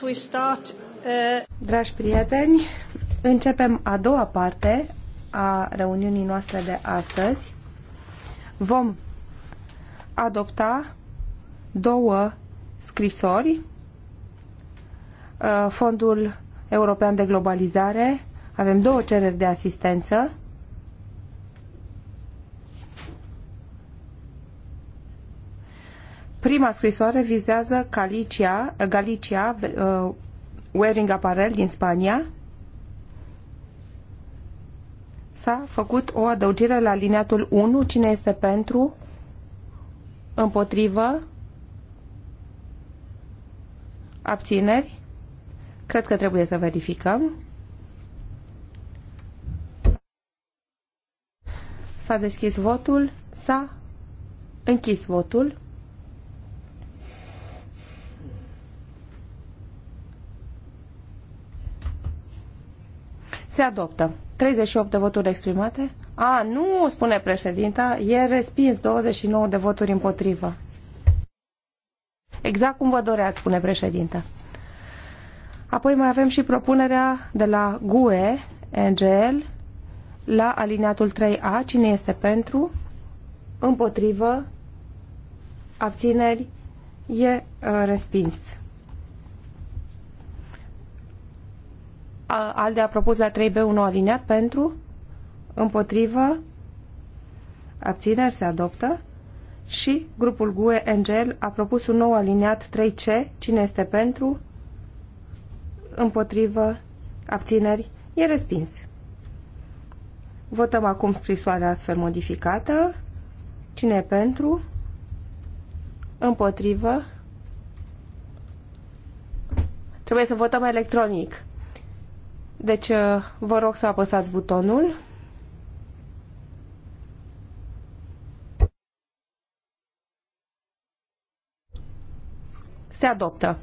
Uh, uh, Dragi prieteni, începem a doua parte a reuniunii noastre de astăzi. Vom adopta două scrisori. Uh, Fondul European de Globalizare. Avem două cereri de asistență ultima scrisoare vizează Galicia, Galicia uh, Wearing Apparel din Spania. S-a făcut o adăugire la liniatul 1. Cine este pentru? Împotrivă? Abțineri? Cred că trebuie să verificăm. S-a deschis votul, s-a închis votul. Se adoptă. 38 de voturi exprimate. A, nu, spune președinta, e respins 29 de voturi împotrivă. Exact cum vă doreați, spune președinta. Apoi mai avem și propunerea de la GUE, NGL, la alineatul 3A. Cine este pentru? Împotrivă? Abțineri? E uh, respins. ALDE a propus la 3B un nou aliniat pentru, împotrivă, abțineri se adoptă și grupul GUE Angel a propus un nou aliniat 3C, cine este pentru, împotrivă, abțineri, e respins. Votăm acum scrisoarea astfel modificată. Cine e pentru? Împotrivă? Trebuie să votăm electronic. Deci, uh, vă rog să apăsați butonul. Se adoptă.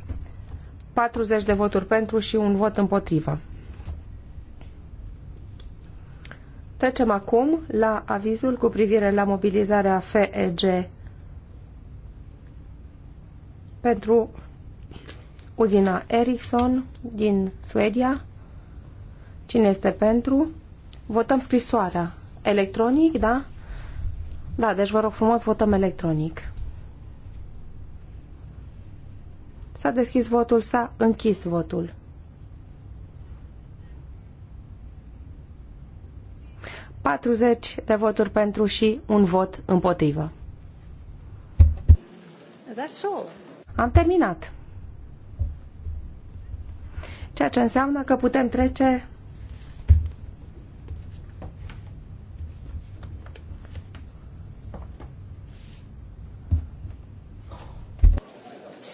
40 de voturi pentru și un vot împotrivă. Trecem acum la avizul cu privire la mobilizarea FEG pentru uzina Ericsson din Suedia. Cine este pentru? Votăm scrisoarea. Electronic, da? Da, deci vă rog frumos, votăm electronic. S-a deschis votul, s-a închis votul. Patruzeci de voturi pentru și un vot împotrivă. That's all. Am terminat. Ceea ce înseamnă că putem trece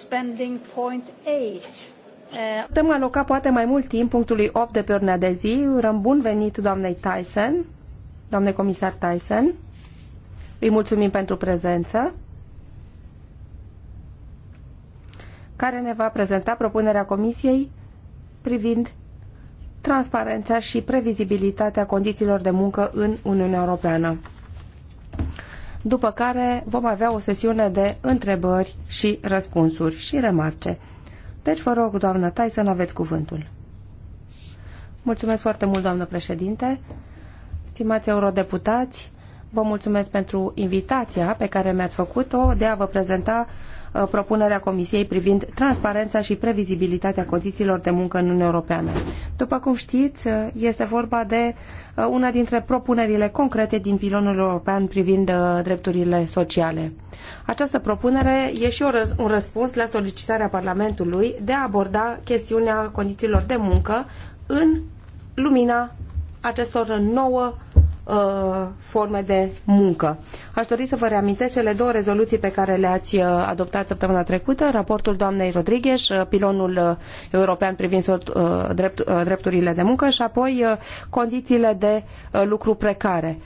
spending point uh, Putem aloca poate mai mult timp punctului 8 de pe ordinea de zi. Urăm bun venit doamnei Tyson, doamne comisar Tyson. Îi mulțumim pentru prezență. care ne va prezenta propunerea Comisiei privind transparența și previzibilitatea condițiilor de muncă în Uniunea Europeană după care vom avea o sesiune de întrebări și răspunsuri și remarce. Deci vă rog, doamnă Tyson, aveți cuvântul. Mulțumesc foarte mult, doamnă președinte. Stimați eurodeputați, vă mulțumesc pentru invitația pe care mi-ați făcut-o de a vă prezenta Uh, propunerea Comisiei privind transparența și previzibilitatea condițiilor de muncă în Uniunea Europeană. După cum știți, uh, este vorba de uh, una dintre propunerile concrete din pilonul european privind drepturile sociale. Această propunere e și un răspuns la solicitarea Parlamentului de a aborda chestiunea condițiilor de muncă în lumina acestor nouă Uh, forme de muncă. Aș dori să vă reamintesc cele două rezoluții pe care le-ați uh, adoptat săptămâna trecută, raportul doamnei Rodrigues, uh, pilonul european privind drepturile de muncă și apoi condițiile de lucru precare,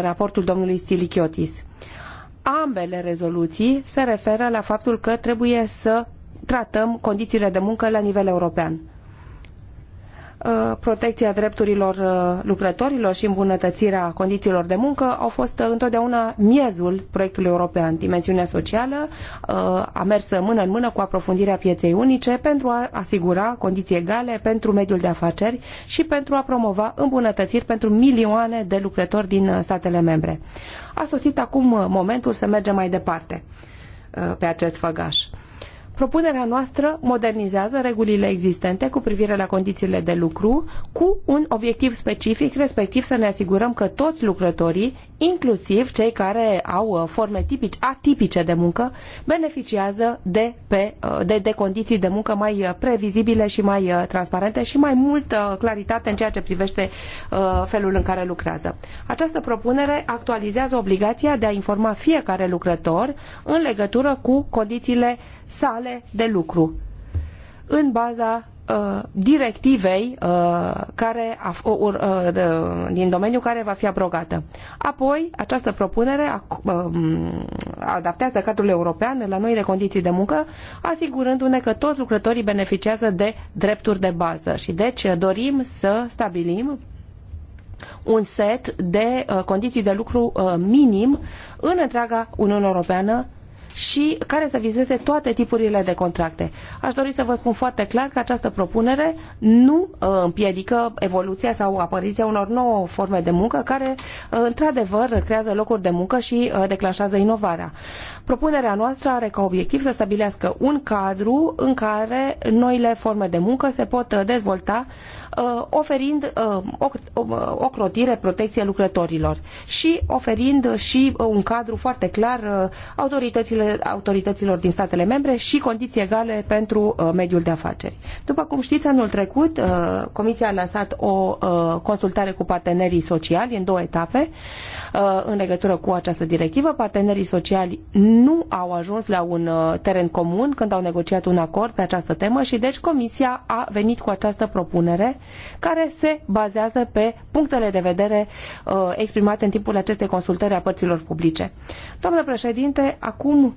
raportul domnului Stilichiotis. Ambele rezoluții se referă la faptul că trebuie să tratăm condițiile de muncă la nivel european Uh, protecția drepturilor uh, lucrătorilor și îmbunătățirea condițiilor de muncă au fost uh, întotdeauna miezul proiectului european. Dimensiunea socială a mers mână în mână cu aprofundirea pieței unice pentru a asigura condiții egale pentru mediul de afaceri și pentru a promova îmbunătățiri pentru milioane de lucrători din statele membre. A sosit acum momentul să mergem mai departe pe acest făgaș. Propunerea noastră modernizează regulile existente cu privire la condițiile de lucru cu un obiectiv specific, respectiv să ne asigurăm că toți lucrătorii, inclusiv cei care au uh, forme tipice, atipice de muncă, beneficiază de, pe, uh, de, de condiții de muncă mai uh, previzibile și mai transparente și mai multă claritate în ceea ce privește felul în care lucrează. Această propunere actualizează obligația de a informa fiecare lucrător în legătură cu condițiile sale de lucru în baza Uh, directivei uh, care a, uh, din domeniu care va fi abrogată. Apoi, această propunere adaptează cadrul european la noile condiții de muncă, asigurându-ne că toți lucrătorii beneficiază de drepturi de bază. Și deci dorim să stabilim un set de condiții de lucru minim în întreaga Uniune Europeană și care să vizeze toate tipurile de contracte. Aș dori să vă spun foarte clar că această propunere nu uh, împiedică evoluția sau apariția unor nouă forme de muncă care, uh, într-adevăr, creează locuri de muncă și uh, declanșează inovarea. Propunerea noastră are ca obiectiv să stabilească un cadru în care noile forme de muncă se pot dezvolta Uh, oferind uh, o uh, crotire protecție lucrătorilor și oferind și un cadru foarte clar autorităților din statele membre și condiții egale pentru mediul de afaceri. După cum știți, anul trecut Comisia a lansat o consultare cu partenerii sociali în două etape. Uh, în legătură cu această directivă. Partenerii sociali nu au ajuns la un uh, teren comun când au negociat un acord pe această temă și deci Comisia a venit cu această propunere care se bazează pe punctele de vedere uh, exprimate în timpul acestei consultări a părților publice. Doamnă președinte, acum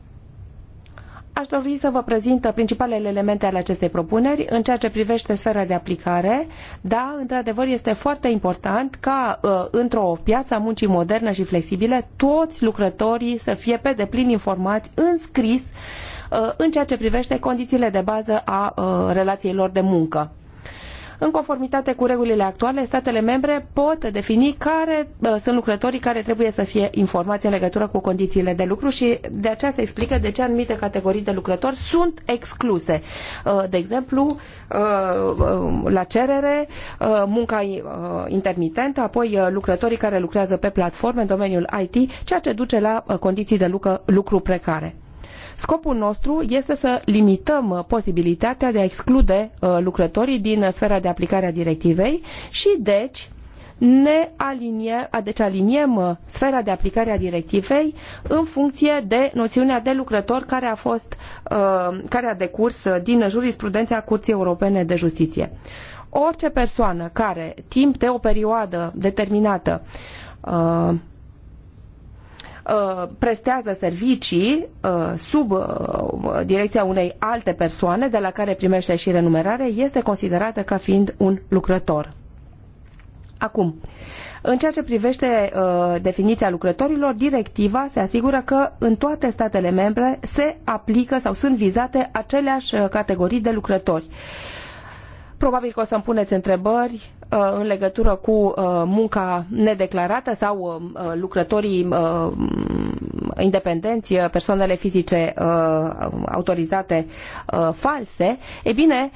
Aș dori să vă prezint principalele elemente ale acestei propuneri în ceea ce privește sfera de aplicare. Da, într-adevăr, este foarte important ca uh, într-o piață a muncii modernă și flexibile toți lucrătorii să fie pe deplin informați, înscris uh, în ceea ce privește condițiile de bază a uh, relațiilor de muncă. În conformitate cu regulile actuale, statele membre pot defini care sunt lucrătorii care trebuie să fie informați în legătură cu condițiile de lucru și de aceea se explică de ce anumite categorii de lucrători sunt excluse. Uh, de exemplu, uh, uh, la cerere, munca intermitentă, apoi lucrătorii care lucrează pe platforme în domeniul IT, ceea ce duce la condiții de lucru precare. Scopul nostru este să limităm uh, posibilitatea de a exclude uh, lucrătorii din uh, sfera de aplicare a directivei și deci ne alinie, deci aliniem sfera de aplicare a directivei în funcție de noțiunea de lucrător care a fost care a decurs din jurisprudența Curții Europene de Justiție. Orice persoană care timp de o perioadă determinată Uh, prestează servicii uh, sub uh, direcția unei alte persoane de la care primește și renumerare este considerată ca fiind un lucrător. Acum, în ceea ce privește definiția lucrătorilor, directiva se asigură că în toate statele membre se aplică sau sunt vizate aceleași categorii de lucrători. Probabil că o să-mi puneți întrebări Uh, în legătură cu uh, munca nedeclarată sau uh, lucrătorii independenți, persoanele fizice autorizate false, e bine,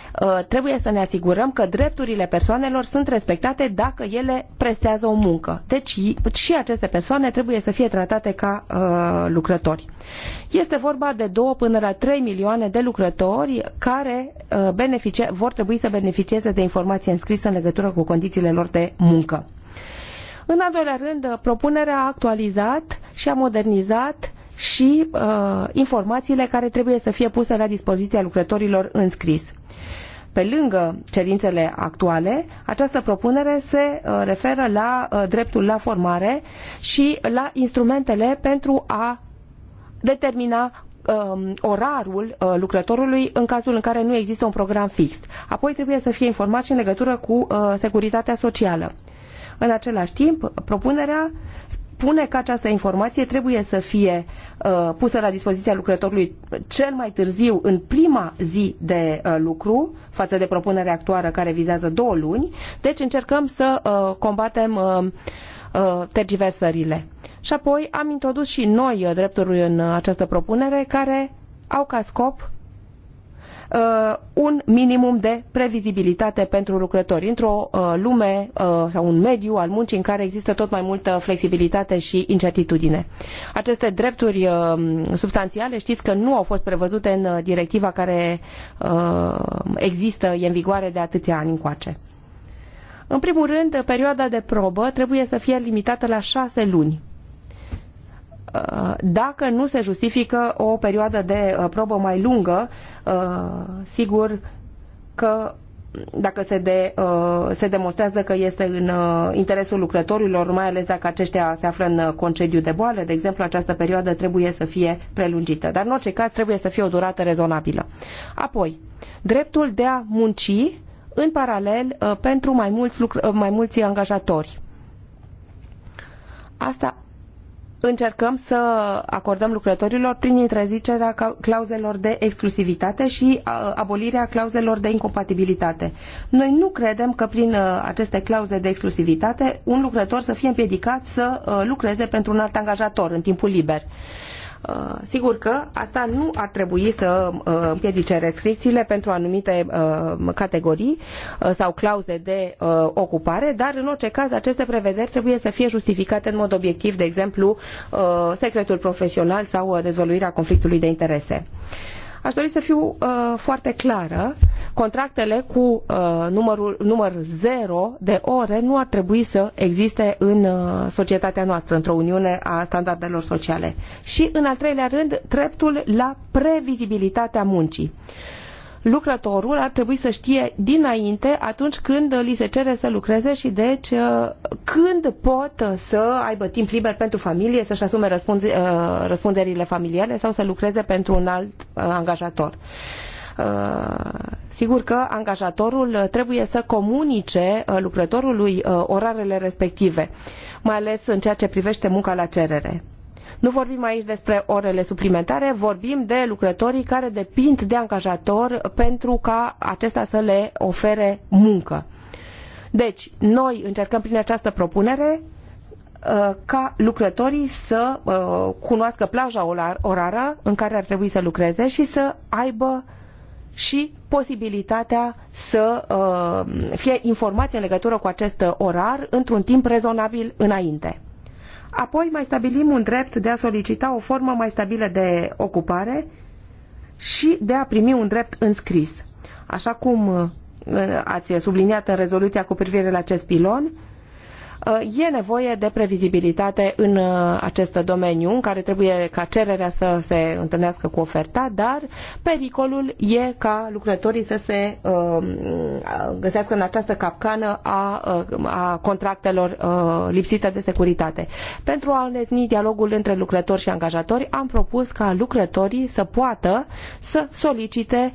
trebuie să ne asigurăm că drepturile persoanelor sunt respectate dacă ele prestează o muncă. Deci și aceste persoane trebuie să fie tratate ca lucrători. Este vorba de 2 până la 3 milioane de lucrători care vor trebui să beneficieze de informații înscrisă în legătură cu condițiile lor de muncă. În al doilea rând, propunerea a actualizat și a modernizat și uh, informațiile care trebuie să fie puse la dispoziția lucrătorilor înscris. Pe lângă cerințele actuale, această propunere se uh, referă la uh, dreptul la formare și la instrumentele pentru a determina um, orarul uh, lucrătorului în cazul în care nu există un program fix. Apoi trebuie să fie informat și în legătură cu uh, securitatea socială. În același timp, propunerea spune că această informație trebuie să fie uh, pusă la dispoziția lucrătorului cel mai târziu în prima zi de uh, lucru, față de propunerea actuală care vizează două luni. Deci încercăm să uh, combatem uh, Uh, tergiversările. Și apoi am introdus și noi uh, drepturi în uh, această propunere care au ca scop un minimum de previzibilitate pentru lucrători într-o lume sau un mediu al muncii în care există tot mai multă flexibilitate și incertitudine. Aceste drepturi substanțiale știți că nu au fost prevăzute în directiva care există, e în vigoare de atâția ani încoace. În primul rând, perioada de probă trebuie să fie limitată la șase luni uh, dacă nu se justifică o perioadă de uh, probă mai lungă, uh, sigur că dacă se, de, se demonstrează că este în interesul lucrătorilor, mai ales dacă aceștia se află în concediu de boală, de exemplu, această perioadă trebuie să fie prelungită. Dar, în orice caz, trebuie să fie o durată rezonabilă. Apoi, dreptul de a munci în paralel uh, pentru mai mulți, lucr- uh, mai mulți angajatori. Asta încercăm să acordăm lucrătorilor prin interzicerea clauzelor de exclusivitate și uh, abolirea clauzelor de incompatibilitate. Noi nu credem că prin aceste clauze de exclusivitate un lucrător să fie împiedicat să lucreze pentru un alt angajator în timpul liber. Uh, sigur că asta nu ar trebui să uh, împiedice restricțiile pentru anumite uh, categorii sau clauze de ocupare, dar în orice caz aceste prevederi trebuie să fie justificate în mod obiectiv, de exemplu, secretul profesional sau dezvăluirea conflictului de interese. Aș dori să fiu foarte clară contractele cu uh, numărul, număr zero de ore nu ar trebui să existe în uh, societatea noastră, într-o uniune a standardelor sociale. Și, în al treilea rând, dreptul la previzibilitatea muncii lucrătorul ar trebui să știe dinainte atunci când li se cere să lucreze și deci uh, când pot să aibă timp liber pentru familie, să-și asume răspunderile familiale sau să lucreze pentru un alt angajator. Uh, sigur că angajatorul uh, trebuie să comunice uh, lucrătorului orarele respective, mai ales în ceea ce privește munca la cerere. Nu vorbim aici despre orele suplimentare, vorbim de lucrătorii care depind de angajator pentru ca acesta să le ofere muncă. Deci, noi încercăm prin această propunere ca lucrătorii să cunoască plaja orară în care ar trebui să lucreze și să aibă și posibilitatea să uh, fie informații în legătură cu acest orar într-un timp rezonabil înainte. Apoi mai stabilim un drept de a solicita o formă mai stabilă de ocupare și de a primi un drept înscris. Așa cum uh, ați subliniat în rezoluția cu privire la acest pilon, e nevoie de previzibilitate în uh, acest domeniu, în care trebuie ca cererea să se întâlnească cu oferta, dar pericolul e ca lucrătorii să se um, găsească în această capcană a, uh, a contractelor uh, lipsite de securitate. Pentru a înlesni dialogul între lucrători și angajatori, am propus ca lucrătorii să poată să solicite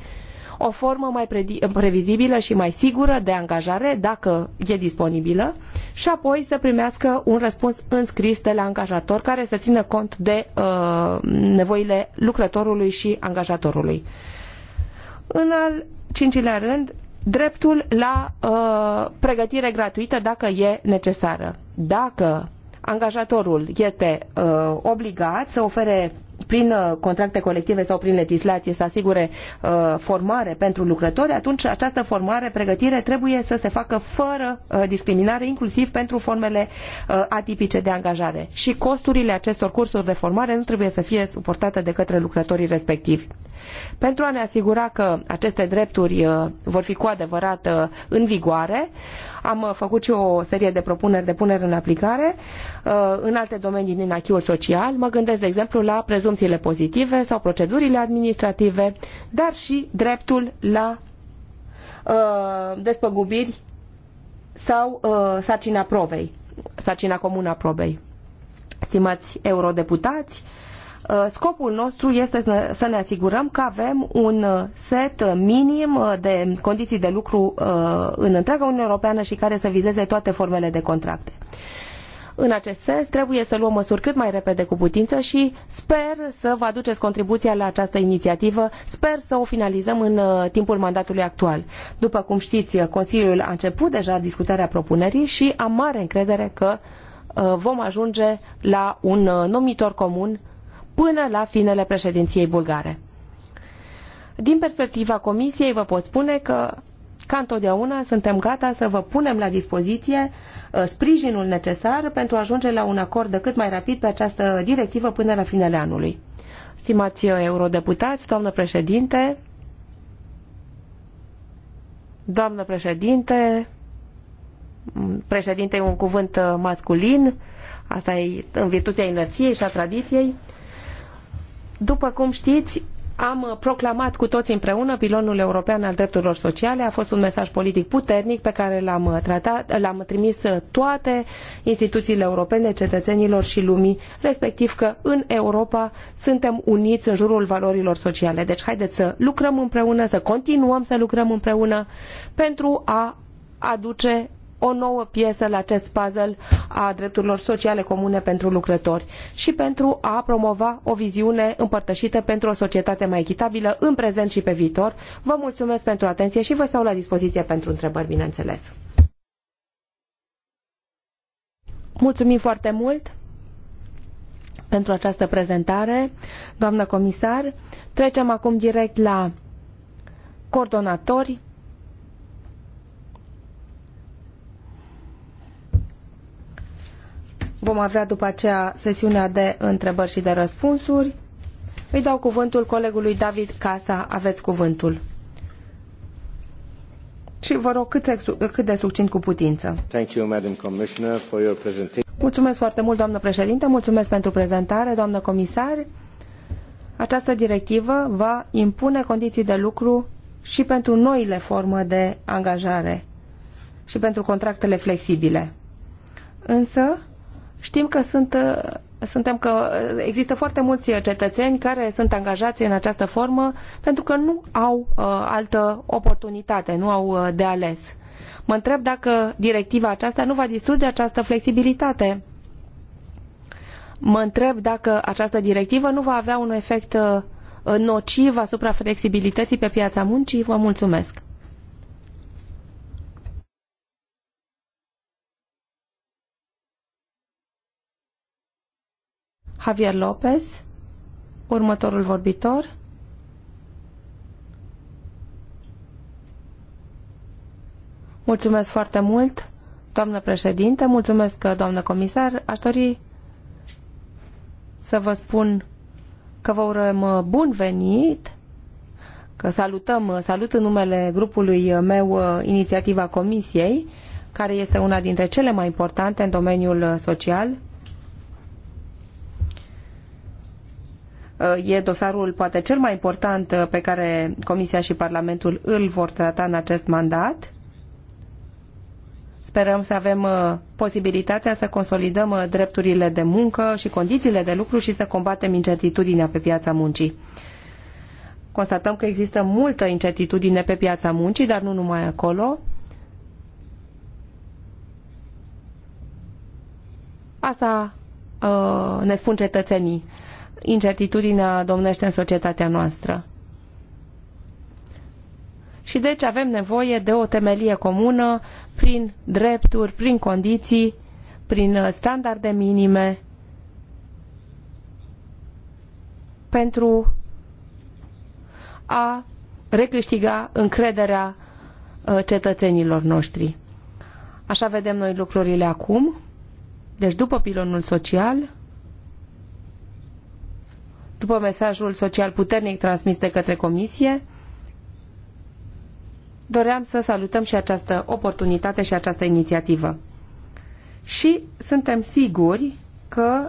o formă mai previzibilă și mai sigură de angajare, dacă e disponibilă, și apoi să primească un răspuns înscris de la angajator care să țină cont de uh, nevoile lucrătorului și angajatorului. În al cincilea rând, dreptul la uh, pregătire gratuită dacă e necesară. Dacă angajatorul este uh, obligat să ofere prin uh, contracte colective sau prin legislație să asigure uh, formare pentru lucrători, atunci această formare, pregătire trebuie să se facă fără uh, discriminare, inclusiv pentru formele uh, atipice de angajare. Și costurile acestor cursuri de formare nu trebuie să fie suportate de către lucrătorii respectivi. Pentru a ne asigura că aceste drepturi uh, vor fi cu adevărat uh, în vigoare, am uh, făcut și o serie de propuneri de punere în aplicare în alte domenii din achiul social. Mă gândesc, de exemplu, la prezumțiile pozitive sau procedurile administrative, dar și dreptul la despăgubiri sau sarcina provei, sarcina comună a probei. Stimați eurodeputați, uh, Uh, scopul nostru este să ne asigurăm că avem un uh, set uh, minim de condiții de lucru în întreaga Uniune Europeană și care să vizeze toate formele de contracte. În acest sens, trebuie să luăm măsuri cât mai repede cu putință și sper să vă aduceți contribuția la această inițiativă. Sper să o finalizăm în timpul mandatului actual. După cum știți, Consiliul a început deja discutarea propunerii și am mare încredere că vom ajunge la un numitor comun până la finele președinției bulgare. Din perspectiva Comisiei vă pot spune că ca întotdeauna suntem gata să vă punem la dispoziție uh, sprijinul necesar pentru a ajunge la un acord cât mai rapid pe această directivă până la finele anului. Stimați uh, eurodeputați, doamnă președinte, doamnă președinte, președinte e un cuvânt uh, masculin, asta e în virtutea inerției și a tradiției, după cum știți, am proclamat cu toți împreună pilonul european al drepturilor sociale. A fost un mesaj politic puternic pe care l-am, tratat, l-am trimis toate instituțiile europene, cetățenilor și lumii, respectiv că în Europa suntem uniți în jurul valorilor sociale. Deci haideți să lucrăm împreună, să continuăm să lucrăm împreună pentru a aduce o nouă piesă la acest puzzle a drepturilor sociale comune pentru lucrători și pentru a promova o viziune împărtășită pentru o societate mai echitabilă în prezent și pe viitor. Vă mulțumesc pentru atenție și vă stau la dispoziție pentru întrebări, bineînțeles. Mulțumim foarte mult pentru această prezentare, doamnă comisar. Trecem acum direct la coordonatori. Vom avea după aceea sesiunea de întrebări și de răspunsuri. Îi dau cuvântul colegului David Casa. Aveți cuvântul. Și vă rog cât, cât de succint cu putință. Thank you, Madam Commissioner, for your presentation. Mulțumesc foarte mult, doamnă președinte, mulțumesc pentru prezentare, doamnă comisar. Această directivă va impune condiții de lucru și pentru noile forme de angajare și pentru contractele flexibile. Însă, Știm că sunt, uh, suntem că există foarte mulți cetățeni care sunt angajați în această formă pentru că nu au uh, altă oportunitate, nu au uh, de ales. Mă întreb dacă directiva aceasta nu va distruge această flexibilitate. Mă întreb dacă această directivă nu va avea un efect nociv asupra flexibilității pe piața muncii. Vă mulțumesc! Javier Lopez, următorul vorbitor. Mulțumesc foarte mult, doamnă președinte, mulțumesc, doamnă comisar. Aș dori să vă spun că vă urăm uh, bun venit, că salutăm, uh, salut în numele grupului uh, meu inițiativa Comisiei, care este una dintre cele mai importante în domeniul social, Uh, e dosarul poate cel mai important uh, pe care Comisia și Parlamentul îl vor trata în acest mandat. Sperăm să avem uh, posibilitatea să consolidăm drepturile de muncă și condițiile de lucru și să combatem incertitudinea pe piața muncii. Constatăm că există multă incertitudine pe piața muncii, dar nu numai acolo. Asta uh, ne spun cetățenii incertitudinea domnește în societatea noastră. Și deci avem nevoie de o temelie comună prin drepturi, prin condiții, prin standarde minime pentru a recâștiga încrederea uh, cetățenilor noștri. Așa vedem noi lucrurile acum, deci după pilonul social, după mesajul social puternic transmis de către Comisie, doream să salutăm și această oportunitate și această inițiativă. Și suntem siguri că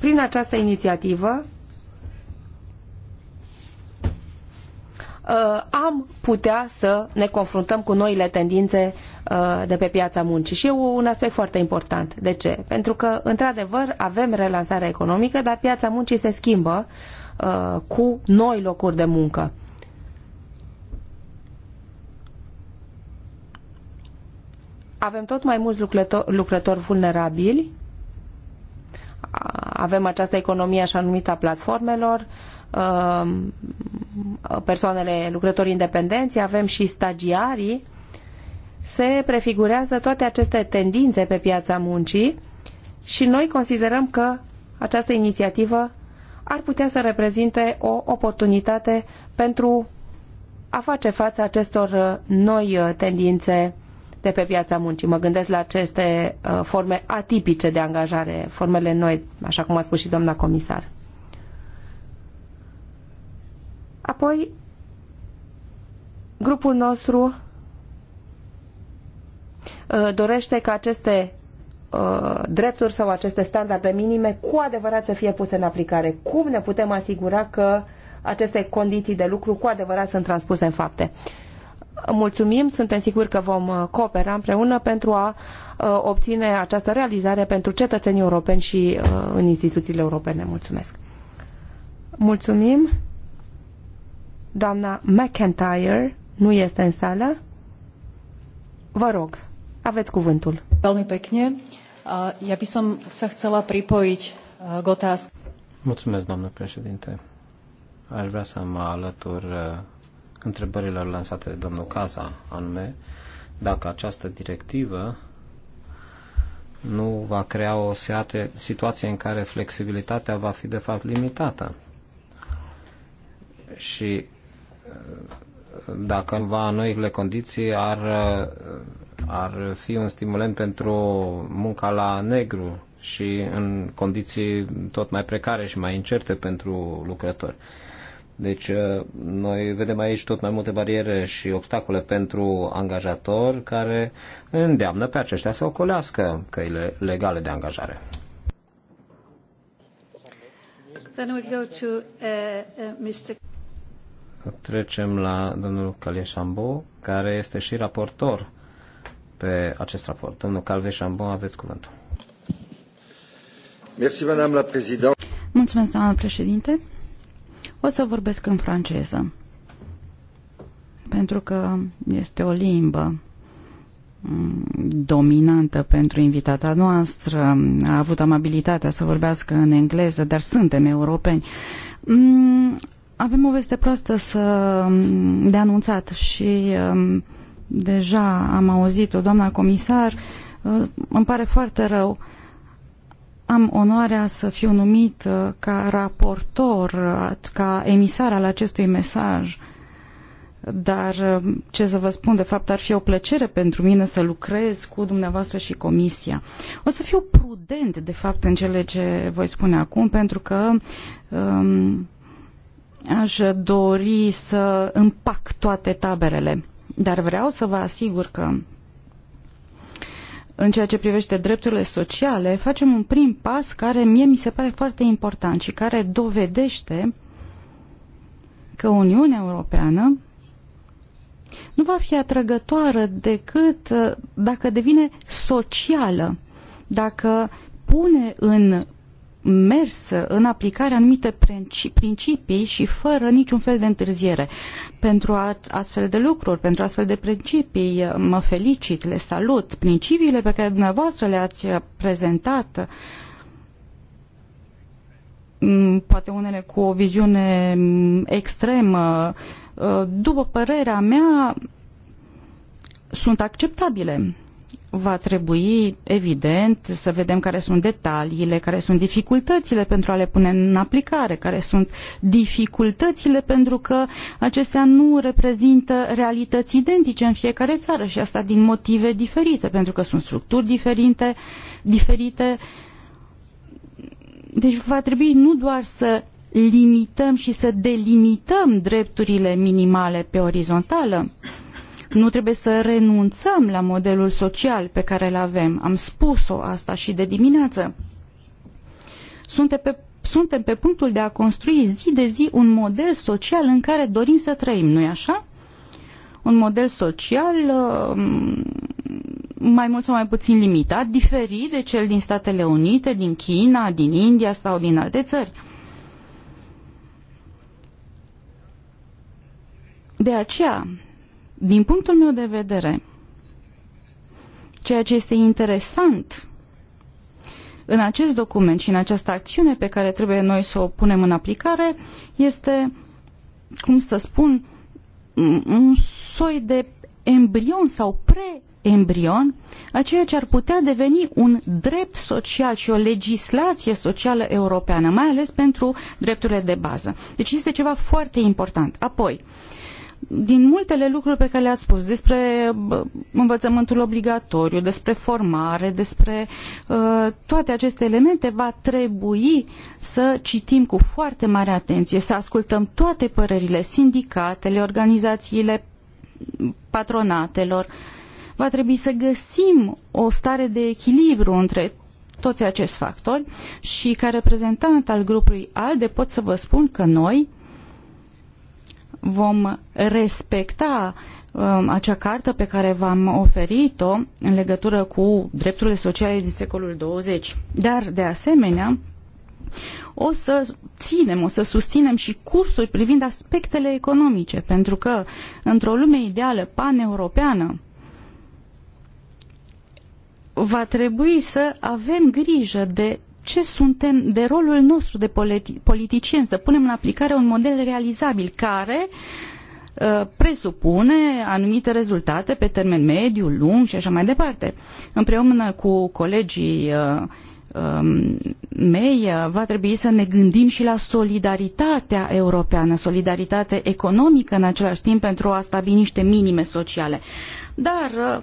prin această inițiativă Uh, am putea să ne confruntăm cu noile tendințe uh, de pe piața muncii. Și e un aspect foarte important. De ce? Pentru că, într-adevăr, avem relansarea economică, dar piața muncii se schimbă uh, cu noi locuri de muncă. Avem tot mai mulți lucrători, lucrători vulnerabili, avem această economie așa numită a platformelor, uh, Um, persoanele lucrători independenți, avem și stagiarii. Se prefigurează toate aceste tendințe pe piața muncii și noi considerăm că această inițiativă ar putea să reprezinte o oportunitate pentru a face față acestor uh, noi uh, tendințe de pe piața muncii. Mă gândesc la aceste uh, forme atipice de angajare, formele noi, așa cum a spus și doamna comisar. Apoi, grupul nostru uh, dorește ca aceste uh, drepturi sau aceste standarde minime cu adevărat să fie puse în aplicare. Cum ne putem asigura că aceste condiții de lucru cu adevărat sunt transpuse în fapte? Mulțumim, suntem siguri că vom uh, coopera împreună pentru a obține această realizare pentru cetățenii europeni și în instituțiile europene. Mulțumesc! Mulțumim! Doamna McIntyre nu este în sală. Vă rog, aveți cuvântul. Veľmi pekne. Ja by som sa chcela pripojiť k otázke. Mulțumesc, doamnă președinte. Aș vrea să mă alătur întrebărilor lansate de domnul Casa, anume dacă această directivă nu va crea o seate, situație în care flexibilitatea va fi de fapt limitată. Și dacă va noile condiții, ar, ar fi un stimulent pentru munca la negru și în condiții tot mai precare și mai incerte pentru lucrători. Deci noi vedem aici tot mai multe bariere și obstacole pentru angajator care îndeamnă pe aceștia să ocolească căile legale de angajare. Then we go to, uh, uh, Mr trecem la domnul Calieșambo, care este și raportor pe acest raport. Domnul Calveșambo, aveți cuvântul. Merci, madame la présidente. Mulțumesc, doamna președinte. O să vorbesc în franceză, pentru că este o limbă mm, dominantă pentru invitata noastră. A avut amabilitatea să vorbească în engleză, dar suntem europeni. Mm, avem o veste proastă să, mm, de anunțat și mm, deja am auzit-o, doamna comisar, uh, îmi pare foarte rău. Am onoarea să fiu numit uh, ca raportor, ca emisar al acestui mesaj dar uh, ce să vă spun, de fapt ar fi o plăcere pentru mine să lucrez cu dumneavoastră și comisia. O să fiu prudent, de fapt, în cele ce voi spune acum, pentru că um, Aș dori să împac toate taberele, dar vreau să vă asigur că în ceea ce privește drepturile sociale, facem un prim pas care mie mi se pare foarte important și care dovedește că Uniunea Europeană nu va fi atrăgătoară decât uh, dacă devine socială, dacă pune în mers în aplicare anumite principii și fără niciun fel de întârziere. Pentru astfel de lucruri, pentru astfel de principii, mă felicit, le salut. Principiile pe care dumneavoastră le-ați prezentat mm, poate unele cu o viziune mm, extremă, mm, după părerea mea, sunt acceptabile va trebui, evident, să vedem care sunt detaliile, care sunt dificultățile pentru a le pune în aplicare, care sunt dificultățile pentru că acestea nu reprezintă realități identice în fiecare țară și asta din motive diferite, pentru că sunt structuri diferite, diferite. Deci va trebui nu doar să limităm și să delimităm drepturile minimale pe orizontală, nu trebuie să renunțăm la modelul social pe care îl avem. Am spus-o asta și de dimineață. Suntem pe, suntem pe punctul de a construi zi de zi un model social în care dorim să trăim, nu-i așa? Un model social um, mai mult sau mai puțin limitat, diferit de cel din Statele Unite, din China, din India sau din alte țări. De aceea din punctul meu de vedere, ceea ce este interesant în acest document și în această acțiune pe care trebuie noi să o punem în aplicare este, cum să spun, un soi de embrion sau pre-embrion a ceea ce ar putea deveni un drept social și o legislație socială europeană, mai ales pentru drepturile de bază. Deci este ceva foarte important. Apoi, uh, din multele lucruri pe care le-ați spus despre învățământul obligatoriu, despre formare, despre uh, toate aceste elemente, va trebui să citim cu foarte mare atenție, să ascultăm toate părerile, sindicatele, organizațiile patronatelor. Va trebui să găsim o stare de echilibru între toți acești factori și ca reprezentant al grupului ALDE pot să vă spun că noi vom respecta um, acea carte pe care v-am oferit-o în legătură cu drepturile sociale din secolul 20. Dar, de asemenea, o să ținem, o să susținem și cursuri privind aspectele economice, pentru că într-o lume ideală paneuropeană va trebui să avem grijă de ce suntem, de rolul nostru de politi- politicieni, să punem în aplicare un model realizabil care uh, presupune anumite rezultate pe termen mediu, lung și așa mai departe. Împreună cu colegii uh, um, mei, uh, va trebui să ne gândim și la solidaritatea europeană, solidaritate economică în același timp pentru a stabili niște minime sociale. Dar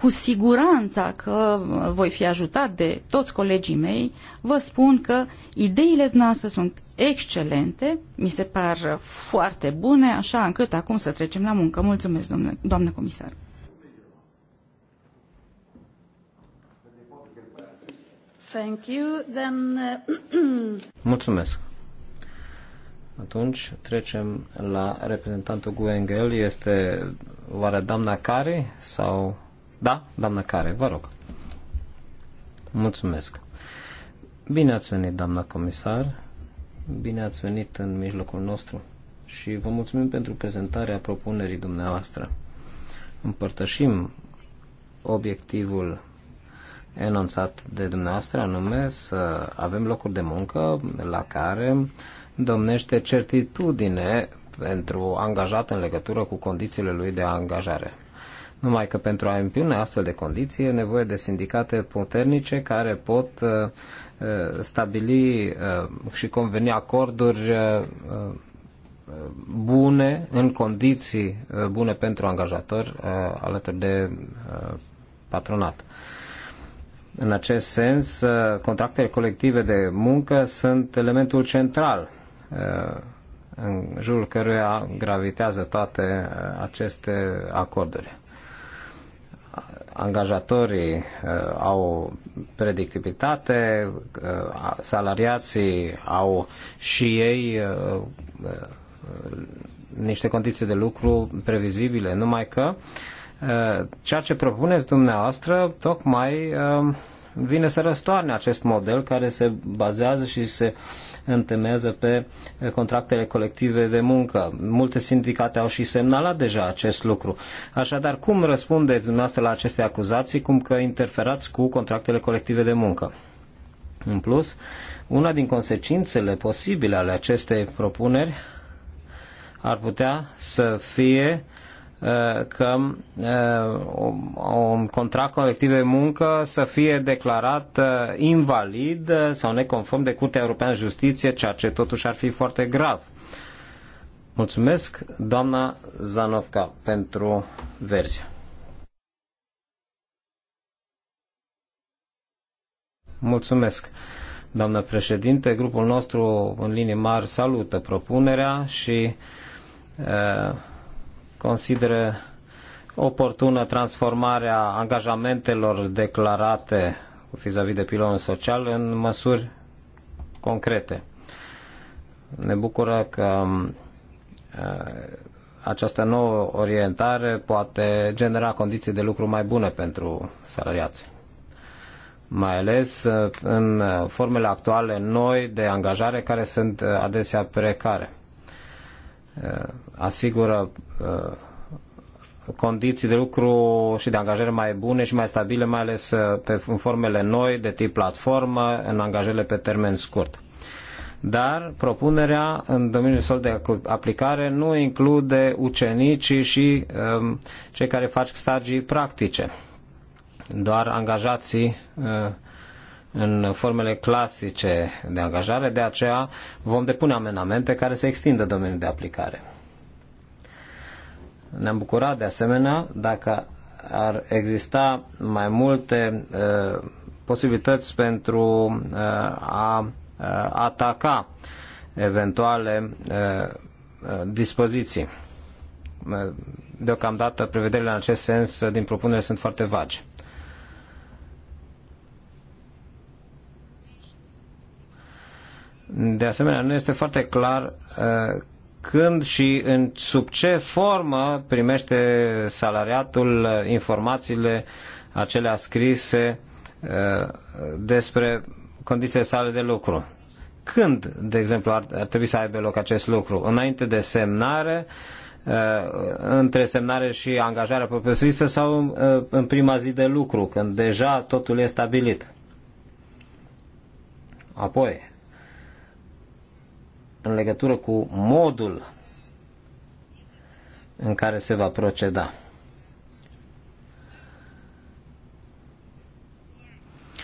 cu siguranța că voi fi ajutat de toți colegii mei, vă spun că ideile noastre sunt excelente, mi se par foarte bune, așa încât acum să trecem la muncă. Mulțumesc, domnule, doamnă comisar. Thank you. Then, uh, Mulțumesc. Atunci trecem la reprezentantul Guengel. Este oare doamna Care sau da? Doamnă Care, vă rog. Mulțumesc. Bine ați venit, doamna comisar. Bine ați venit în mijlocul nostru și vă mulțumim pentru prezentarea propunerii dumneavoastră. Împărtășim obiectivul enunțat de dumneavoastră, anume să avem locuri de muncă la care domnește certitudine pentru angajat în legătură cu condițiile lui de angajare. Numai că pentru a impune astfel de condiții e nevoie de sindicate puternice care pot uh, uh, stabili uh, și conveni acorduri bune, în condiții bune pentru angajatori alături de patronat. În acest sens, contractele colective de muncă sunt elementul central în jurul căruia gravitează toate aceste acorduri angajatorii uh, au predictibilitate, uh, salariații au și ei uh, uh, niște condiții de lucru previzibile, numai că uh, ceea ce propuneți dumneavoastră tocmai uh, vine să răstoarne acest model care se bazează și se întemeiază pe contractele colective de muncă. Multe sindicate au și semnalat deja acest lucru. Așadar, cum răspundeți dumneavoastră la aceste acuzații, cum că interferați cu contractele colective de muncă? În plus, una din consecințele posibile ale acestei propuneri ar putea să fie Uh, că uh, un contract colectiv de muncă să fie declarat uh, invalid sau neconform de Curtea Europeană de Justiție, ceea ce totuși ar fi foarte grav. Mulțumesc, doamna Zanovca, pentru versia. Mulțumesc. Doamnă președinte, grupul nostru în linie mari salută propunerea și uh, consideră oportună transformarea angajamentelor declarate vis-a-vis de pilonul social în măsuri concrete. Ne bucură că uh, această nouă orientare poate genera condiții de lucru mai bune pentru salariați. Mai ales uh, în uh, formele actuale noi de angajare care sunt adesea precare. Uh, asigură uh, condiții de lucru și de angajare mai bune și mai stabile, mai ales uh, pe, în formele noi, de tip platformă, în angajările pe termen scurt. Dar propunerea în domeniul sol de aplicare nu include ucenicii și um, cei care fac stagii practice, doar angajații uh, în formele clasice de angajare, de aceea vom depune amendamente care să extindă domeniul de aplicare. Ne-am bucurat de asemenea dacă ar exista mai multe uh, posibilități pentru uh, a uh, ataca eventuale uh, uh dispoziții. Uh, deocamdată, prevederile în acest sens uh, din propunere sunt foarte vagi. De asemenea, nu este foarte clar uh, când și în, sub ce formă primește salariatul uh, informațiile acelea scrise uh, despre condițiile sale de lucru. Când, de exemplu, ar, ar trebui să aibă loc acest lucru? Înainte de semnare, între semnare și angajarea propriu-zisă sau în prima zi de lucru, când deja totul e stabilit? Apoi, în legătură cu modul în care se va proceda.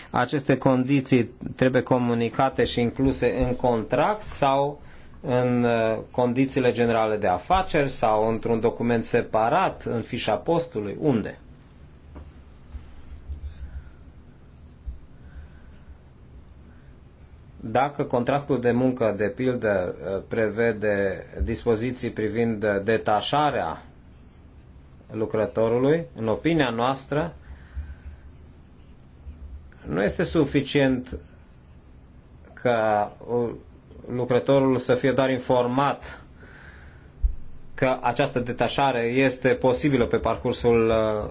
Aceste condiții trebuie comunicate și incluse în contract sau în uh, condițiile generale de afaceri sau într-un document separat în fișa postului, unde? dacă contractul de muncă, de pildă, uh, prevede dispoziții privind uh, detașarea lucrătorului, în opinia noastră, nu este suficient ca lucrătorul să fie doar informat că această detașare este posibilă pe parcursul uh,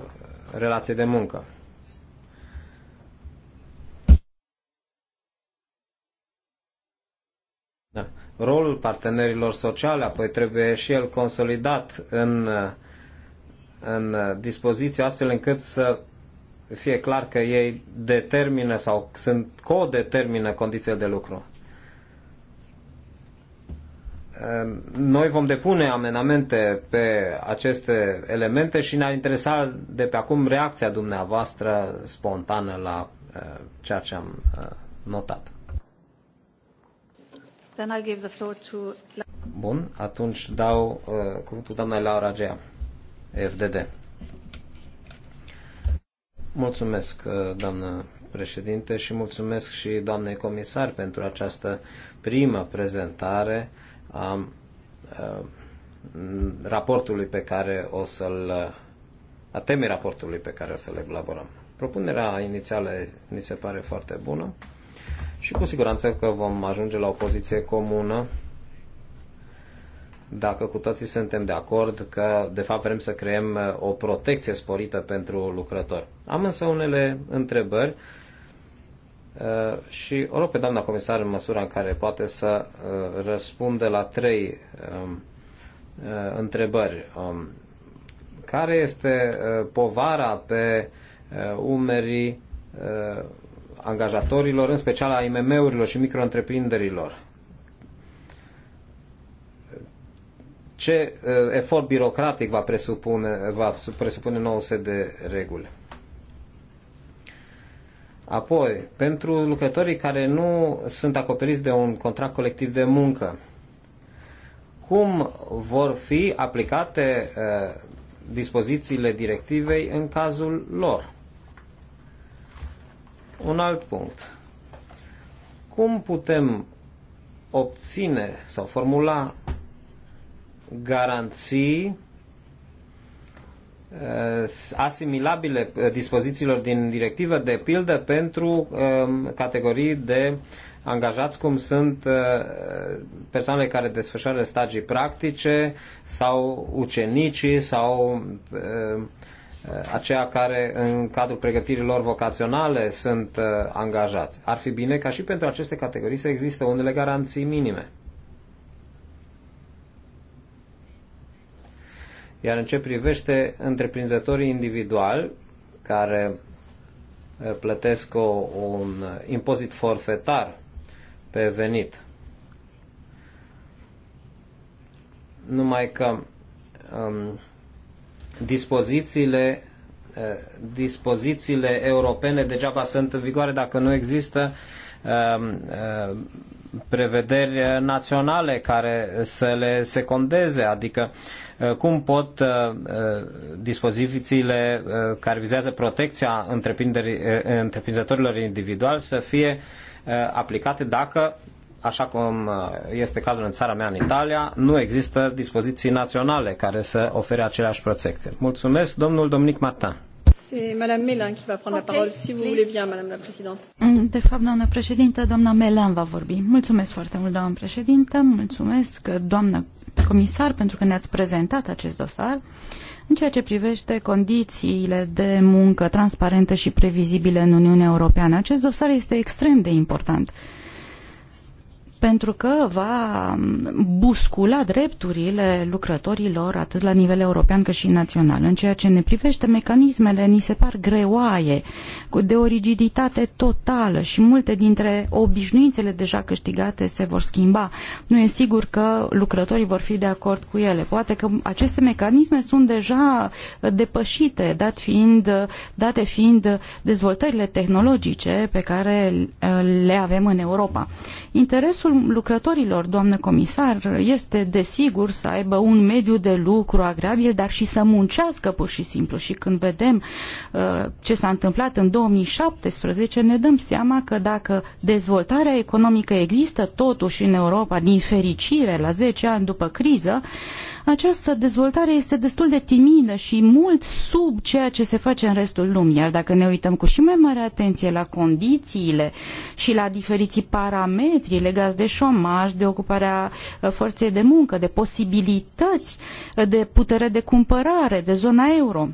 relației de muncă. Da. Rolul partenerilor sociale apoi trebuie și el consolidat în, în dispoziție astfel încât să fie clar că ei determină sau sunt co co-determină condițiile de lucru. Noi vom depune amenamente pe aceste elemente și ne-ar interesa de pe acum reacția dumneavoastră spontană la uh, ceea ce am uh, notat. Then I'll give the floor to... Bun, atunci dau uh, cuvântul doamnei Laura Gea, FDD. Mulțumesc, uh, doamnă președinte, și mulțumesc și doamnei comisar pentru această primă prezentare a uh, raportului pe care o să-l a temei raportului pe care o să-l elaborăm. Propunerea inițială mi se pare foarte bună și cu siguranță că vom ajunge la o poziție comună dacă cu toții suntem de acord că, de fapt, vrem să creăm uh, o protecție sporită pentru lucrători. Am însă unele întrebări uh, și o rog pe doamna comisar în măsura în care poate să uh, răspundă la trei um, întrebări. Um, care este povara pe umerii angajatorilor, în special a IMM-urilor și micro-întreprinderilor. Ce uh, efort birocratic va presupune, va presupune nou set de reguli? Apoi, pentru lucrătorii care nu sunt acoperiți de un contract colectiv de muncă, cum vor fi aplicate uh, dispozițiile directivei în cazul lor? Un alt punct. Cum putem obține sau formula garanții eh, asimilabile eh, dispozițiilor din directivă, de pildă pentru ehm, categorii de angajați cum sunt eh, persoanele care desfășoară stagii practice sau ucenicii sau ehm, Eh, aceia care în cadrul pregătirilor vocaționale sunt eh, angajați. Ar fi bine ca și pentru aceste categorii să existe unele garanții minime. Iar în ce privește întreprinzătorii individuali care eh, plătesc o, un impozit forfetar pe venit, numai că um, dispozițiile, eh, dispozițiile europene degeaba sunt în vigoare dacă nu există ehm, eh, prevederi naționale care să le secondeze, adică eh, cum pot dispozițiile care vizează protecția întreprinzătorilor individuali să fie aplicate dacă așa cum uh, este cazul în țara mea, în Italia, nu există dispoziții naționale care să ofere aceleași protecție. Mulțumesc, domnul Dominic Martin. Mm, de fapt, doamnă președintă, doamna Melan va vorbi. Mulțumesc foarte mult, doamnă președintă, mulțumesc, doamnă comisar, pentru că ne-ați prezentat acest dosar. În ceea ce privește condițiile de muncă transparente și previzibile în Uniunea Europeană, acest dosar este extrem de important pentru că va buscula drepturile lucrătorilor atât la nivel european cât și național. În ceea ce ne privește, mecanismele ni se par greoaie, de o rigiditate totală și multe dintre obișnuințele deja câștigate se vor schimba. Nu e sigur că lucrătorii vor fi de acord cu ele. Poate că aceste mecanisme sunt deja depășite, dat fiind, date fiind dezvoltările tehnologice pe care le avem în Europa. Interesul rândul lucrătorilor, doamnă comisar, este desigur să aibă un mediu de lucru agreabil, dar și să muncească pur și simplu. Și când vedem uh, ce s-a întâmplat în 2017, ne dăm seama că dacă dezvoltarea economică există totuși în Europa, din fericire, la 10 ani după criză, uh, această dezvoltare este destul de timidă și mult sub ceea ce se face în restul lumii. Iar dacă ne uităm cu și mai mare atenție la condițiile și la diferiții parametri legați de șomaj, de ocuparea ă, forței de muncă, de posibilități, ă, de putere de cumpărare, de zona euro,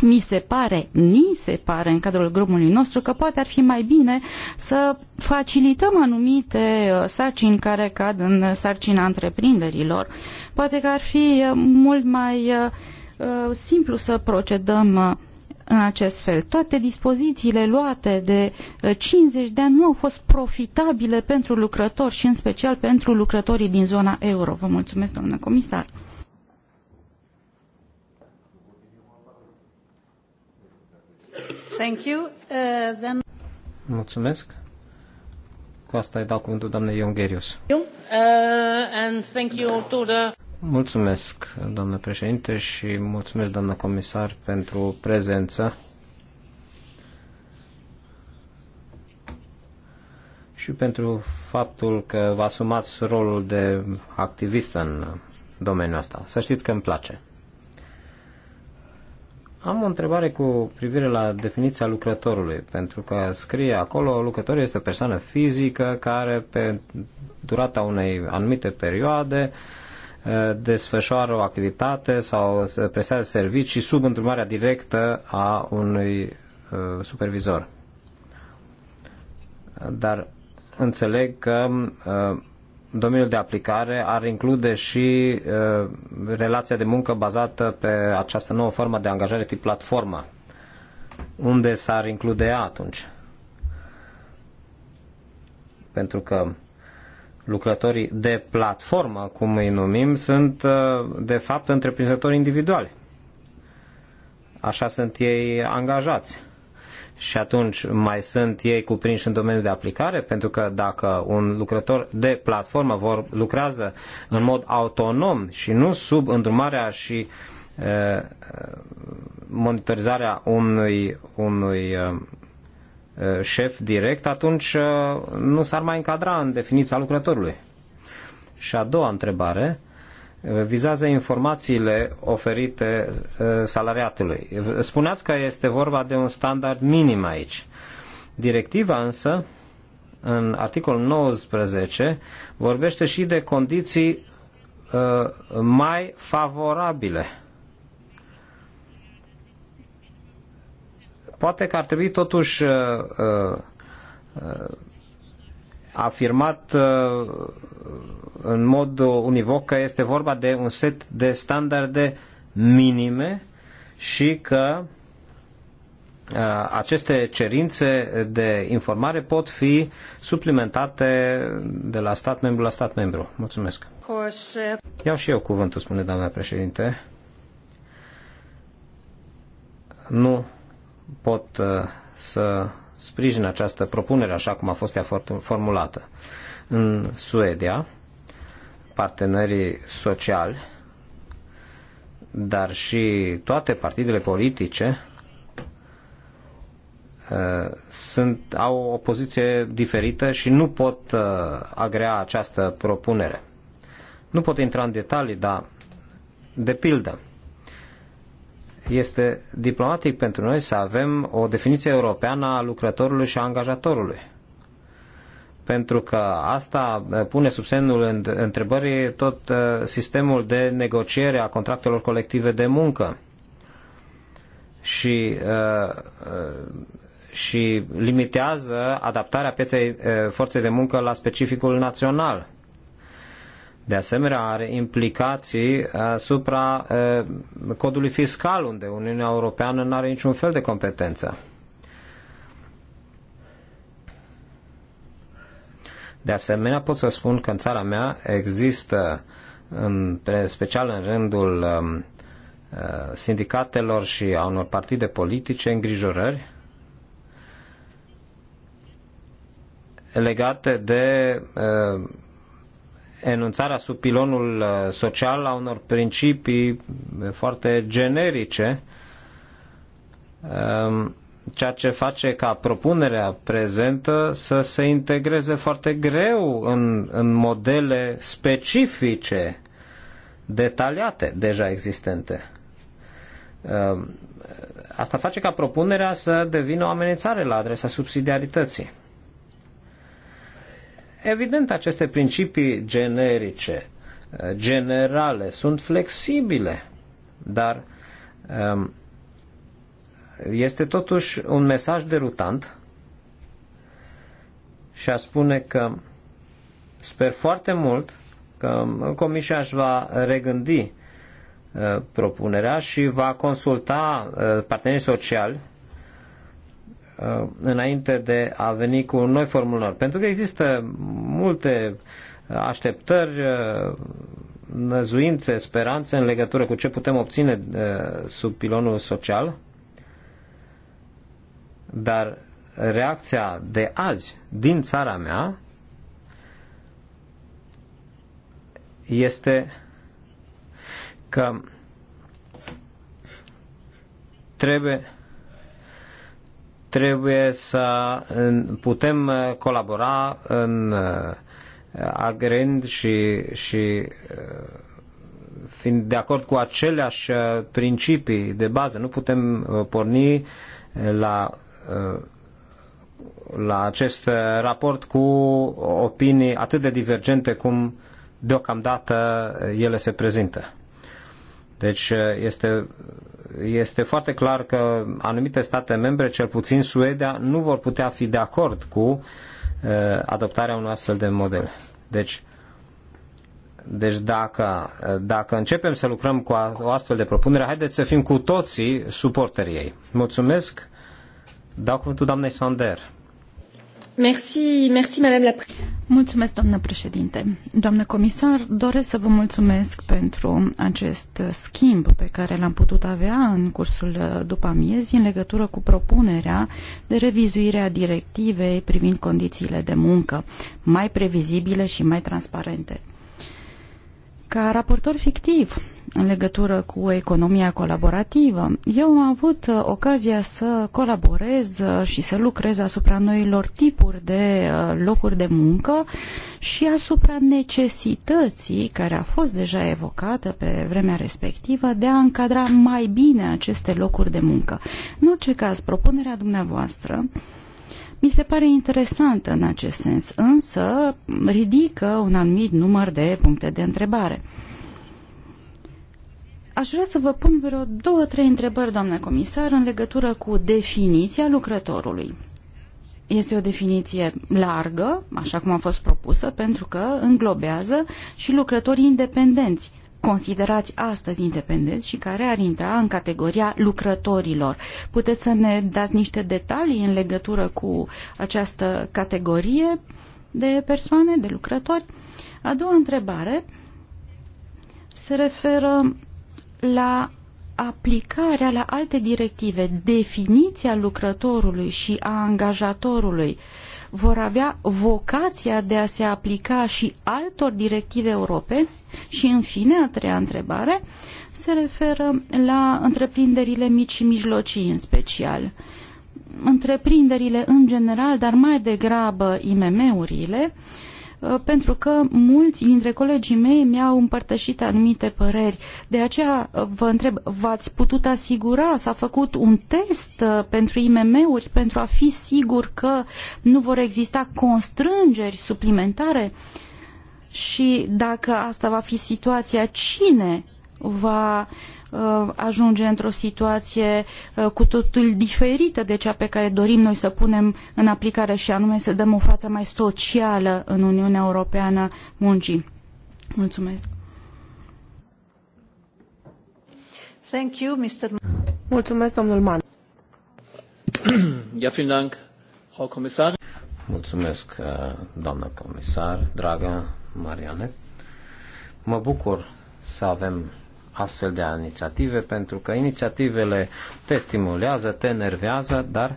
mi se pare, ni se pare în cadrul grupului nostru că poate ar fi mai bine să facilităm anumite uh, sarcini care cad în sarcina întreprinderilor. Poate că ar fi uh, mult mai uh, simplu să procedăm în acest fel. Toate dispozițiile luate de 50 de ani nu au fost profitabile pentru lucrători și în special pentru lucrătorii din zona euro. Vă mulțumesc, domnule comisar. Thank you. Uh, then... Mulțumesc. Cu asta îi dau cuvântul doamnei Iongherius. Uh, and thank you to the... Mulțumesc, doamnă președinte, și mulțumesc, doamnă comisar, pentru prezență. și pentru faptul că vă asumați rolul de activist în domeniul ăsta. Să știți că îmi place. Am o întrebare cu privire la definiția lucrătorului, pentru că scrie acolo, lucrătorul este o persoană fizică care pe durata unei anumite perioade eh, desfășoară o activitate sau prestează servicii sub întrumarea directă a unui eh, supervizor. Dar înțeleg că eh, domeniul de aplicare ar include și uh, relația de muncă bazată pe această nouă formă de angajare tip platformă. Unde s-ar include ea atunci? Pentru că lucrătorii de platformă, cum îi numim, sunt uh, de fapt întreprinzători individuali. Așa sunt ei angajați și atunci mai sunt ei cuprinși în domeniul de aplicare, pentru că dacă un lucrător de platformă vor, lucrează în mod autonom și nu sub îndrumarea și monitorizarea unui, unui uh, șef direct, atunci nu s-ar mai încadra în definiția lucrătorului. Și a doua întrebare vizează informațiile oferite uh, salariatului. Spuneați că este vorba de un standard minim aici. Directiva însă, în articolul 19, vorbește și de condiții uh, mai favorabile. Poate că ar trebui totuși uh, afirmat în mod univoc că este vorba de un set de standarde minime și că uh, aceste cerințe de informare pot fi suplimentate de la stat membru la stat membru. Mulțumesc. Iau și eu cuvântul, spune doamna președinte. Nu pot uh, să sprijin această propunere așa cum a fost ea formulată. În Suedia, partenerii sociali, dar și toate partidele politice uh, sunt, au o poziție diferită și nu pot uh, agrea această propunere. Nu pot intra în detalii, dar de pildă, este diplomatic pentru noi să avem o definiție europeană a lucrătorului și a angajatorului pentru că asta eh, pune sub semnul întrebării tot eh, sistemul de negociere a contractelor colective de muncă și, eh, și limitează adaptarea pieței forței de muncă la specificul național. De asemenea, are implicații asupra codului fiscal, unde Uniunea Europeană nu are niciun fel de competență. De asemenea, pot să spun că în țara mea există, în special în rândul um, uh, sindicatelor și a unor partide politice, îngrijorări legate de uh, enunțarea sub pilonul uh, social a unor principii foarte generice um, ceea ce face ca propunerea prezentă să se integreze foarte greu în, în modele specifice, detaliate, deja existente. Uh, asta face ca propunerea să devină o amenințare la adresa subsidiarității. Evident, aceste principii generice, uh, generale, sunt flexibile, dar um, este totuși un mesaj derutant și a spune că sper foarte mult că Comisia își va regândi uh, propunerea și va consulta uh, partenerii sociali uh, înainte de a veni cu noi formulări. Pentru că există multe așteptări, năzuințe, speranțe în legătură cu ce putem obține sub pilonul social dar reacția de azi din țara mea este că trebuie trebuie să putem colabora în uh, agrend și, și uh, fiind de acord cu aceleași uh, principii de bază. Nu putem porni la Uh, la acest raport cu opinii atât de divergente cum deocamdată ele se prezintă. Deci uh, este, este foarte clar că anumite state membre, cel puțin Suedia, nu vor putea fi de acord cu uh, adoptarea unui astfel de model. Deci, deci dacă, dacă începem să lucrăm cu o astfel de propunere, haideți să fim cu toții suporterii ei. Mulțumesc! Dau cuvântul doamnei Sander. Merci, merci, madame la Mulțumesc, doamnă președinte. Doamnă comisar, doresc să vă mulțumesc pentru acest schimb pe care l-am putut avea în cursul uh, după amiezii în legătură cu propunerea de revizuire a directivei privind condițiile de muncă mai previzibile și mai transparente. Ca raportor fictiv în legătură cu economia colaborativă. Eu am avut uh, ocazia să colaborez uh, și să lucrez asupra noilor tipuri de uh, locuri de muncă și asupra necesității care a fost deja evocată pe vremea respectivă de a încadra mai bine aceste locuri de muncă. În orice caz, propunerea dumneavoastră mi se pare interesantă în acest sens, însă ridică un anumit număr de puncte de întrebare. Aș vrea să vă pun vreo două, trei întrebări, doamnă comisar, în legătură cu definiția lucrătorului. Este o definiție largă, așa cum a fost propusă, pentru că înglobează și lucrătorii independenți, considerați astăzi independenți și care ar intra în categoria lucrătorilor. Puteți să ne dați niște detalii în legătură cu această categorie de persoane, de lucrători? A doua întrebare se referă la aplicarea la alte directive, definiția lucrătorului și a angajatorului vor avea vocația de a se aplica și altor directive europene? Și în fine, a treia întrebare se referă la întreprinderile mici și mijlocii în special. Întreprinderile în general, dar mai degrabă IMM-urile, uh, Uh, pentru că mulți dintre colegii mei mi-au împărtășit anumite păreri. De aceea uh, vă întreb, v-ați putut asigura, s-a făcut un test uh, pentru IMM-uri pentru a fi sigur că nu vor exista constrângeri suplimentare? Și dacă asta va fi situația, cine va uh, Uh, ajunge într-o situație uh, cu totul diferită de cea pe care dorim noi să punem în aplicare și anume să dăm o față mai socială în Uniunea Europeană muncii. Mulțumesc! Thank you, Mr. Mulțumesc, domnul Mann. Ja, vielen Dank, Frau Kommissar. Mulțumesc, uh, doamnă comisar, dragă Mariane. Mă bucur să avem astfel de inițiative, pentru că inițiativele te stimulează, te enervează, dar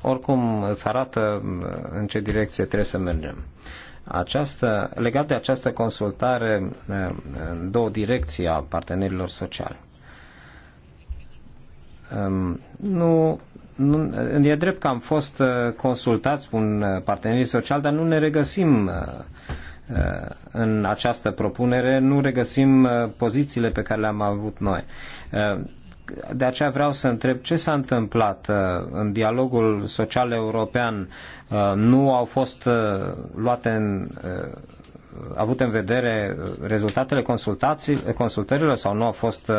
oricum îți arată în ce direcție trebuie să mergem. Această, legat de această consultare în două direcții a partenerilor sociali. Nu, nu, e drept că am fost consultați cu un partener social, dar nu ne regăsim Uh, în această propunere nu regăsim uh, pozițiile pe care le-am avut noi. Uh, de aceea vreau să întreb ce s-a întâmplat în dialogul social european. Nu au fost luate în avut în vedere rezultatele consultărilor sau nu au fost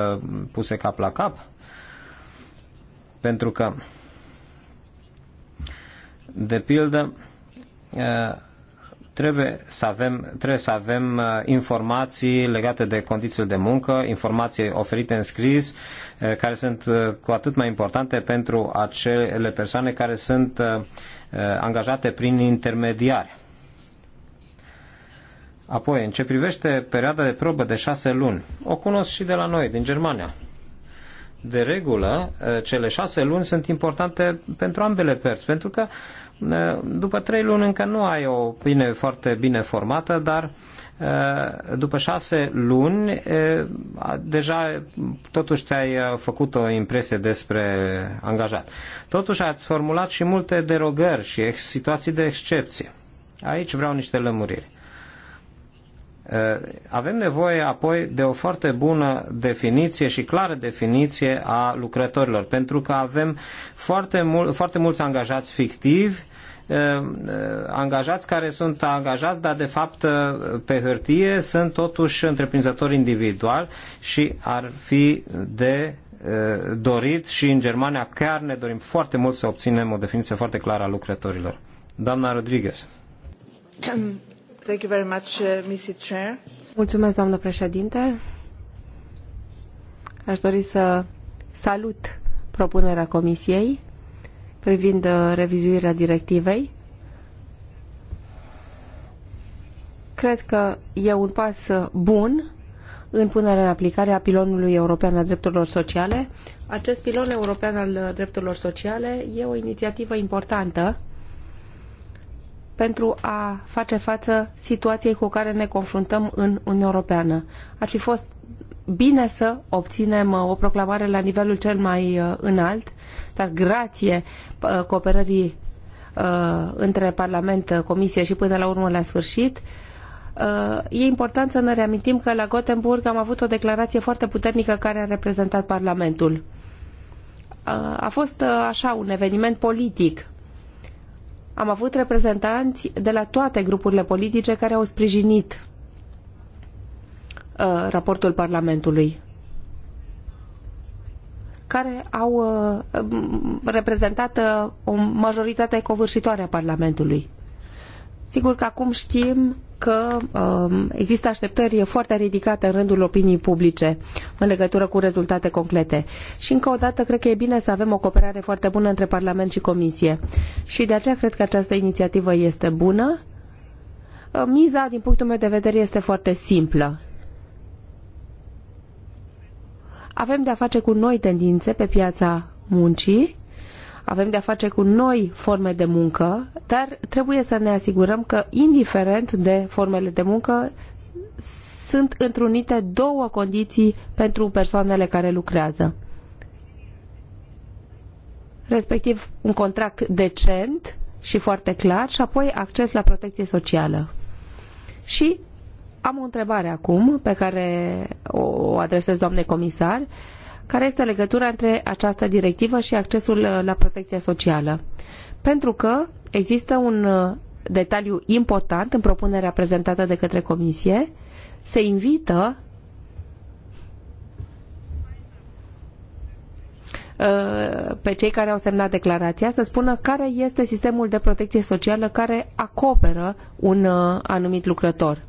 puse cap la cap? Pentru că, de pildă, trebuie să avem, trebuie să avem uh, informații legate de condițiile de muncă, informații oferite în scris, uh, care sunt uh, cu atât mai importante pentru acele persoane care sunt angajate prin intermediari. Apoi, în ce privește perioada de probă de șase luni, o cunosc și de la noi, din Germania. De regulă, cele șase luni sunt importante pentru ambele părți, pentru că după trei luni încă nu ai o opinie foarte bine formată, dar după șase luni deja totuși ți-ai făcut o impresie despre angajat. Totuși ați formulat și multe derogări și situații de excepție. Aici vreau niște lămuriri. Eh, avem nevoie apoi de o foarte bună definiție și clară definiție a lucrătorilor, pentru că avem foarte, mul- foarte mulți angajați fictivi eh, eh, angajați care sunt angajați, dar de fapt pe hârtie sunt totuși întreprinzători individuali și ar fi de dorit și în Germania chiar ne dorim foarte mult să obținem o definiție foarte clară a lucrătorilor. Doamna Rodriguez. Uh, Mulțumesc, doamnă președinte. Aș dori să salut propunerea Comisiei privind uh, revizuirea directivei. Cred că e un pas uh, bun în punerea în aplicare a pilonului european al drepturilor sociale. Acest pilon european al drepturilor sociale e o inițiativă importantă pentru a face față situației cu care ne confruntăm în Uniunea Europeană. Ar fi fost bine să obținem uh, o proclamare la nivelul cel mai uh, înalt, dar grație uh, cooperării între Parlament, Comisie și până la urmă la sfârșit, e important să ne reamintim că la Gothenburg am avut o declarație foarte puternică care a reprezentat Parlamentul. A fost așa un eveniment politic am avut reprezentanți de la toate grupurile politice care au sprijinit uh, raportul Parlamentului care au uh, reprezentat uh, o majoritate covârșitoare a Parlamentului. Sigur că acum știm că um, există așteptări foarte ridicate în rândul opiniei publice în legătură cu rezultate concrete. Și încă o dată cred că e bine să avem o cooperare foarte bună între Parlament și Comisie. Și de aceea cred că această inițiativă este bună. Uh, miza, din punctul meu de vedere, este foarte simplă. Avem de a face cu noi tendințe pe piața muncii avem de-a face cu noi forme de muncă, dar trebuie să ne asigurăm că, indiferent de formele de muncă, sunt întrunite două condiții pentru persoanele care lucrează. Respectiv, un contract decent și foarte clar și apoi acces la protecție socială. Și am o întrebare acum pe care o adresez doamnei comisar. Uh, care este legătura între această directivă și accesul uh, la protecția socială. Pentru că există un uh, detaliu important în propunerea prezentată de către Comisie, se invită uh, pe cei care au semnat declarația să spună care este sistemul de protecție socială care acoperă un anumit lucrător.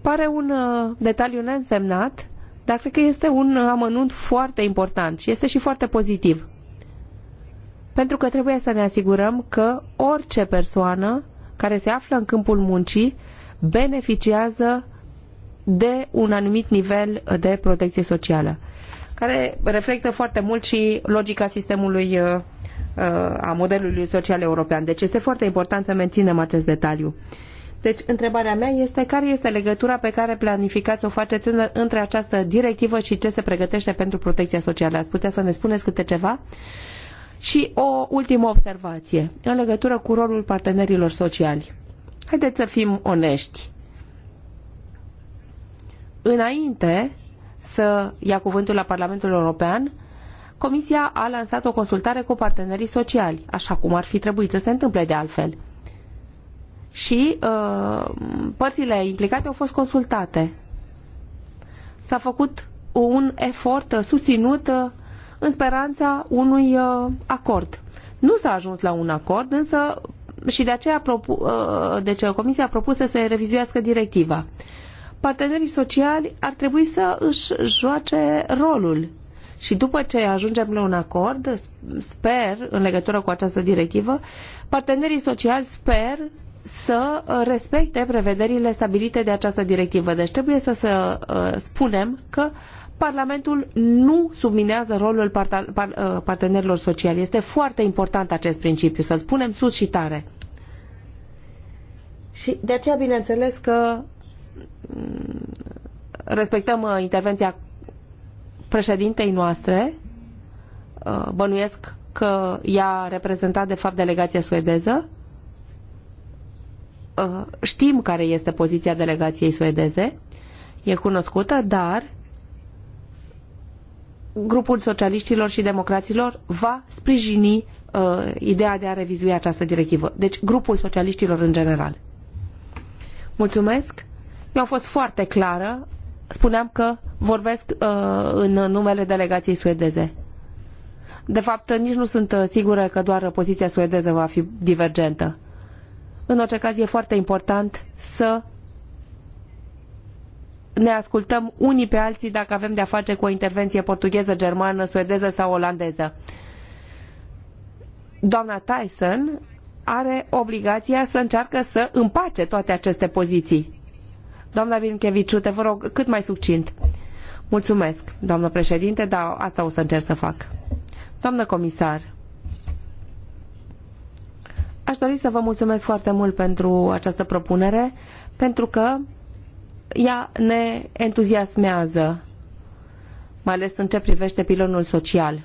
Pare un detaliu neînsemnat, dar cred că este un amănunt foarte important și este și foarte pozitiv. Pentru că trebuie să ne asigurăm că orice persoană care se află în câmpul muncii beneficiază de un anumit nivel de protecție socială, care reflectă foarte mult și logica sistemului uh, uh, a modelului social european. Deci este foarte important să menținem acest detaliu. Deci, întrebarea mea este care este legătura pe care planificați să o faceți între această directivă și ce se pregătește pentru protecția socială. Ați putea să ne spuneți câte ceva? Și o ultimă observație, în legătură cu rolul partenerilor sociali. Haideți să fim onești. Înainte să ia cuvântul la Parlamentul European, Comisia a lansat o consultare cu partenerii sociali, așa cum ar fi trebuit să se întâmple de altfel și uh, părțile implicate au fost consultate. S-a făcut un efort susținut uh, în speranța unui uh, acord. Nu s-a ajuns la un acord, însă și de aceea propu- deci, Comisia a propus să se revizuiască directiva. Partenerii sociali ar trebui să își joace rolul și după ce ajungem la un acord, sper, în legătură cu această directivă, partenerii sociali sper să respecte prevederile stabilite de această directivă. Deci trebuie să, să uh, spunem că Parlamentul nu subminează rolul uh, partenerilor sociali. Este foarte important acest principiu, să-l spunem sus și tare. Și de aceea, bineînțeles, că mm, respectăm uh, intervenția președintei noastre. Bănuiesc că ea a reprezentat, de fapt, delegația suedeză Uh, știm care este poziția delegației suedeze, e cunoscută, dar grupul socialiștilor și democraților va sprijini uh, ideea de a revizui această directivă. Deci grupul socialiștilor în general. Mulțumesc. Eu am fost foarte clară. Spuneam că vorbesc uh, în numele delegației suedeze. De fapt, nici nu sunt uh, sigură că doar poziția suedeză va fi divergentă. În orice caz, e foarte important să ne ascultăm unii pe alții dacă avem de-a face cu o intervenție portugheză, germană, suedeză sau olandeză. Doamna Tyson are obligația să încearcă să împace toate aceste poziții. Doamna Vincheviciu, te vă rog, cât mai succint. Mulțumesc, doamnă președinte, dar asta o să încerc să fac. Doamnă comisar, Aș dori să vă mulțumesc foarte mult pentru această propunere, pentru că ea ne entuziasmează, mai ales în ce privește pilonul social.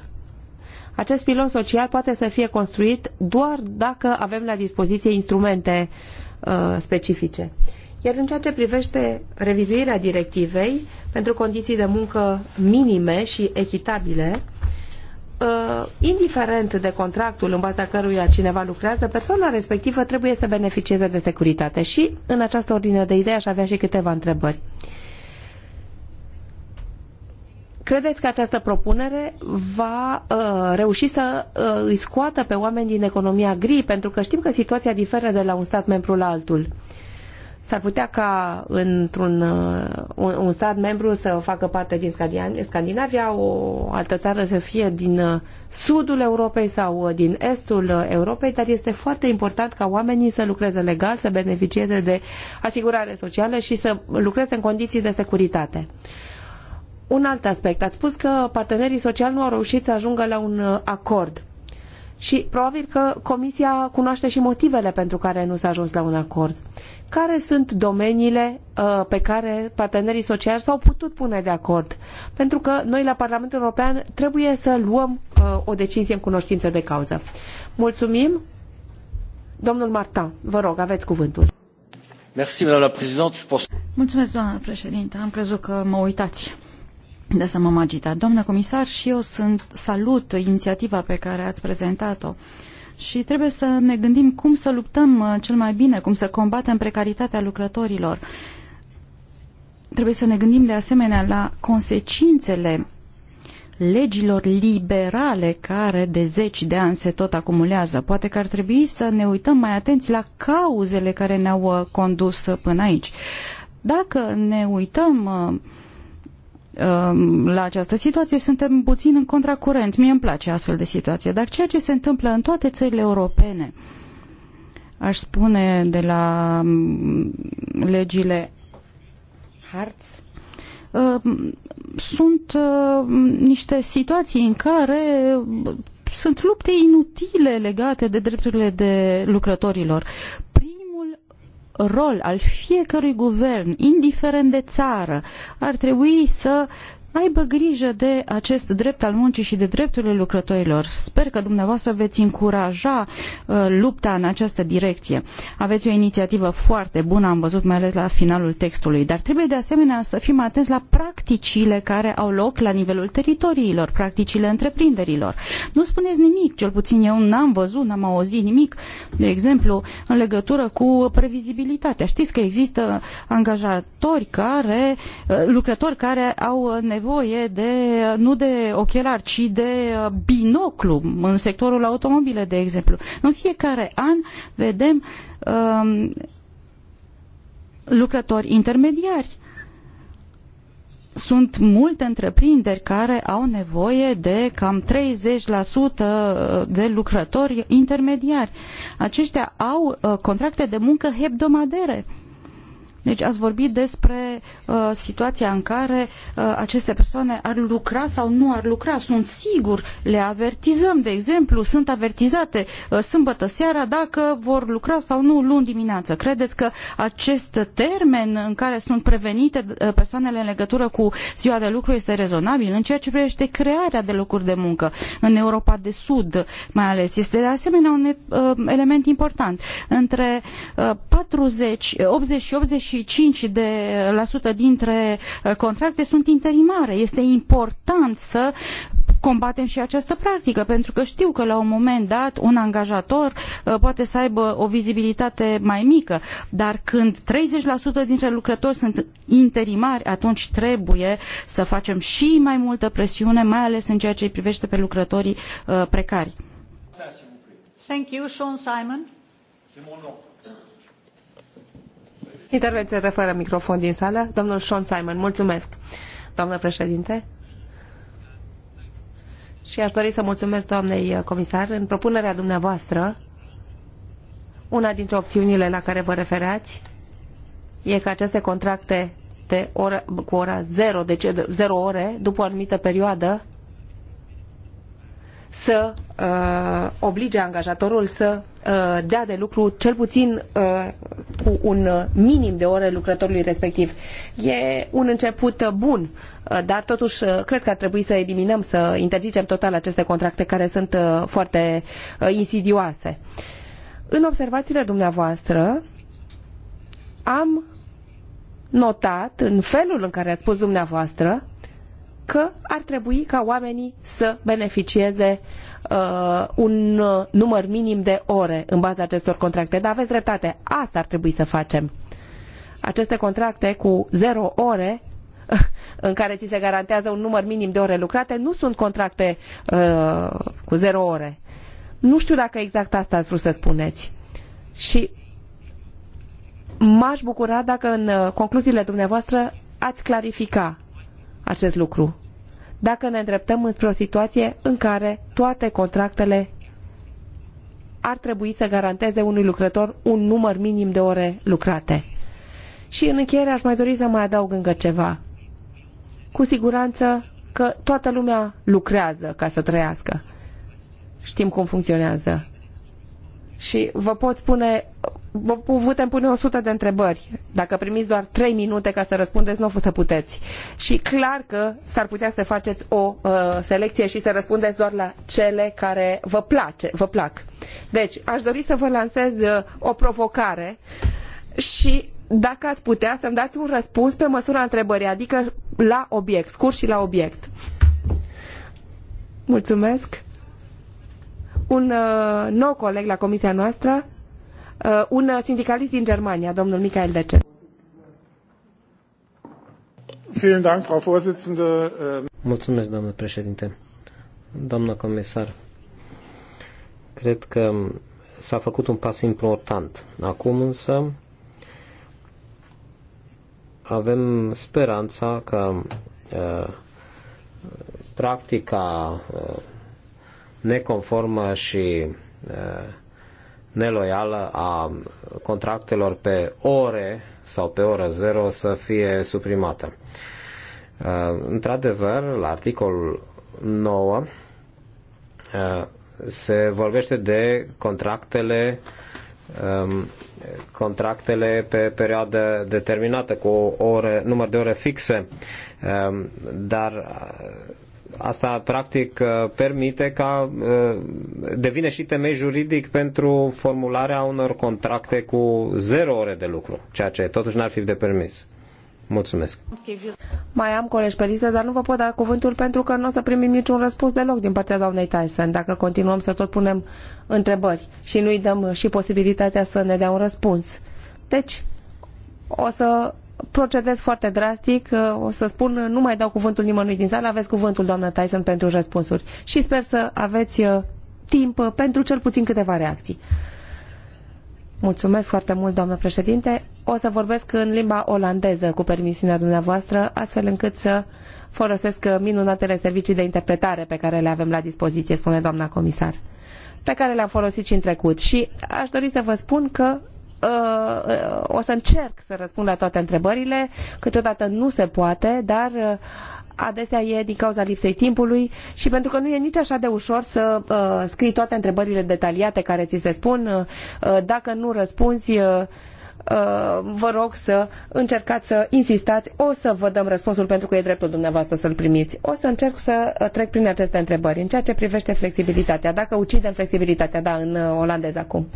Acest pilon social poate să fie construit doar dacă avem la dispoziție instrumente uh, specifice. Iar în ceea ce privește revizuirea directivei pentru condiții de muncă minime și echitabile, Uh, indiferent de contractul în baza căruia cineva lucrează, persoana respectivă trebuie să beneficieze de securitate. Și în această ordine de idei aș avea și câteva întrebări. Credeți că această propunere va uh, reuși să uh, îi scoată pe oameni din economia gri? Pentru că știm că situația diferă de la un stat membru la altul. Uh, S-ar putea ca într-un uh, un, un stat membru să facă parte din Scandinavia, o altă țară să fie din uh, sudul Europei sau uh, din estul Europei, dar este foarte important ca oamenii să lucreze legal, să beneficieze de asigurare socială și să lucreze în condiții de securitate. Un alt aspect. Ați spus că partenerii sociali nu au reușit să ajungă la un acord și probabil că Comisia cunoaște și motivele pentru care nu s-a ajuns la un acord. Care sunt domeniile uh, pe care partenerii sociali s-au putut pune de acord? Pentru că noi la Parlamentul European trebuie să luăm uh, o decizie în cunoștință de cauză. Mulțumim. Domnul Martin, vă rog, aveți cuvântul. Mulțumesc, doamnă președintă, Am crezut că mă uitați de să m-am agitat. comisar, și eu sunt, salut inițiativa pe care ați prezentat-o și trebuie să ne gândim cum să luptăm uh, cel mai bine, cum să combatem precaritatea lucrătorilor. Trebuie să ne gândim de asemenea la consecințele legilor liberale care de zeci de ani se tot acumulează. Poate că ar trebui să ne uităm mai atenți la cauzele care ne-au uh, condus până aici. Dacă ne uităm uh, Um, la această situație, suntem puțin în contracurent. Mie îmi place astfel de situație, dar ceea ce se întâmplă în toate țările europene, aș spune de la um, legile Hartz, um, sunt niște situații în care sunt lupte inutile legate de drepturile de lucrătorilor rol al fiecărui guvern, indiferent de țară, ar trebui să aibă grijă de acest drept al muncii și de drepturile lucrătorilor. Sper că dumneavoastră veți încuraja uh, lupta în această direcție. Aveți o inițiativă foarte bună, am văzut mai ales la finalul textului, dar trebuie de asemenea să fim atenți la practicile care au loc la nivelul teritoriilor, practicile întreprinderilor. Nu spuneți nimic, cel puțin eu n-am văzut, n-am auzit nimic, de exemplu, în legătură cu previzibilitatea. Știți că există angajatori care, uh, lucrători care au ne nevoie de, nu de ochelari, ci de uh, binoclu în sectorul automobile, de exemplu. În fiecare an vedem um, lucrători intermediari sunt multe întreprinderi care au nevoie de cam 30% uh, de lucrători intermediari. Aceștia au uh, contracte de muncă hebdomadere. Uh, deci ați vorbit despre uh, situația în care uh, aceste persoane ar lucra sau nu ar lucra. Sunt sigur, le avertizăm, de exemplu, sunt avertizate uh, sâmbătă seara dacă vor lucra sau nu luni dimineață. Credeți că acest termen în care sunt prevenite uh, persoanele în legătură cu ziua de lucru este rezonabil în ceea ce privește crearea de locuri de muncă în Europa de Sud, mai ales? Este de asemenea un uh, element important. Între uh, 40, 80 și 80 95% dintre uh, contracte sunt interimare. Este important să combatem și această practică, pentru că știu că la un moment dat un angajator uh, poate să aibă o vizibilitate mai mică, dar când 30% dintre lucrători sunt interimari, atunci trebuie să facem și mai multă presiune, mai ales în ceea ce îi privește pe lucrătorii uh, precari. Thank you, Sean Simon. Intervenție referă microfon din sală. Domnul Sean Simon, mulțumesc. Doamnă președinte. Și aș dori să mulțumesc doamnei comisar. În propunerea dumneavoastră, una dintre opțiunile la care vă refereați e că aceste contracte de oră, cu ora zero, deci zero ore, după o anumită perioadă, să uh, oblige angajatorul să uh, dea de lucru cel puțin uh, cu un minim de ore lucrătorului respectiv. E un început bun, uh, dar totuși uh, cred că ar trebui să eliminăm, să interzicem total aceste contracte care sunt uh, foarte insidioase. În observațiile dumneavoastră am notat în felul în care ați spus dumneavoastră că ar trebui ca oamenii să beneficieze uh, un uh, număr minim de ore în baza acestor contracte. Dar aveți dreptate, asta ar trebui să facem. Aceste contracte cu zero ore în care ți se garantează un număr minim de ore lucrate, nu sunt contracte uh, cu zero ore. Nu știu dacă exact asta ați vrut să spuneți. Și m-aș bucura dacă în uh, concluziile dumneavoastră ați clarifica acest lucru dacă ne îndreptăm înspre o situație în care toate contractele ar trebui să garanteze unui lucrător un număr minim de ore lucrate. Și în încheiere aș mai dori să mai adaug încă ceva. Cu siguranță că toată lumea lucrează ca să trăiască. Știm cum funcționează și vă pot spune, vă putem pune o sută de întrebări. Dacă primiți doar trei minute ca să răspundeți, nu o să puteți. Și clar că s-ar putea să faceți o uh, selecție și să răspundeți doar la cele care vă, place, vă plac. Deci, aș dori să vă lansez uh, o provocare și dacă ați putea să-mi dați un răspuns pe măsura întrebării, adică la obiect, scurt și la obiect. Mulțumesc! un uh, nou coleg la comisia noastră, uh, un uh, sindicalist din Germania, domnul Michael Dece. Äh, Mulțumesc, domnule președinte. Doamnă comisar, cred că s-a făcut un pas important. Acum însă avem speranța că practica neconformă și uh, neloială a contractelor pe ore sau pe oră zero să fie suprimată. Uh, într-adevăr, la articolul 9 uh, se vorbește de contractele um, contractele pe perioadă determinată cu o oră, număr de ore fixe, um, dar asta practic uh, permite ca uh, devine și temei juridic pentru formularea unor contracte cu zero ore de lucru, ceea ce totuși n-ar fi de permis. Mulțumesc. Mai am colegi pe listă, dar nu vă pot da cuvântul pentru că nu o să primim niciun răspuns deloc din partea doamnei Tyson dacă continuăm să tot punem întrebări și nu-i dăm și posibilitatea să ne dea un răspuns. Deci, o să procedez foarte drastic, uh, o să spun, nu mai dau cuvântul nimănui din sală, aveți cuvântul, doamnă Tyson, pentru răspunsuri. Și sper să aveți uh, timp uh, pentru cel puțin câteva reacții. Mulțumesc foarte mult, doamnă președinte. O să vorbesc în limba olandeză, cu permisiunea dumneavoastră, astfel încât să folosesc minunatele servicii de interpretare pe care le avem la dispoziție, spune doamna comisar, pe care le-am folosit și în trecut. Și aș dori să vă spun că Uh, o să încerc să răspund la toate întrebările, câteodată nu se poate, dar uh, adesea e din cauza lipsei timpului și pentru că nu e nici așa de ușor să uh, scrii toate întrebările detaliate care ți se spun. Uh, dacă nu răspunzi, uh, uh vă rog să încercați să insistați, o să vă dăm răspunsul pentru că e dreptul dumneavoastră să-l primiți. O să încerc să trec prin aceste întrebări. În ceea ce privește flexibilitatea, dacă ucidem flexibilitatea, da, în olandez acum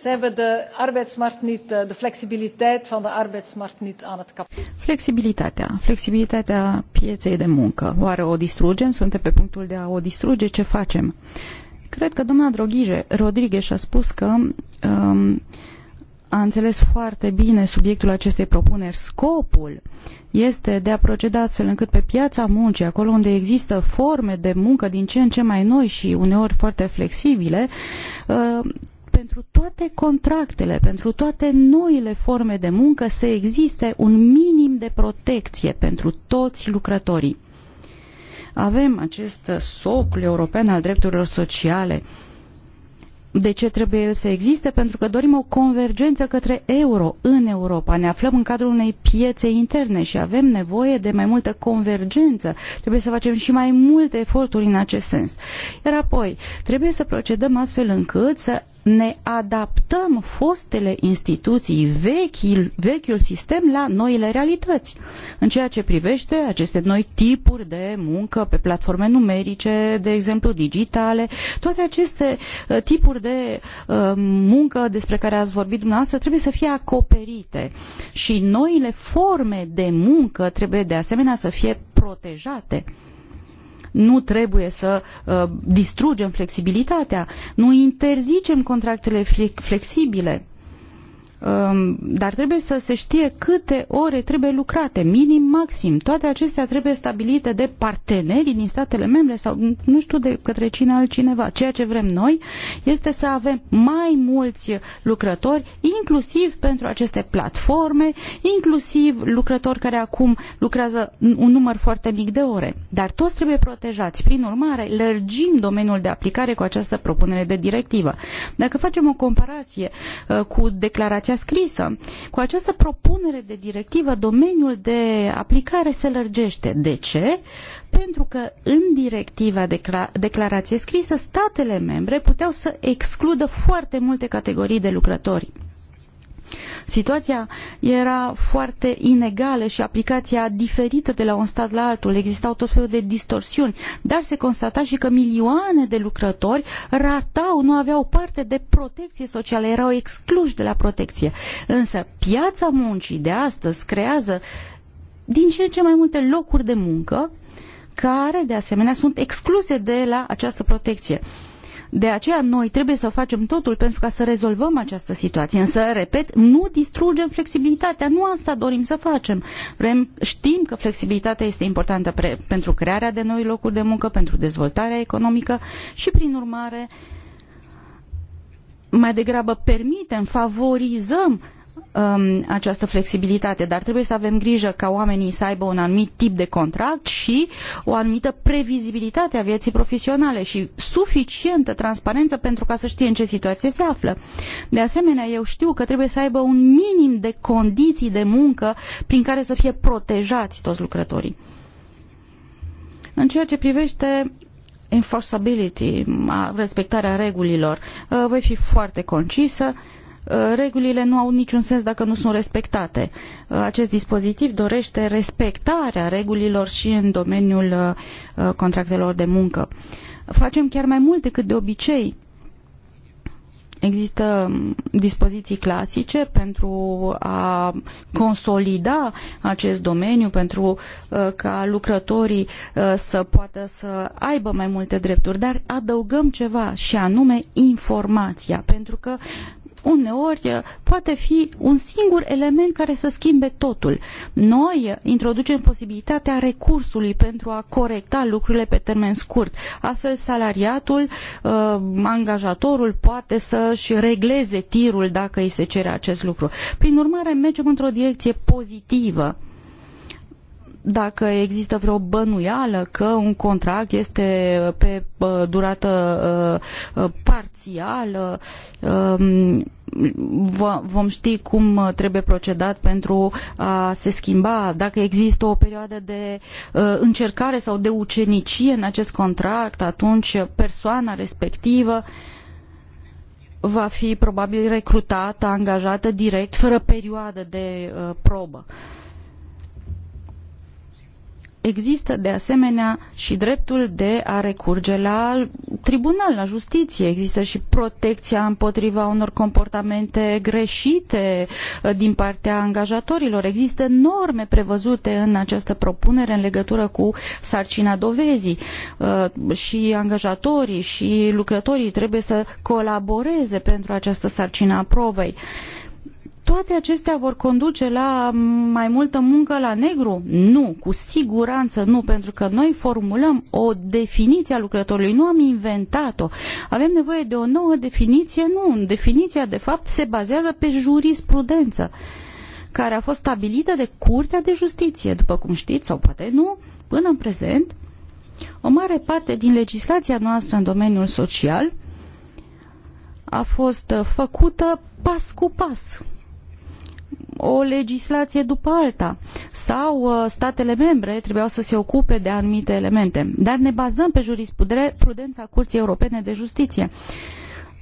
zijn we de arbeidsmarkt niet, eh, de flexibiliteit van de arbeidsmarkt niet aan het kap. Flexibilitatea, flexibilitatea pieței de muncă. Oare o distrugem? Suntem pe punctul de a o distruge? Ce facem? Cred că doamna Droghige, Rodriguez a spus că um, a înțeles foarte bine subiectul acestei propuneri. Scopul este de a proceda astfel încât pe piața muncii, acolo unde există forme de muncă din ce în ce mai noi și uneori foarte flexibile, uh, pentru toate contractele, pentru toate noile forme de muncă să existe un minim de protecție pentru toți lucrătorii. Avem acest socul european al drepturilor sociale. De ce trebuie el să existe? Pentru că dorim o convergență către euro în Europa. Ne aflăm în cadrul unei piețe interne și avem nevoie de mai multă convergență. Trebuie să facem și mai multe eforturi în acest sens. Iar apoi, trebuie să procedăm astfel încât să ne adaptăm fostele instituții, vechiul, vechiul sistem la noile realități. În ceea ce privește aceste noi tipuri de muncă pe platforme numerice, de exemplu digitale, toate aceste uh, tipuri de uh, muncă despre care ați vorbit dumneavoastră trebuie să fie acoperite și noile forme de muncă trebuie de asemenea să fie protejate. Uh, nu trebuie să uh, distrugem flexibilitatea, nu interzicem contractele flexibile. Um, dar trebuie să se știe câte ore trebuie lucrate, minim, maxim. Toate acestea trebuie stabilite de partenerii din statele membre sau nu știu de către cine altcineva. Ceea ce vrem noi este să avem mai mulți lucrători, inclusiv pentru aceste platforme, inclusiv lucrători care acum lucrează un număr foarte mic de ore. Dar toți trebuie protejați. Prin urmare, lărgim domeniul de aplicare cu această propunere de directivă. Dacă facem o comparație uh, cu declarația legislația scrisă. Cu această propunere de directivă, domeniul de aplicare se lărgește. De ce? Pentru că în directiva decla- declarație scrisă, statele membre puteau să excludă foarte multe categorii de lucrători. Situația era foarte inegală și aplicația diferită de la un stat la altul. Existau tot felul de distorsiuni, dar se constata și că milioane de lucrători ratau, nu aveau parte de protecție socială, erau excluși de la protecție. Însă piața muncii de astăzi creează din ce în ce mai multe locuri de muncă care, de asemenea, sunt excluse de la această protecție. De aceea noi trebuie să facem totul pentru ca să rezolvăm această situație. Însă, repet, nu distrugem flexibilitatea. Nu asta dorim să facem. Vrem, știm că flexibilitatea este importantă pre, pentru crearea de noi locuri de muncă, pentru dezvoltarea economică și, prin urmare, mai degrabă permitem, favorizăm uh, um, această flexibilitate, dar trebuie să avem grijă ca oamenii să aibă un anumit tip de contract și o anumită previzibilitate a vieții profesionale și suficientă transparență pentru ca să știe în ce situație se află. De asemenea, eu știu că trebuie să aibă un minim de condiții de muncă prin care să fie protejați toți lucrătorii. În ceea ce privește enforceability, respectarea regulilor, uh, voi fi foarte concisă. Uh, regulile nu au niciun sens dacă nu sunt respectate. Uh, acest dispozitiv dorește respectarea regulilor și în domeniul uh, contractelor de muncă. Facem chiar mai mult decât de obicei. Există um, dispoziții clasice pentru a consolida acest domeniu, pentru ca lucrătorii să poată să aibă mai multe drepturi, dar adăugăm ceva și anume informația, pentru că uneori eh, poate fi un singur element care să schimbe totul. Noi introducem posibilitatea recursului pentru a corecta lucrurile pe termen scurt. Astfel, salariatul, eh, angajatorul poate să-și regleze tirul dacă îi se cere acest lucru. Prin urmare, mergem într-o direcție pozitivă dacă există vreo bănuială că un contract este pe uh, durată uh, uh, parțială, um, vom ști cum trebuie procedat pentru a se schimba, dacă există o perioadă de încercare sau de ucenicie în acest contract, atunci persoana respectivă va fi probabil recrutată, angajată direct, fără perioadă de probă. Uh, există de asemenea și dreptul de a recurge la tribunal, la justiție. Există și protecția împotriva unor comportamente greșite uh, din partea angajatorilor. Există norme prevăzute în această propunere în legătură cu sarcina dovezii. Uh, și angajatorii și lucrătorii trebuie să colaboreze pentru această sarcină a probei toate acestea vor conduce la mai multă muncă la negru? Nu, cu siguranță nu, pentru că noi formulăm o definiție a lucrătorului, nu am inventat-o. Avem nevoie de o nouă definiție? Nu, definiția de fapt se bazează pe jurisprudență care a fost stabilită de Curtea de Justiție, după cum știți, sau poate nu, până în prezent, o mare parte din legislația noastră în domeniul social a fost făcută pas cu pas o legislație după alta sau uh, statele membre trebuiau să se ocupe de anumite elemente. Dar ne bazăm pe jurisprudența Curții Europene de Justiție.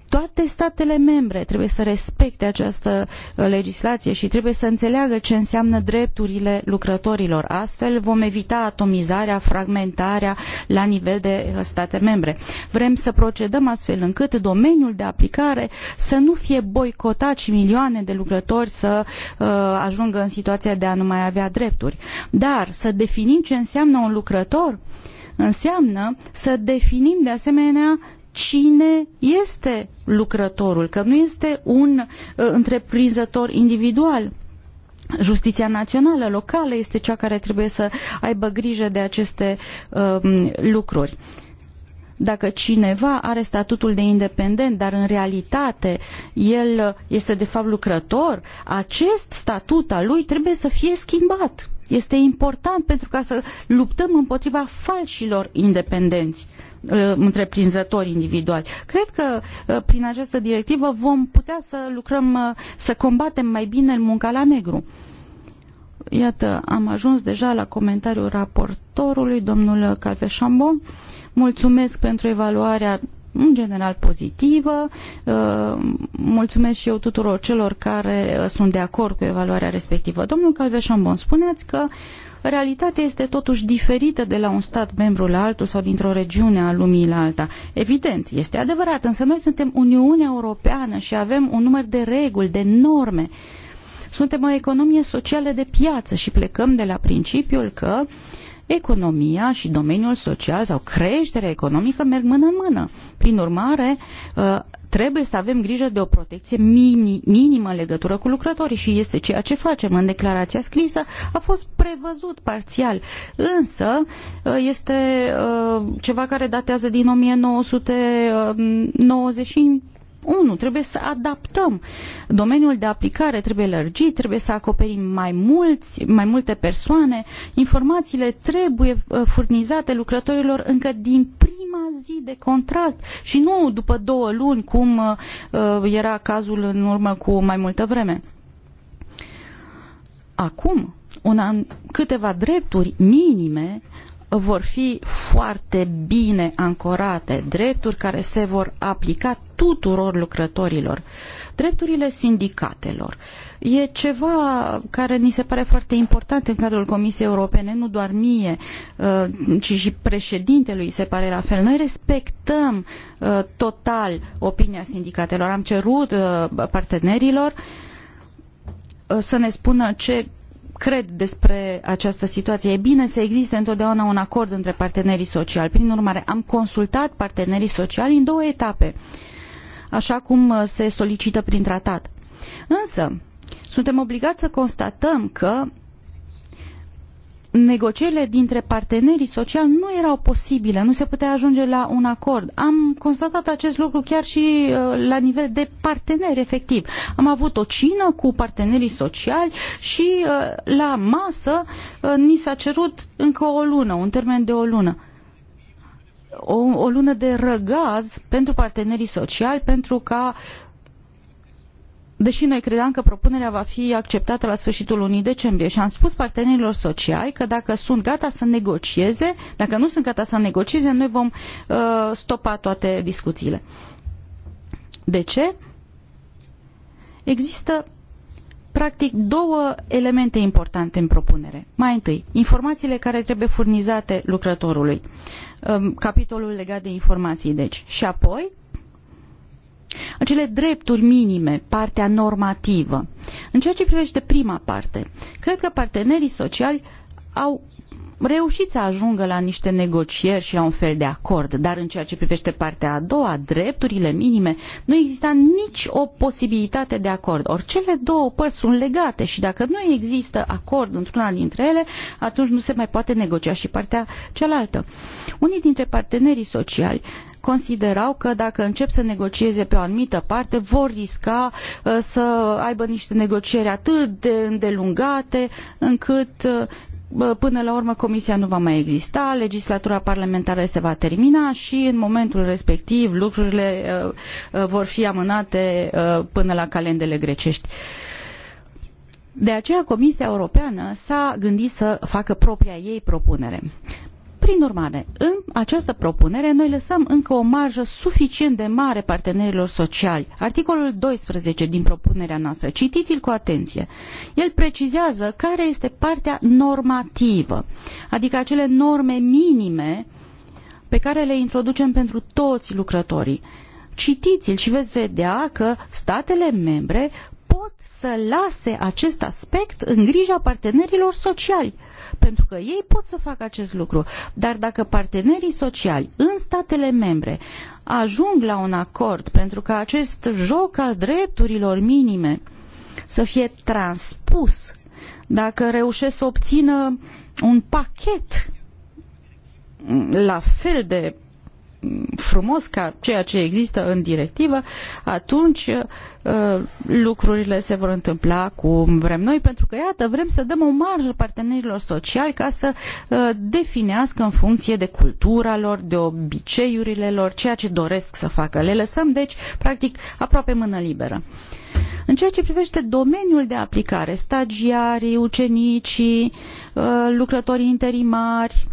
Toate statele membre trebuie să respecte această uh, legislație și trebuie să înțeleagă ce înseamnă drepturile lucrătorilor. Astfel vom evita atomizarea, fragmentarea la nivel de uh, state membre. Vrem să procedăm astfel încât domeniul de aplicare să nu fie boicotat și milioane de lucrători să uh, ajungă în situația de a nu mai avea drepturi. Dar să definim ce înseamnă un lucrător înseamnă să definim de asemenea cine este lucrătorul, că nu este un uh, întreprinzător individual. Justiția națională, locală, este cea care trebuie să aibă grijă de aceste uh, lucruri dacă cineva are statutul de independent, dar în realitate el uh, este de fapt lucrător, acest statut al lui trebuie să fie schimbat. Este important pentru ca să luptăm împotriva falșilor independenți. Uh, întreprinzători individuali. Cred că uh, prin această directivă vom putea să lucrăm, uh, să combatem mai bine munca la negru. Iată, am ajuns deja la comentariul raportorului, domnul Calveșambon. Mulțumesc pentru evaluarea în general pozitivă. Mulțumesc și eu tuturor celor care sunt de acord cu evaluarea respectivă. Domnul Calveșambon, spuneați că uh, realitatea este totuși diferită de la un stat membru la altul sau dintr-o regiune a lumii la alta. Evident, este adevărat, însă noi suntem Uniunea Europeană și avem un număr de reguli, de norme. Suntem o economie socială de piață și plecăm de la principiul că economia și domeniul social sau creșterea economică merg mână în mână. Prin urmare, ă, trebuie să avem grijă de o protecție minimă în legătură cu lucrătorii și este ceea ce facem. În declarația scrisă a fost prevăzut parțial, însă uh, este uh, ceva care datează din 1990 unu Trebuie să adaptăm. Domeniul de aplicare trebuie lărgit, trebuie să acoperim mai, mulți, mai multe persoane. Informațiile trebuie uh, furnizate lucrătorilor încă din prima zi de contract și nu după două luni, cum uh, uh, era cazul în urmă cu mai multă vreme. Acum, un an, câteva drepturi minime vor fi foarte bine ancorate, drepturi care se vor aplica tuturor lucrătorilor, drepturile sindicatelor. E ceva care ni se pare foarte important în cadrul Comisiei Europene, nu doar mie, uh, ci și președintelui se pare la fel. Noi respectăm uh, total opinia sindicatelor. Am cerut uh, partenerilor să ne spună ce cred despre această situație. E bine să existe întotdeauna un acord între partenerii sociali. Prin urmare, am consultat partenerii sociali în două etape, așa cum uh, se solicită prin tratat. Însă, suntem obligați să constatăm că negocierile dintre partenerii sociali nu erau posibile, nu se putea ajunge la un acord. Am constatat acest lucru chiar și uh, la nivel de parteneri, efectiv. Am avut o cină cu partenerii sociali și uh, la masă uh, ni s-a cerut încă o lună, un termen de o lună. O, o lună de răgaz pentru partenerii sociali, pentru ca uh, deși noi credeam că propunerea va fi acceptată la sfârșitul lunii decembrie și am spus partenerilor sociali că dacă sunt gata să negocieze, dacă nu sunt gata să negocieze, noi vom uh, stopa toate discuțiile. De ce? Există practic două elemente importante în propunere. Mai întâi, informațiile care trebuie furnizate lucrătorului. Uh, capitolul legat de informații, deci. Și apoi, acele drepturi minime, partea normativă. În ceea ce privește prima parte, cred că partenerii sociali au reușit să ajungă la niște negocieri și la un fel de acord, dar în ceea ce privește partea a doua, drepturile minime, nu exista nici o posibilitate de acord. Ori cele două părți sunt legate și dacă nu există acord într-una dintre ele, atunci nu se mai poate negocia și partea cealaltă. Unii dintre partenerii sociali considerau că dacă încep să negocieze pe o anumită parte, vor risca uh, să aibă niște negocieri atât de îndelungate încât uh, până la urmă comisia nu va mai exista, legislatura parlamentară se va termina și în momentul respectiv lucrurile uh, vor fi amânate până la calendele grecești. De aceea Comisia Europeană s-a gândit să facă propria ei propunere. Prin urmare, în această propunere noi lăsăm încă o marjă suficient de mare partenerilor sociali. Articolul 12 din propunerea noastră, citiți-l cu atenție. El precizează care este partea normativă, adică acele norme minime pe care le introducem pentru toți lucrătorii. Citiți-l și veți vedea că statele membre pot să lase acest aspect în grija partenerilor sociali pentru că ei pot să facă acest lucru. Dar dacă partenerii sociali în statele membre ajung la un acord pentru că acest joc al drepturilor minime să fie transpus, dacă reușesc să obțină un pachet la fel de frumos ca ceea ce există în directivă, atunci Uh, lucrurile se vor întâmpla cum vrem noi, pentru că, iată, vrem să dăm o marjă partenerilor sociali ca să uh, definească în funcție de cultura lor, de obiceiurile lor, ceea ce doresc să facă. Le lăsăm, deci, practic, aproape mână liberă. În ceea ce privește domeniul de aplicare, stagiarii, ucenicii, uh, lucrătorii interimari,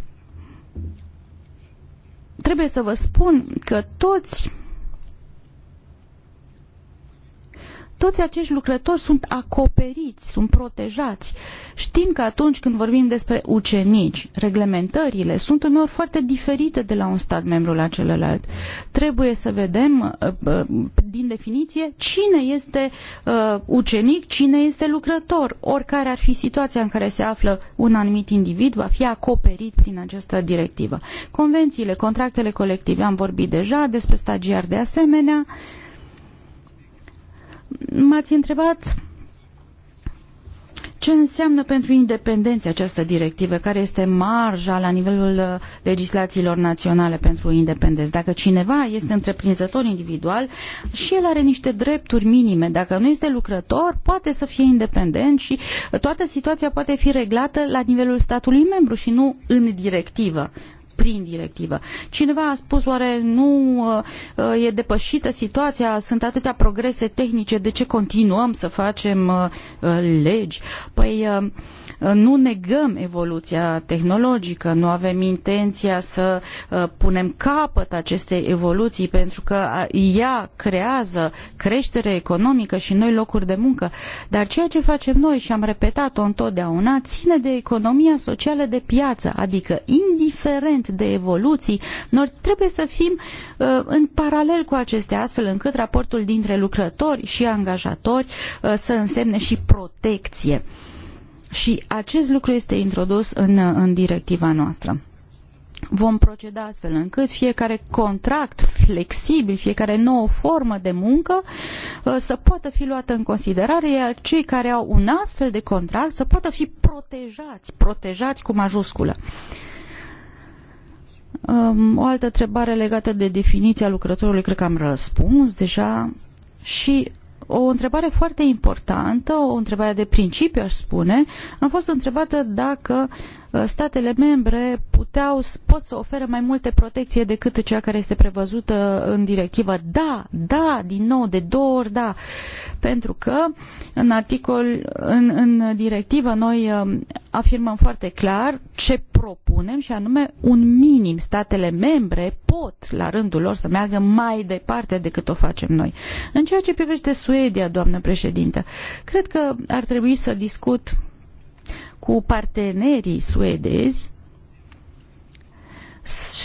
trebuie să vă spun că toți toți acești lucrători sunt acoperiți, sunt protejați. Știm că atunci când vorbim despre ucenici, reglementările sunt uneori foarte diferite de la un stat membru la celălalt. Trebuie să vedem, uh, uh, din definiție, cine este uh, ucenic, cine este lucrător. Oricare ar fi situația în care se află un anumit individ, va fi acoperit prin această directivă. Convențiile, contractele colective, am vorbit deja despre stagiar de asemenea, M-ați întrebat ce înseamnă pentru independenție această directivă? Care este marja la nivelul uh, legislațiilor naționale pentru independență? Dacă cineva este întreprinzător individual și el are niște drepturi minime, dacă nu este lucrător, poate să fie independent și uh, toată situația poate fi reglată la nivelul statului membru și nu în directivă prin directivă. Cineva a spus, oare nu uh, e depășită situația, sunt atâtea progrese tehnice, de ce continuăm să facem uh, uh, legi? Păi nu negăm evoluția tehnologică, nu avem intenția să uh, punem capăt acestei evoluții pentru că ea creează creștere economică și noi locuri de muncă. Dar ceea ce facem noi și am repetat-o întotdeauna ține de economia socială de piață, adică indiferent de evoluții, noi trebuie să fim uh, în paralel cu acestea, astfel încât raportul dintre lucrători și angajatori uh, să însemne și protecție și acest lucru este introdus în, în directiva noastră. Vom proceda astfel încât fiecare contract flexibil, fiecare nouă formă de muncă uh, să poată fi luată în considerare, iar cei care au un astfel de contract să poată fi protejați, protejați cu majusculă. Um, o altă întrebare legată de definiția lucrătorului, cred că am răspuns deja. Și o întrebare foarte importantă, o întrebare de principiu, aș spune. Am fost întrebată dacă uh, Uh, statele membre puteau, pot să ofere mai multe protecție decât cea care este prevăzută în directivă. Da, da, din nou, de două ori da, pentru că în articol, în, în directivă noi um, afirmăm foarte clar ce propunem și anume un minim. Statele membre pot, la rândul lor, să meargă mai departe decât o facem noi. În ceea ce privește Suedia, doamnă președinte, cred că ar trebui să discut cu partenerii suedezi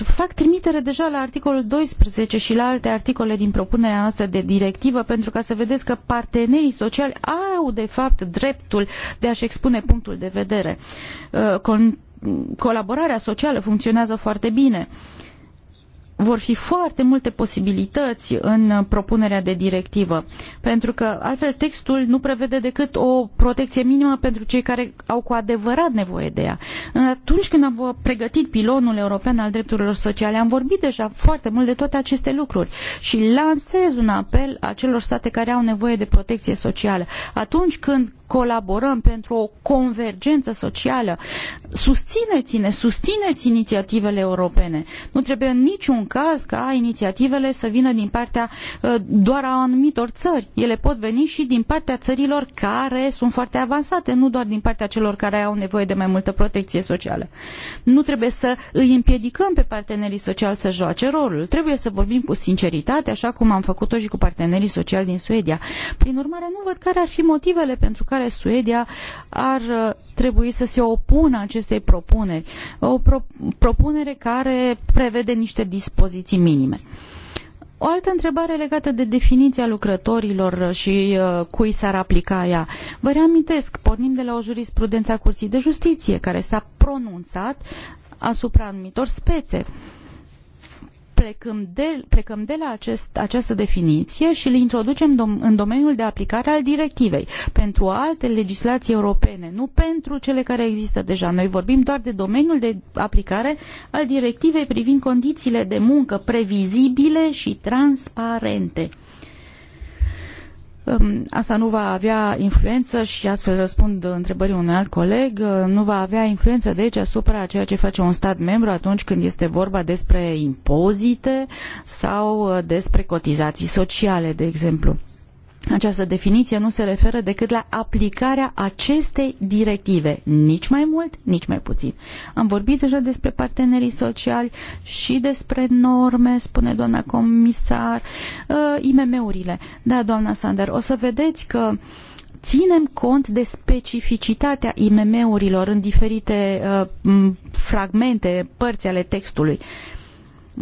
fac trimitere deja la articolul 12 și la alte articole din propunerea noastră de directivă pentru ca să vedeți că partenerii sociali au de fapt dreptul de a-și expune punctul de vedere. Uh, colaborarea socială funcționează foarte bine. Uh, vor fi foarte multe posibilități în propunerea de directivă, pentru că altfel textul nu prevede decât o protecție minimă pentru cei care au cu adevărat nevoie de ea. Atunci când am pregătit pilonul european al drepturilor sociale, am vorbit deja foarte mult de toate aceste lucruri și lansez un apel acelor state care au nevoie de protecție socială. Atunci când colaborăm pentru o convergență socială. Susțineți-ne, susțineți inițiativele europene. Nu trebuie în niciun caz ca inițiativele să vină din partea uh, doar a anumitor țări. Ele pot veni și din partea țărilor care sunt foarte avansate, nu doar din partea celor care au nevoie de mai multă protecție socială. Nu trebuie să îi împiedicăm pe partenerii sociali să joace rolul. Trebuie să vorbim cu sinceritate, așa cum am făcut-o și cu partenerii sociali din Suedia. Prin urmare, nu văd care ar fi motivele pentru care care Suedia ar uh, trebui să se opună acestei propuneri. O pro propunere care prevede niște dispoziții minime. O altă întrebare legată de definiția lucrătorilor uh, și uh, cui s-ar aplica ea. Vă reamintesc, pornim de la o jurisprudență a Curții de Justiție, care s-a pronunțat asupra anumitor spețe. Uh, plecăm de, plecăm de la acest, această definiție și îl introducem dom, în domeniul de aplicare al directivei pentru alte legislații europene, nu pentru cele care există deja. Noi vorbim doar de domeniul de aplicare al directivei privind condițiile de muncă previzibile și transparente. Asta nu va avea influență și astfel răspund întrebării unui alt coleg, uh, nu va avea influență deci asupra ceea ce face un stat membru atunci când este vorba despre impozite sau uh, despre cotizații sociale, de exemplu. Această definiție nu se referă decât la aplicarea acestei directive, nici mai mult, nici mai puțin. Am vorbit deja despre partenerii sociali și despre norme, spune doamna comisar, uh, IMM-urile. Da, doamna Sander, o să vedeți că ținem cont de specificitatea IMM-urilor în diferite uh, fragmente, părți ale textului. Uh,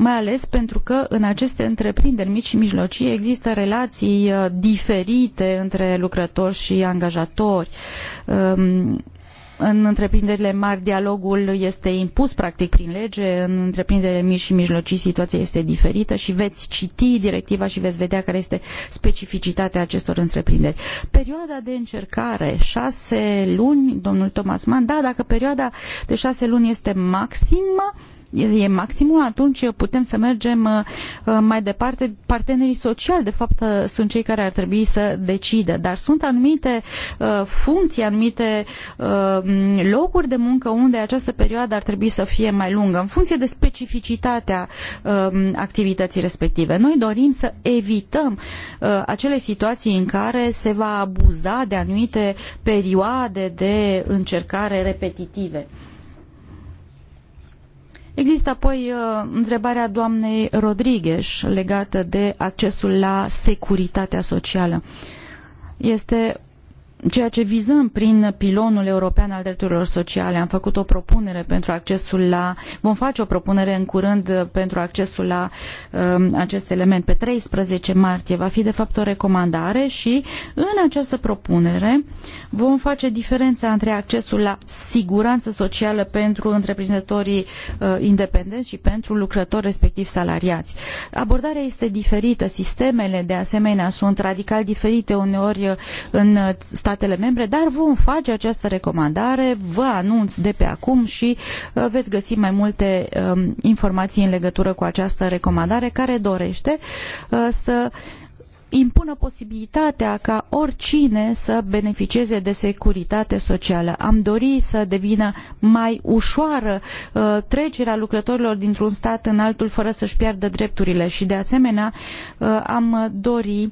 mai ales pentru că în aceste întreprinderi mici și mijlocii există relații uh, diferite între lucrători și angajatori. Um, în întreprinderile mari dialogul este impus practic prin lege, în întreprinderile mici și mijlocii situația este diferită și veți citi directiva și veți vedea care este specificitatea acestor întreprinderi. Perioada de încercare, șase luni, domnul Thomas Mann, da, dacă perioada de șase luni este maximă, e maximul, atunci putem să mergem uh, uh, mai departe. Partenerii sociali, de fapt, uh, sunt cei care ar trebui să decidă, dar sunt anumite funcții, anumite locuri de muncă unde această perioadă ar trebui să fie mai lungă, în funcție de specificitatea activității respective. Noi dorim să evităm acele situații în care se va abuza de anumite perioade de încercare repetitive. Există apoi uh, întrebarea doamnei Rodriguez legată de accesul la securitatea socială. Este ceea ce vizăm prin pilonul european al drepturilor sociale. Am făcut o propunere pentru accesul la, vom face o propunere în curând pentru accesul la um, acest element pe 13 martie. Va fi de fapt o recomandare și în această propunere vom face diferența între accesul la siguranță socială pentru întreprinzătorii uh, independenți și pentru lucrători respectiv salariați. Abordarea este diferită, sistemele de asemenea sunt radical diferite uneori uh, în uh, statele membre, dar vom face această recomandare, vă anunț de pe acum și uh, veți găsi mai multe um, informații în legătură cu această recomandare care dorește uh, să impună posibilitatea ca oricine să beneficieze de securitate socială. Am dori să devină mai ușoară uh, trecerea lucrătorilor dintr-un stat în altul fără să-și piardă drepturile și de asemenea uh, am dori uh,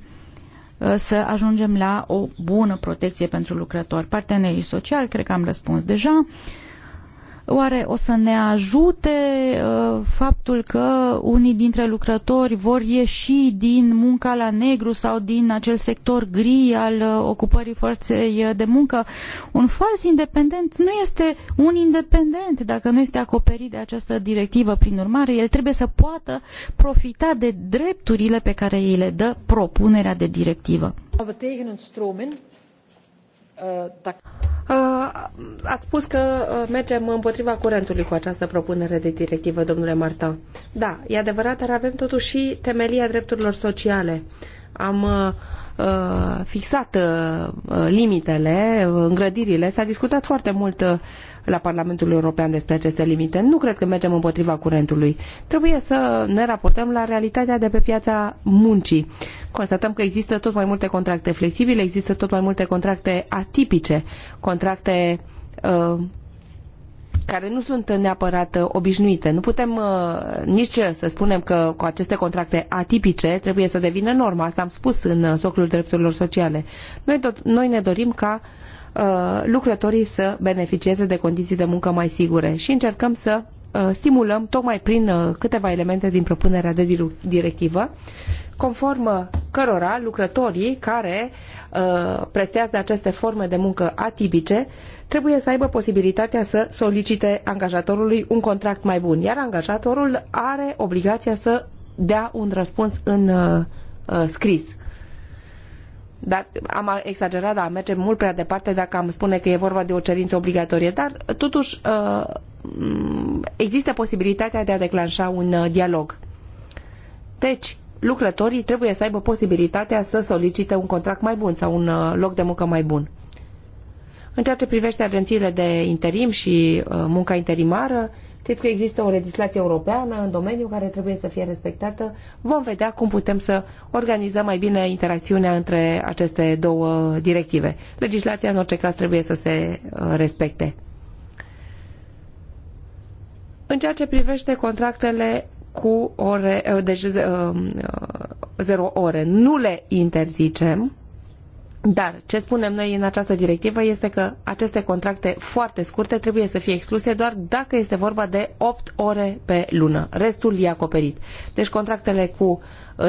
Uh, să ajungem la o bună protecție pentru lucrători. Partenerii sociali, cred că am răspuns deja. Uh, Oare o să ne ajute uh, faptul că unii dintre lucrători vor ieși din munca la negru sau din acel sector gri al uh, ocupării forței uh, de muncă? Un fals independent nu este un independent dacă nu este acoperit de această directivă. Prin urmare, el trebuie să poată profita de drepturile pe care îi le dă propunerea de directivă. Uh, ați spus că uh, mergem împotriva curentului cu această propunere de directivă, domnule Marta. Da, e adevărat, dar avem totuși și temelia drepturilor sociale. Am uh, Uh, fixat uh, uh, limitele, îngrădirile. S-a discutat foarte mult la Parlamentul European despre aceste limite. Nu cred că mergem împotriva curentului. Trebuie să ne raportăm la realitatea de pe piața muncii. Constatăm că există tot mai multe contracte flexibile, există tot mai multe contracte atipice, contracte uh, care nu sunt neapărat uh, obișnuite. Nu putem uh, nici să spunem că cu aceste contracte atipice trebuie să devină norma. Asta am spus în uh, socul drepturilor sociale. Noi, tot, noi ne dorim ca lucrătorii să beneficieze de condiții de muncă mai sigure și încercăm să stimulăm tocmai prin câteva elemente din propunerea de directivă, conform cărora lucrătorii care prestează aceste forme de muncă atipice trebuie să aibă posibilitatea să solicite angajatorului un contract mai bun, iar angajatorul are obligația să dea un răspuns în uh, uh, scris. Dar am exagerat, dar merge mult prea departe dacă am spune că e vorba de o cerință obligatorie, dar totuși uh, există posibilitatea de a declanșa un uh, dialog. Deci, lucrătorii trebuie să aibă posibilitatea să solicite un contract mai bun sau un uh, loc de muncă mai bun. În ceea ce privește agențiile de interim și uh, munca interimară, știți că există o legislație europeană în domeniu care trebuie să fie respectată. Vom vedea cum putem să organizăm mai bine interacțiunea între aceste două directive. Legislația, în orice caz, trebuie să se uh, respecte. În ceea ce privește contractele cu ore, uh, deci zero ore, nu le interzicem, dar ce spunem noi în această directivă este că aceste contracte foarte scurte trebuie să fie excluse doar dacă este vorba de 8 ore pe lună. Restul e acoperit. Deci contractele cu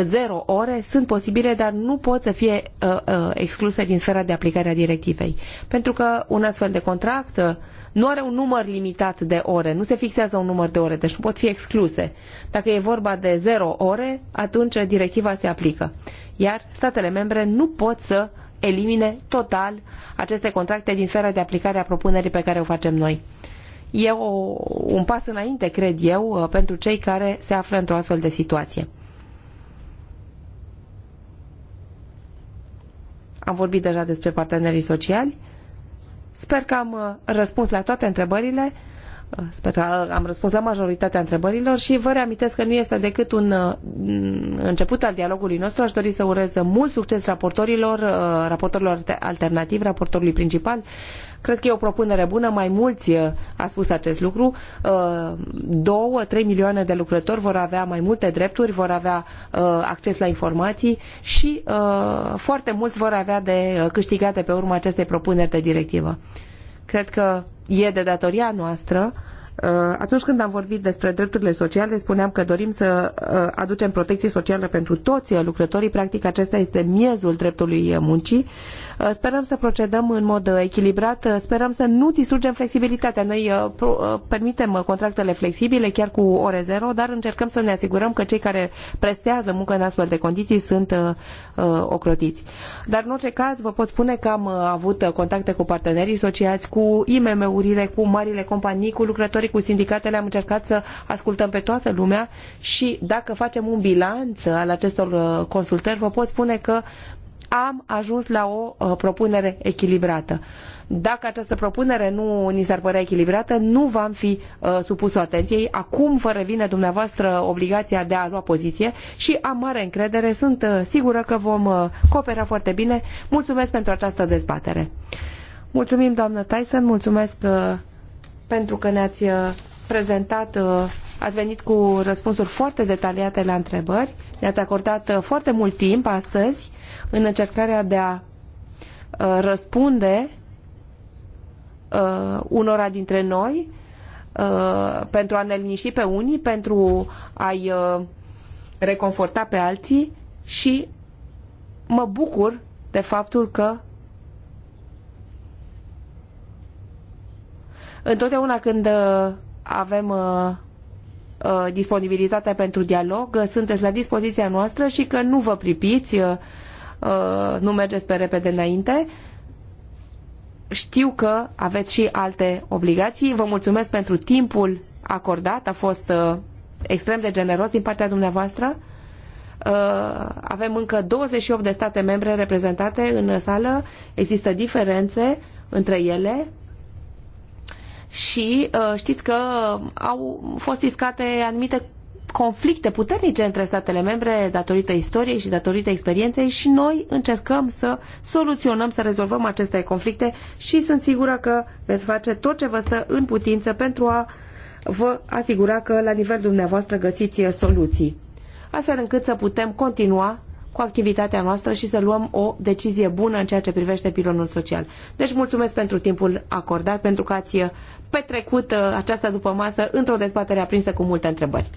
0 uh, ore sunt posibile, dar nu pot să fie uh, uh, excluse din sfera de aplicare a directivei. Pentru că un astfel de contract uh, nu are un număr limitat de ore, nu se fixează un număr de ore, deci nu pot fi excluse. Dacă e vorba de 0 ore, atunci directiva se aplică. Iar statele membre nu pot să elimine total aceste contracte din sfera de aplicare a propunerii pe care o facem noi. E o, un pas înainte, cred eu, uh, pentru cei care se află într-o astfel de situație. Am vorbit deja despre partenerii sociali. Sper că am uh, răspuns la toate întrebările. Sper că am răspuns la majoritatea întrebărilor și vă reamintesc că nu este decât un uh, început al dialogului nostru. Aș dori să urez mult succes raportorilor, uh, raportorilor alternativi, raportorului principal. Cred că e o propunere bună, mai mulți uh, a spus acest lucru. Două, trei milioane de lucrători vor avea mai multe drepturi, vor avea acces la informații și foarte mulți vor avea de câștigate pe urma acestei propuneri de directivă. Cred că e de datoria noastră uh, atunci când am vorbit despre drepturile sociale, spuneam că dorim să uh, aducem protecție socială pentru toți lucrătorii. Practic, acesta este miezul dreptului muncii. Uh, sperăm să procedăm în mod uh, echilibrat, uh, sperăm să nu distrugem flexibilitatea. Noi permitem contractele flexibile chiar cu ore zero, dar încercăm să ne asigurăm că cei care prestează muncă în astfel de condiții sunt ocrotiți. Dar în orice caz vă pot spune că am avut contacte cu partenerii sociați, cu IMM-urile, cu marile companii, cu lucrătorii, cu sindicatele, am încercat să ascultăm pe toată lumea și dacă facem un bilanț al acestor consultări, vă pot spune că am ajuns la o uh, propunere echilibrată. Dacă această propunere nu ni s-ar părea echilibrată, nu v-am fi uh, supus-o atenției. Acum vă revine dumneavoastră obligația de a lua poziție și am mare încredere, sunt uh, sigură că vom uh, coopera foarte bine. Mulțumesc pentru această dezbatere. Mulțumim, doamnă Tyson, mulțumesc uh, pentru că ne-ați uh, prezentat, uh, ați venit cu răspunsuri foarte detaliate la întrebări, ne-ați acordat uh, foarte mult timp astăzi în încercarea de a uh, răspunde uh, unora dintre noi uh, pentru a ne liniști pe unii, pentru a-i reconforta pe alții și mă bucur de faptul că întotdeauna când avem disponibilitatea pentru dialog, sunteți la dispoziția noastră și că nu vă pripiți Uh, nu mergeți pe repede înainte. Știu că aveți și alte obligații. Vă mulțumesc pentru timpul acordat. A fost uh, extrem de generos din partea dumneavoastră. Uh, avem încă 28 de state membre reprezentate în sală. Există diferențe între ele și știți că au fost iscate anumite conflicte puternice între statele membre datorită istoriei și datorită experienței și noi încercăm să soluționăm, să rezolvăm aceste conflicte și sunt sigură că veți face tot ce vă stă în putință pentru a vă asigura că la nivel dumneavoastră găsiți soluții, astfel încât să putem continua cu activitatea noastră și să luăm o decizie bună în ceea ce privește pilonul social. Deci mulțumesc pentru timpul acordat, pentru că ați petrecut uh, această după masă într-o dezbatere aprinsă cu multe întrebări.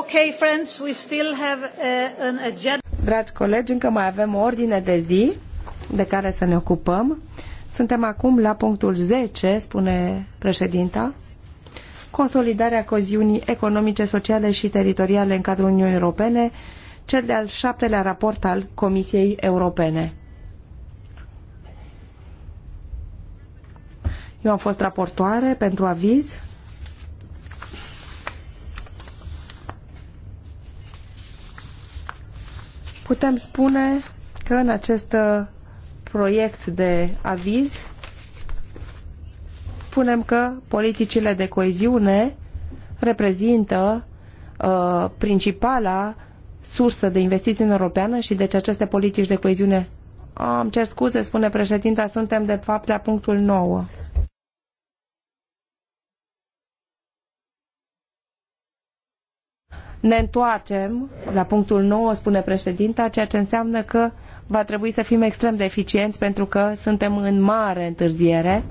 Uh, Dragi colegi, încă mai avem o ordine de zi de care să ne ocupăm. Suntem acum la punctul 10, spune președinta. Consolidarea coziunii economice, sociale și teritoriale în cadrul Uniunii Europene, cel de-al șaptelea raport al Comisiei Europene. Eu am fost raportoare pentru aviz putem spune că în acest uh, proiect de aviz spunem că politicile de coeziune reprezintă uh, principala sursă de investiții în europeană și deci aceste politici de coeziune am cer scuze, spune președinta, suntem de fapt la punctul 9. ne întoarcem la punctul 9, spune președinta, ceea ce înseamnă că va trebui să fim extrem de eficienți pentru că suntem în mare întârziere.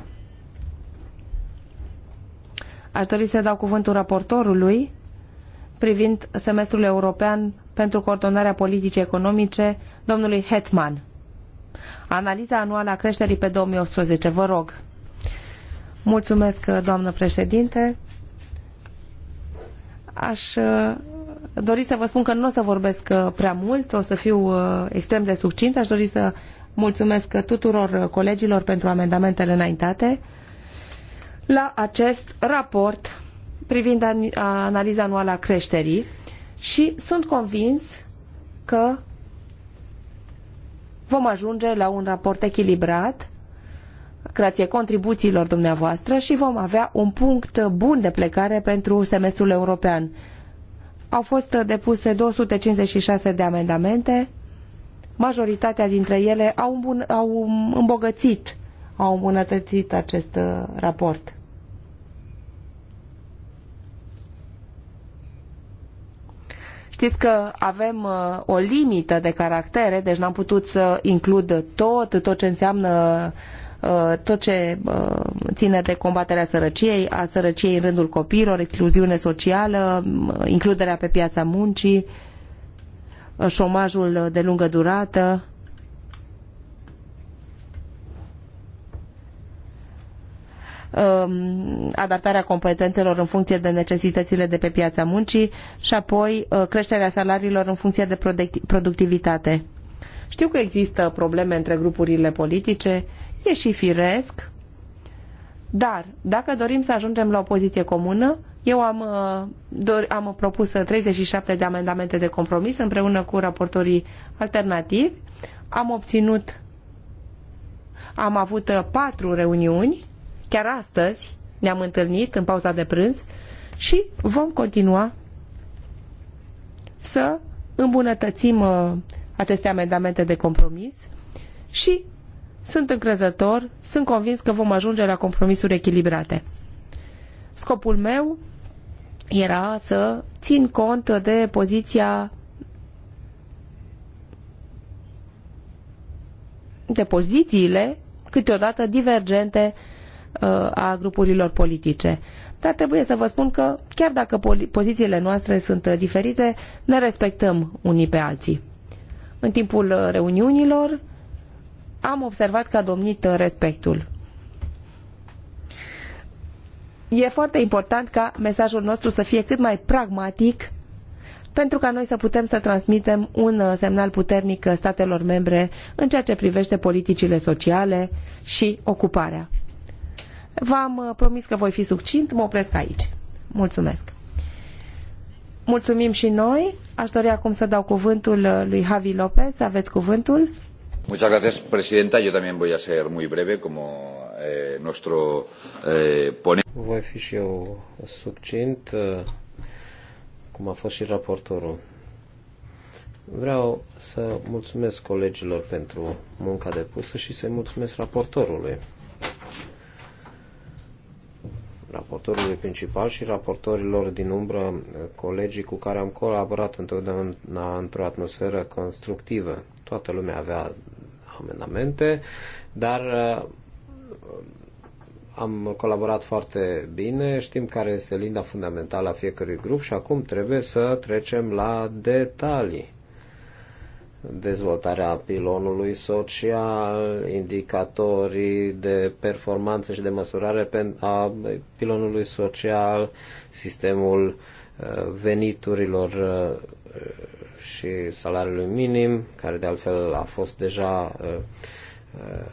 Aș dori să dau cuvântul raportorului privind semestrul european pentru coordonarea politicii economice, domnului Hetman. Analiza anuală a creșterii pe 2018, vă rog. Mulțumesc, doamnă președinte. Aș dori să vă spun că nu o să vorbesc uh, prea mult, o să fiu uh, extrem de succint. Aș dori să mulțumesc tuturor colegilor pentru amendamentele înaintate la acest raport privind analiza anuală a creșterii și sunt convins că vom ajunge la un raport echilibrat grație contribuțiilor dumneavoastră și vom avea un punct bun de plecare pentru semestrul european au fost depuse 256 de amendamente, majoritatea dintre ele au, îmbun- au îmbogățit, au îmbunătățit acest uh, raport. Știți că avem uh, o limită de caractere, deci n-am putut să includ tot, tot ce înseamnă Uh, tot ce uh, ține de combaterea sărăciei, a sărăciei în rândul copiilor, excluziune socială, includerea pe piața muncii, uh, șomajul de lungă durată, um, adaptarea competențelor în funcție de necesitățile de pe piața muncii și apoi creșterea salariilor în funcție de productivitate. Știu că există probleme între grupurile politice, E și firesc, dar dacă dorim să ajungem la o poziție comună, eu am, uh, dor, am propus 37 uh, de amendamente de compromis împreună cu raportorii alternativi. Am obținut, am avut uh, patru reuniuni, chiar astăzi ne-am întâlnit în pauza de prânz și vom continua să îmbunătățim aceste amendamente de compromis și sunt încrezător, sunt convins că vom ajunge la compromisuri echilibrate. Scopul meu era să țin cont de poziția de pozițiile câteodată divergente uh, a grupurilor politice. Dar trebuie să vă spun că, chiar dacă pozițiile noastre sunt uh, diferite, ne respectăm unii pe alții. În timpul uh, reuniunilor am observat că a domnit uh, respectul. E foarte important ca mesajul nostru să fie cât mai pragmatic pentru ca noi să putem să transmitem un uh, semnal puternic uh, statelor membre în ceea ce privește politicile sociale și ocuparea. V-am promis că voi fi succint, mă opresc aici. Mulțumesc! Mulțumim și noi. Aș dori acum să dau cuvântul lui Javi Lopez. Aveți cuvântul. Muchas gracias, presidenta. Yo también voy a ser muy breve, como eh, nuestro eh, ponente. fi și eu succint, eh, cum a fost și raportorul. Vreau să mulțumesc colegilor pentru munca depusă și să-i mulțumesc raportorului. Raportorului principal și raportorilor din umbră, colegii cu care am colaborat întotdeauna într-o atmosferă constructivă. Toată lumea avea amendamente, dar uh, am colaborat foarte bine, știm care este linda fundamentală a fiecărui grup și acum trebuie să trecem la detalii. Dezvoltarea pilonului social, indicatorii de performanță și de măsurare a pilonului social, sistemul uh, veniturilor uh, și salariului minim, care de altfel a fost deja uh, uh,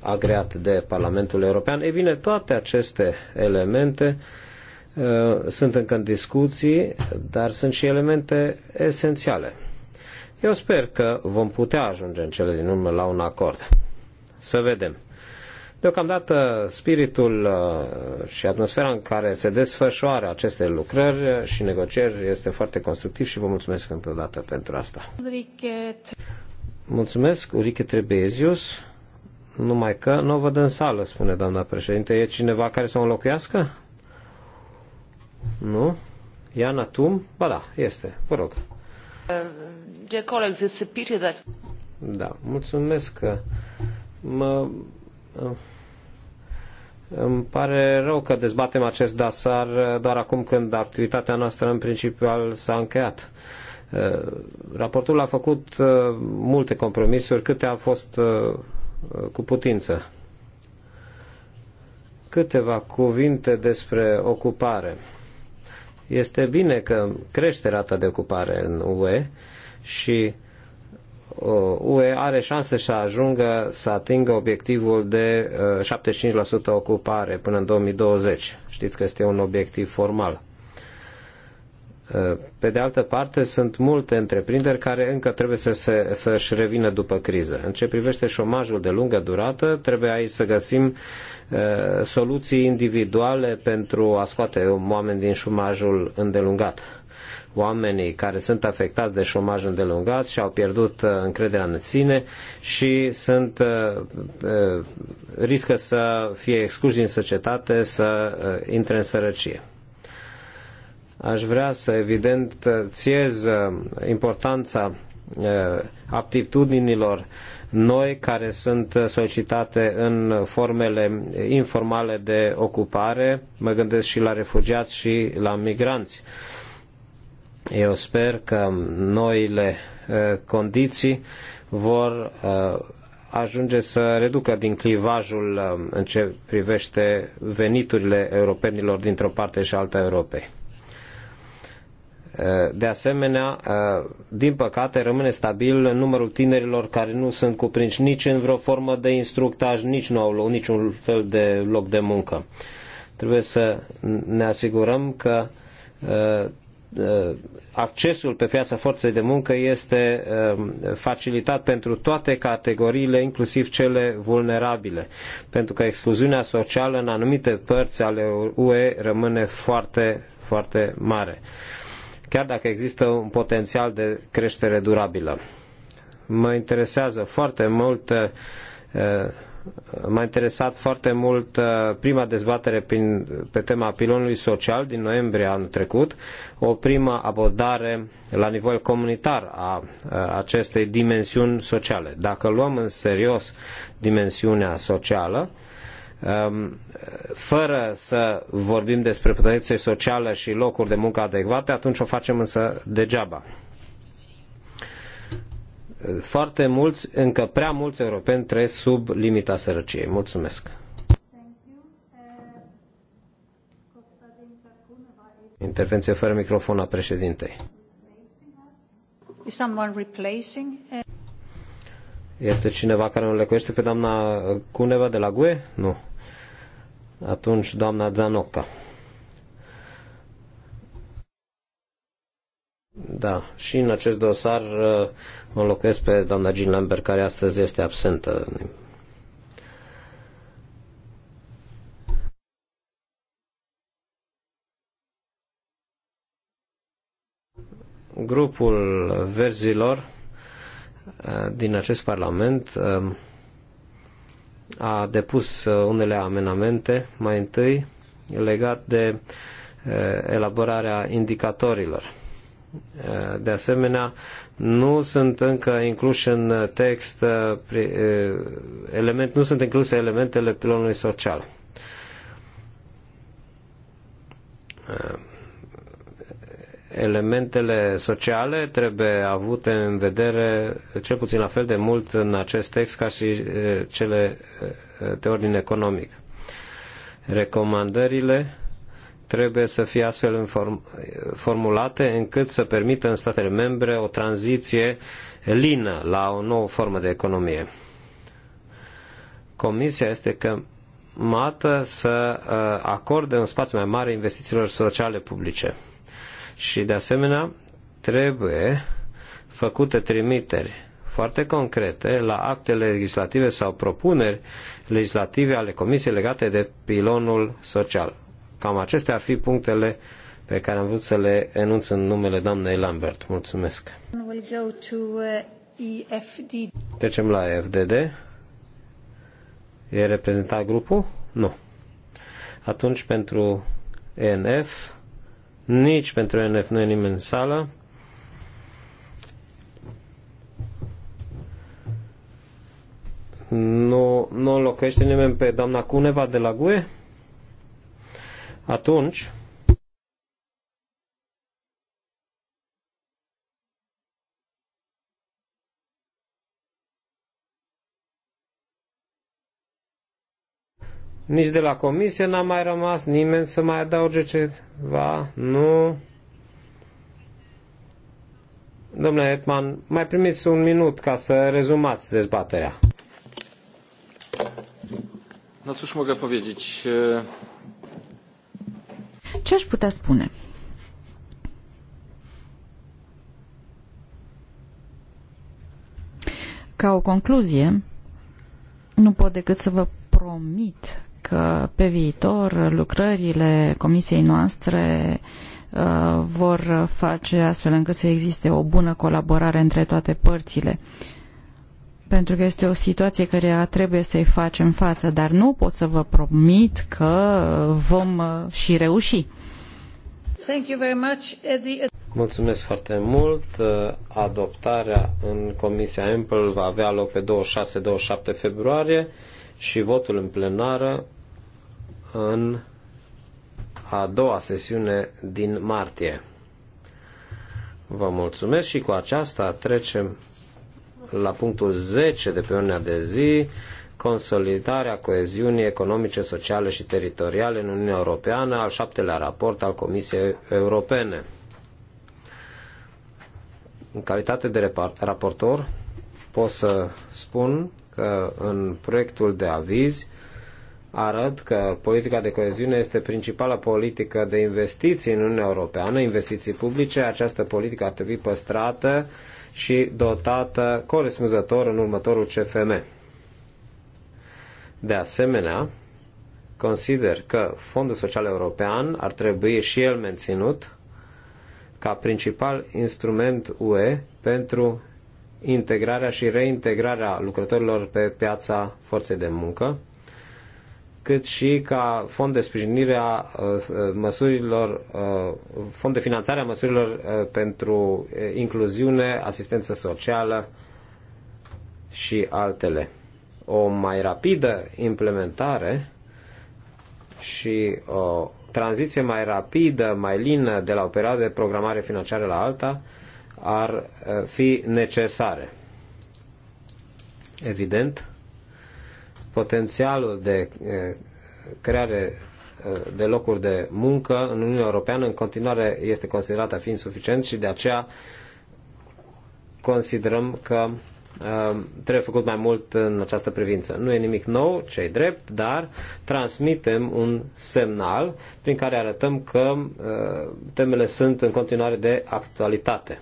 agreat de Parlamentul European. Ei bine, toate aceste elemente uh, sunt încă în discuții, dar sunt și elemente esențiale. Eu sper că vom putea ajunge în cele din urmă la un acord. Să vedem. Deocamdată spiritul uh, și atmosfera în care se desfășoară aceste lucrări și negocieri este foarte constructiv și vă mulțumesc încă o dată pentru asta. Mulțumesc, Urike Trebezius. Numai că nu o văd în sală, spune doamna președinte. E cineva care să o înlocuiască? Nu? Iana Tum? Ba da, este. Vă rog. Uh, da, mulțumesc că mă îmi pare rău că dezbatem acest dasar doar acum când activitatea noastră în principal s-a încheiat. Uh, raportul a făcut uh, multe compromisuri, câte a fost uh, cu putință. Câteva cuvinte despre ocupare. Este bine că crește rata de ocupare în UE și UE uh, are șanse să ajungă să atingă obiectivul de 75% uh, ocupare până în 2020. Știți că este un obiectiv formal. Uh, pe de altă parte, sunt multe întreprinderi care încă trebuie să se, să-și revină după criză. În ce privește șomajul de lungă durată, trebuie aici să găsim soluții individuale pentru a scoate oameni din șomajul îndelungat oamenii care sunt afectați de șomaj îndelungat și au pierdut uh, încrederea în sine și sunt, uh, uh, riscă să fie excluși din societate, să intre în sărăcie aș vrea să evidențiez importanța aptitudinilor noi care sunt solicitate în formele informale de ocupare, mă gândesc și la refugiați și la migranți. Uh, eu sper că noile condiții vor ajunge să reducă din clivajul în ce privește veniturile europenilor dintr-o parte și alta Europei. De asemenea, din păcate, rămâne stabil numărul tinerilor care nu sunt cuprinși nici în vreo formă de instructaj, nici nu au niciun fel de loc de muncă. Trebuie să ne asigurăm că Uh, accesul pe piața forței de muncă este um, facilitat pentru toate categoriile, inclusiv cele vulnerabile, pentru că excluziunea socială în anumite părți ale UE rămâne foarte, foarte mare, chiar dacă există un potențial de creștere durabilă. Mă interesează foarte mult uh, m-a interesat foarte mult uh, prima dezbatere prin, pe tema pilonului social din noiembrie anul trecut, o primă abordare la nivel comunitar a uh, acestei dimensiuni sociale. Dacă luăm în serios dimensiunea socială, um, fără să vorbim despre protecție socială și locuri de muncă adecvate, atunci o facem însă degeaba foarte mulți, încă prea mulți europeni trăiesc sub limita sărăciei. Mulțumesc! Intervenție fără microfon a președintei. Uh, este cineva care nu lecuiește pe doamna Cuneva de la GUE? Nu. Atunci, doamna Zanocca. Da, și în acest dosar o uh, înlocuiesc pe doamna Jean Lambert, care astăzi este absentă. Grupul verzilor uh, din acest parlament um, a depus uh, unele amenamente, mai întâi legat de elaborarea indicatorilor Eh, de asemenea, nu sunt încă incluși în text eh, eh, element, nu sunt incluse elementele pilonului social. Elementele sociale trebuie avute în vedere cel puțin la fel de mult în acest text ca și cele de ordin economic. Recomandările trebuie să fie astfel formulate încât să permită în statele membre o tranziție lină la o nouă formă de economie. Comisia este că mată să uh, acorde un spațiu mai mare investițiilor sociale publice. Și de asemenea trebuie făcute trimiteri foarte concrete la actele legislative sau propuneri legislative ale Comisiei legate de pilonul social. Cam acestea ar fi punctele pe care am vrut să le enunț în numele doamnei Lambert. Mulțumesc. Uh, Trecem la FDD. E reprezentat grupul? Nu. Atunci pentru ENF, nici pentru ENF nu e nimeni în sală. Nu, nu înlocuiește nimeni pe doamna Cuneva de la GUE? atunci Nici de la comisie n-a mai rămas nimeni să mai adauge ceva. Nu. Domnule Etman, mai primiți un minut ca să rezumați dezbaterea. No cóż mogę powiedzieć. Ce aș putea spune? Ca o concluzie, nu pot decât să vă promit că pe viitor lucrările comisiei noastre uh, vor face astfel încât să existe o bună colaborare între toate părțile. Uh, pentru că este o situație care trebuie să-i facem față, dar nu pot să vă promit că vom uh, și reuși. Thank you very much, Eddie. Mulțumesc foarte mult. Uh, adoptarea în Comisia Ample va avea loc pe 26-27 februarie și votul în plenară în a doua sesiune din martie. Vă mulțumesc și cu aceasta trecem la punctul 10 de pe ordinea de zi, consolidarea coeziunii economice, sociale și teritoriale în Uniunea Europeană, al șaptelea raport al Comisiei Europene. În calitate de raportor, pot să spun că în proiectul de aviz arăt că politica de coeziune este principala politică de investiții în Uniunea Europeană, investiții publice. Această politică ar trebui păstrată uh, și dotată corespunzător în următorul CFM. De asemenea, consider că Fondul Social European ar trebui și el menținut ca principal instrument UE pentru integrarea și reintegrarea lucrătorilor pe piața forței de muncă, cât și ca fond de sprijinire a uh, măsurilor, uh, fond de finanțare a măsurilor uh, pentru incluziune, asistență socială și altele. O mai rapidă implementare și o tranziție mai rapidă, mai lină de la o perioadă de programare financiară la alta ar fi necesare. Evident, potențialul de eh, creare eh, de locuri de muncă în Uniunea Europeană în continuare este considerată a fi insuficient și de aceea considerăm că eh, trebuie făcut mai mult în această privință. Nu e nimic nou, cei drept, dar transmitem un semnal prin care arătăm că temele sunt în continuare de actualitate.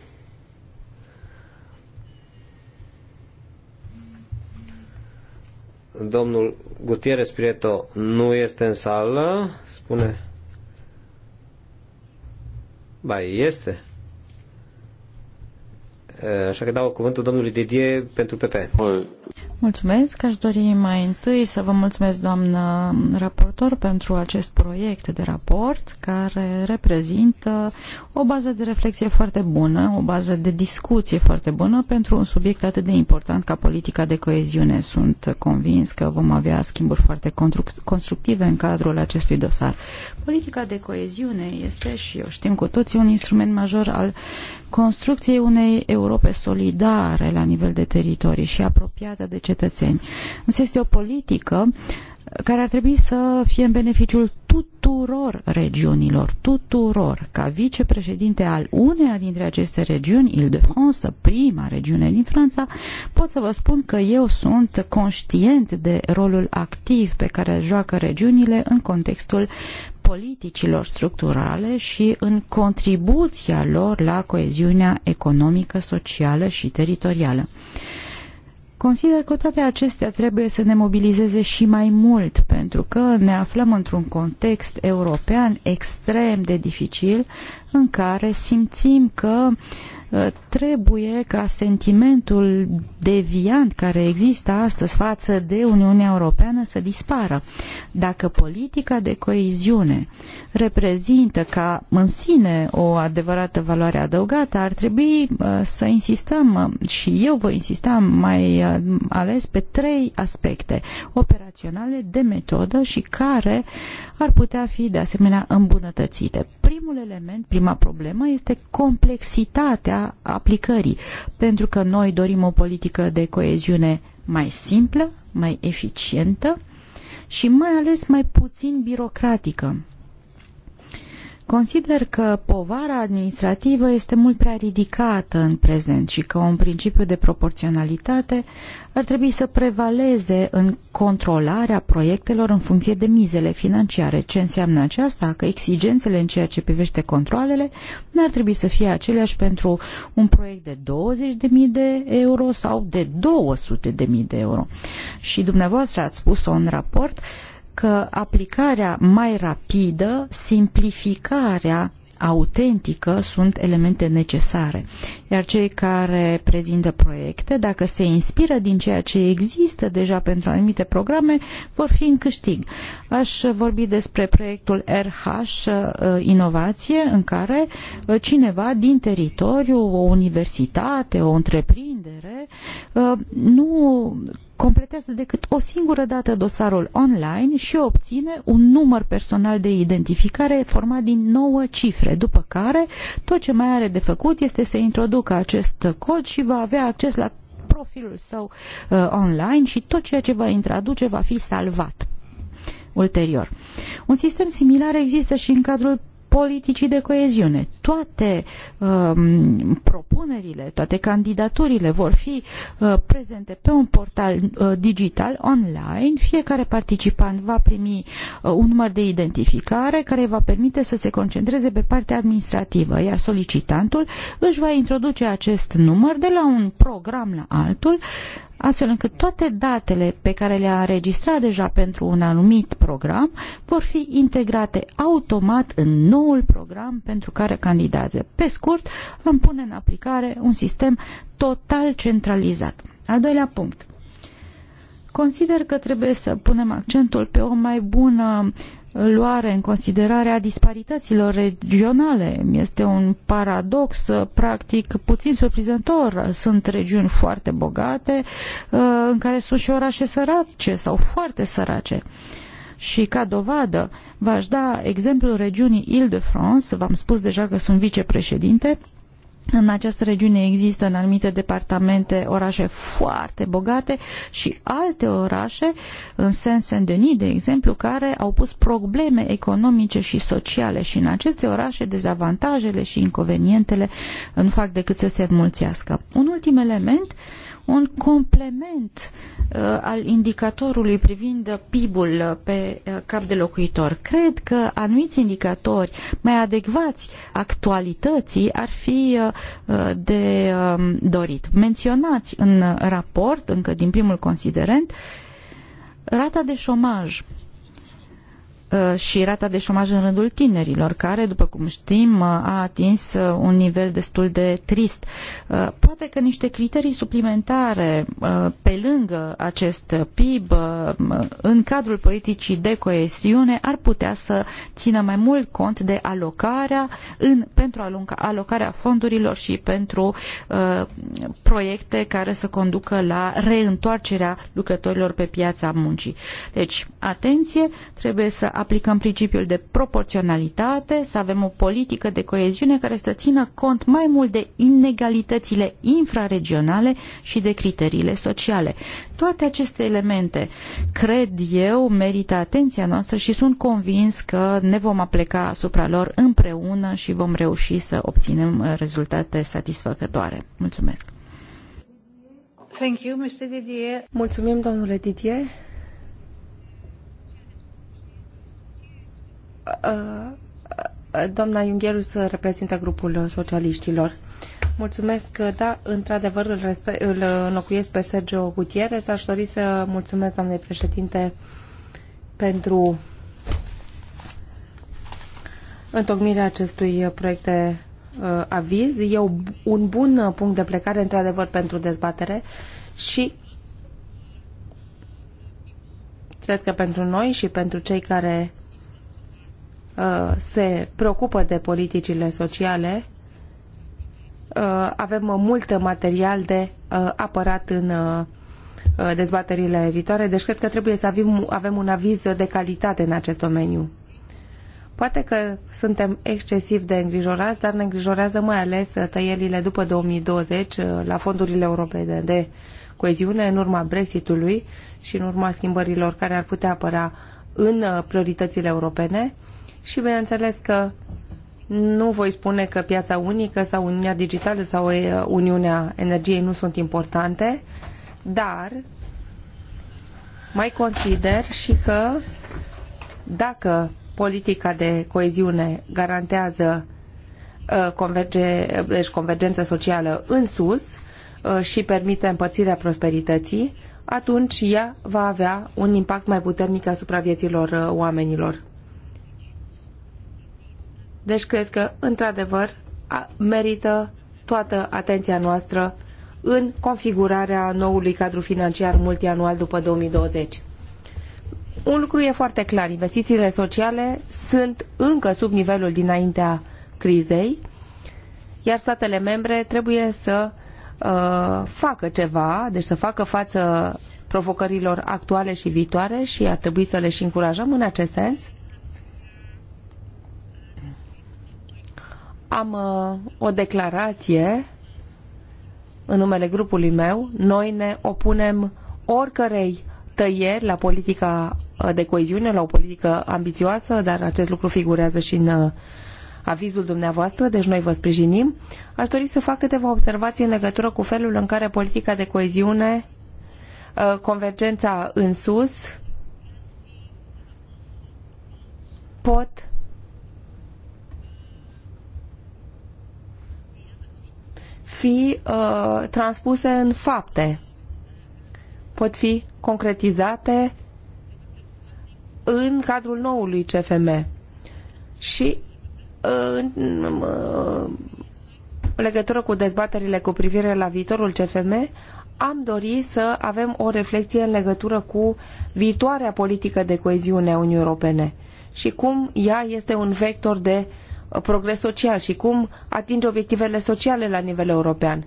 domnul Gutierrez Prieto nu este în sală, spune... Ba, este. Așa că dau cuvântul domnului Didier pentru PP. Mulțumesc. Aș dori mai întâi să vă mulțumesc, doamnă raportor, pentru acest proiect de raport care reprezintă o bază de reflexie foarte bună, o bază de discuție foarte bună pentru un subiect atât de important ca politica de coeziune. Sunt convins că vom avea schimburi foarte constructive în cadrul acestui dosar. Politica de coeziune este, și o știm cu toții, un instrument major al construcției unei Europe solidare la nivel de teritorii și apropiată de cetățeni. Însă este o politică care ar trebui să fie în beneficiul tuturor regiunilor, tuturor. Ca vicepreședinte al uneia dintre aceste regiuni, ile de france prima regiune din Franța, pot să vă spun că eu sunt conștient de rolul activ pe care joacă regiunile în contextul politicilor structurale și în contribuția lor la coeziunea economică, socială și teritorială. Consider că toate acestea trebuie să ne mobilizeze și mai mult, pentru că ne aflăm într-un context european extrem de dificil, în care simțim că uh, Uh, trebuie ca sentimentul deviant care există astăzi față de Uniunea Europeană să dispară. Dacă politica de coeziune reprezintă ca în sine o adevărată valoare adăugată, ar trebui uh, să insistăm uh, și eu voi insista mai ales pe trei aspecte operaționale, de metodă și care ar putea fi de asemenea îmbunătățite. Primul element, prima problemă este complexitatea aplicării, pentru că noi dorim o politică de coeziune mai simplă, mai eficientă și mai ales mai puțin birocratică. Consider că povara administrativă este mult prea ridicată în prezent și că un principiu de proporționalitate ar trebui să prevaleze în controlarea proiectelor în funcție de mizele financiare. Ce înseamnă aceasta? Că exigențele în ceea ce privește controlele nu ar trebui să fie aceleași pentru un proiect de 20.000 de euro sau de 200.000 de euro. Și dumneavoastră ați spus-o în raport, uh, că aplicarea mai rapidă, simplificarea autentică sunt elemente necesare. Iar cei care prezintă proiecte, dacă se inspiră din ceea ce există deja pentru anumite programe, vor fi în câștig. Aș vorbi despre proiectul RH uh, Inovație, în care uh, cineva din teritoriu, o universitate, o întreprindere, uh, nu completează decât o singură dată dosarul online și obține un număr personal de identificare format din 9 cifre, după care tot ce mai are de făcut este să introducă acest cod și va avea acces la profilul său uh, online și tot ceea ce va introduce va fi salvat ulterior. Un sistem similar există și în cadrul politicii de coeziune toate um, propunerile, toate candidaturile vor fi uh, prezente pe un portal uh, digital online. Fiecare participant va primi uh, un număr de identificare care va permite să se concentreze pe partea administrativă, iar solicitantul își va introduce acest număr de la un program la altul astfel încât toate datele pe care le-a înregistrat deja pentru un anumit program vor fi integrate automat în noul program pentru care candidatul candidează. Pe scurt, vom pune în aplicare un sistem total centralizat. Al doilea punct. Consider că trebuie să punem accentul pe o mai bună luare în considerare a disparităților regionale. Este un paradox, practic, puțin surprizător. Sunt regiuni foarte bogate uh, în care sunt și orașe sărace sau foarte sărace. Și ca dovadă v-aș da exemplul regiunii Île-de-France, v-am spus deja că sunt vicepreședinte, în această regiune există în anumite departamente orașe foarte bogate și alte orașe, în Saint-Saint-Denis, de exemplu, care au pus probleme economice și sociale și în aceste orașe dezavantajele și inconvenientele nu fac decât să se înmulțească. Un ultim element uh, un complement uh, al indicatorului privind PIB-ul uh, pe uh, cap de locuitor. Cred că anumiți indicatori mai adecvați actualității ar fi de um, dorit. Menționați în raport, încă din primul considerent, rata de șomaj. Uh, și rata de șomaj în rândul tinerilor, care, după cum știm, uh, a atins uh, un nivel destul de trist. Poate că niște criterii suplimentare pe lângă acest PIB în cadrul politicii de coesiune ar putea să țină mai mult cont de alocarea în, pentru alocarea fondurilor și pentru proiecte care să conducă la reîntoarcerea lucrătorilor pe piața muncii. Deci, atenție, trebuie să aplicăm principiul de proporționalitate, să avem o politică de coeziune care să țină cont mai mult de inegalitățile infraregionale și de criteriile sociale. Toate aceste elemente, cred eu, merită atenția noastră și sunt convins că ne vom apleca asupra lor împreună și vom reuși să obținem rezultate satisfăcătoare. Mulțumesc! Thank you, Mr. Didier. Mulțumim, domnule Didier. Uh, uh, doamna să reprezintă grupul socialiștilor. Mulțumesc, uh, da, într-adevăr îl, respe- îl înlocuiesc pe Sergio Gutierrez. Aș dori să mulțumesc, doamnei președinte, pentru întocmirea acestui proiect de uh, aviz. E un bun punct de plecare, într-adevăr, pentru dezbatere și cred că pentru noi și pentru cei care Uh, se preocupă de politicile sociale. Uh, avem mult material de uh, apărat în dezbaterile viitoare, deci cred că trebuie să avem, avem un aviz de calitate în acest domeniu. Poate că suntem excesiv de îngrijorați, dar ne îngrijorează mai ales tăierile după 2020 la fondurile europene de coeziune în urma Brexitului și în urma schimbărilor care ar putea apăra în prioritățile europene. Și bineînțeles că nu voi spune că piața unică sau Uniunea Digitală sau Uniunea Energiei nu sunt importante, dar mai consider și că dacă politica de coeziune garantează converge, deci convergență socială în sus și permite împărțirea prosperității, atunci ea va avea un impact mai puternic asupra vieților oamenilor. Deci cred că, într-adevăr, merită toată atenția noastră în configurarea noului cadru financiar multianual după 2020. Un lucru e foarte clar, investițiile sociale sunt încă sub nivelul dinaintea crizei, iar statele membre trebuie să uh, facă ceva, deci să facă față provocărilor actuale și viitoare și ar trebui să le și încurajăm în acest sens. Am uh, o declarație în numele grupului meu. Noi ne opunem oricărei tăieri la politica uh, de coeziune, la o politică ambițioasă, dar acest lucru figurează și în uh, avizul dumneavoastră, deci noi vă sprijinim. Aș dori să fac câteva observații în legătură cu felul în care politica de coeziune, convergența în sus, pot fi uh, transpuse în fapte, pot fi concretizate în cadrul noului CFM. Și uh, uh, în, legătură cu dezbaterile cu privire la viitorul CFM, am dori să avem o reflexie în legătură cu viitoarea politică de coeziune a Uniunii Europene și cum ea este un vector de uh, progres social și cum atinge obiectivele sociale la nivel european.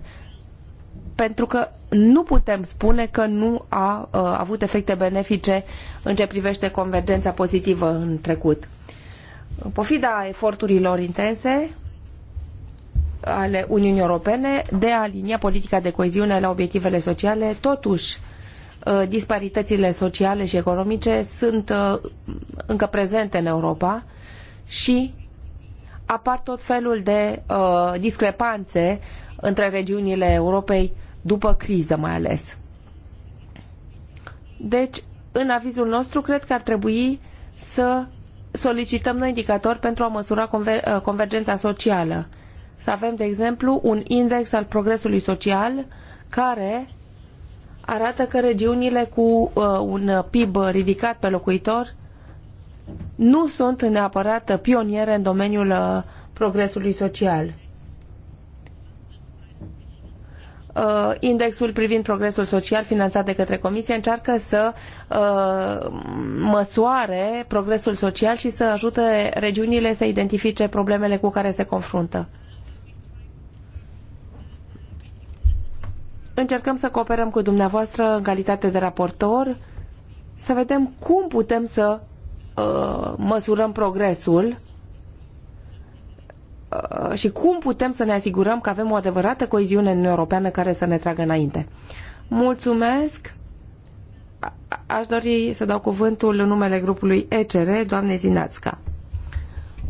Pentru că nu putem spune că nu a, a avut efecte benefice în ce privește convergența pozitivă în trecut. pofida eforturilor intense ale Uniunii Europene de a alinia politica de coeziune la obiectivele sociale, totuși ă, disparitățile sociale și economice sunt ă, încă prezente în Europa și apar tot felul de uh, discrepanțe între regiunile Europei după criză mai ales. Deci, în avizul nostru, cred că ar trebui să solicităm noi indicatori pentru a măsura conver uh, convergența socială. Să avem, de exemplu, un index al progresului social care arată că regiunile cu uh, un PIB ridicat pe locuitor nu sunt neapărat pioniere în domeniul uh, progresului social. Uh, indexul privind progresul social finanțat de către Comisie încearcă să uh, măsoare progresul social și să ajute regiunile să identifice problemele cu care se confruntă. Încercăm să cooperăm cu dumneavoastră în calitate de raportor, să vedem cum putem să Uh, măsurăm progresul uh, și cum putem să ne asigurăm că avem o adevărată coeziune în europeană care să ne tragă înainte. Mulțumesc! Aș dori să dau cuvântul în numele grupului ECR, doamne Zinațca.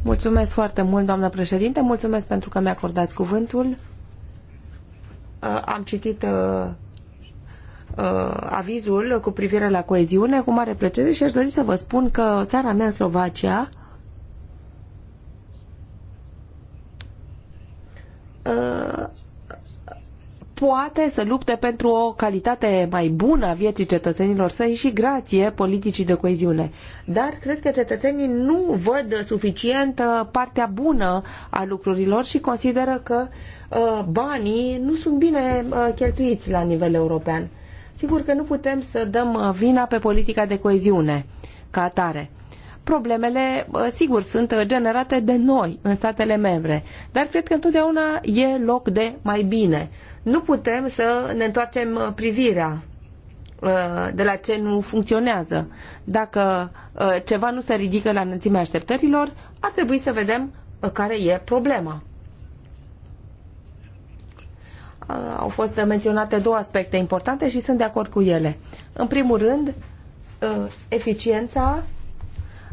Mulțumesc foarte mult, doamnă președinte, mulțumesc pentru că mi-acordați cuvântul. Uh, am citit Uh, avizul cu privire la coeziune cu mare plăcere și aș dori să vă spun că țara mea, Slovacia, uh, poate să lupte pentru o calitate mai bună a vieții cetățenilor săi și grație politicii de coeziune. Dar cred că cetățenii nu văd suficient uh, partea bună a lucrurilor și consideră că banii nu sunt bine cheltuiți la nivel european. Sigur că nu putem să dăm uh, vina pe politica de coeziune ca atare. Problemele, uh, sigur, sunt uh, generate de noi în statele membre, dar cred că întotdeauna e loc de mai bine. Nu putem să ne întoarcem privirea de la ce nu funcționează. Dacă ceva nu se ridică la înălțimea așteptărilor, ar trebui să vedem care e problema. Uh, au fost menționate două aspecte importante și sunt de acord cu ele. În primul rând, uh, eficiența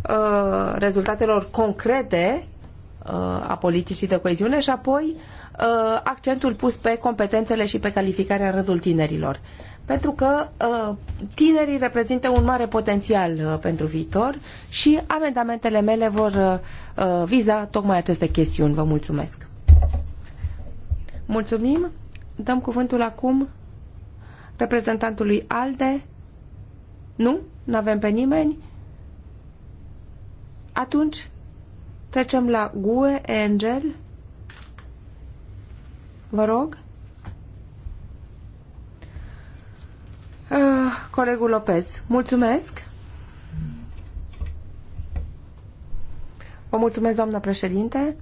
uh, rezultatelor concrete a politicii de coeziune și apoi accentul pus pe competențele și pe calificarea în rândul tinerilor. Pentru că tinerii reprezintă un mare potențial pentru viitor și amendamentele mele vor viza tocmai aceste chestiuni. Vă mulțumesc! Mulțumim! Dăm cuvântul acum reprezentantului ALDE. Nu? Nu avem pe nimeni? Atunci trecem la GUE Angel. Vă rog. Uh, colegul Lopez, mulțumesc. Vă mulțumesc, doamna președinte.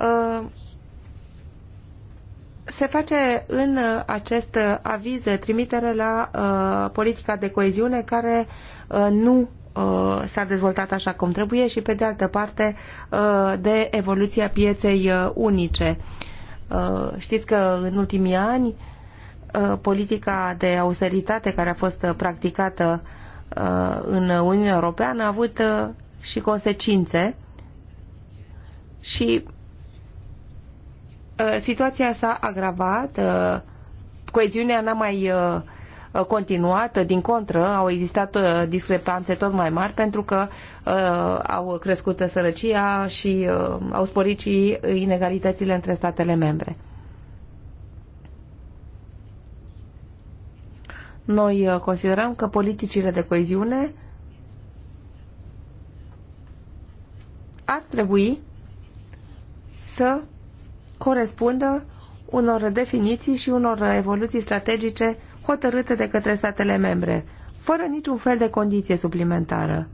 Uh, se face în uh, acest uh, aviz trimitere la politica de coeziune care nu s-a dezvoltat așa cum trebuie și pe de altă parte de evoluția pieței unice. Știți că în ultimii ani politica de austeritate care a fost practicată în Uniunea Europeană a avut și consecințe și Uh, situația s-a agravat, uh, coeziunea n-a mai uh, continuat, din contră, au existat discrepanțe tot mai mari pentru că au crescut sărăcia și au sporit și inegalitățile între statele membre. Noi considerăm că politicile de coeziune ar trebui să corespundă unor definiții și unor evoluții strategice hotărâte de către statele membre, fără niciun fel de condiție suplimentară.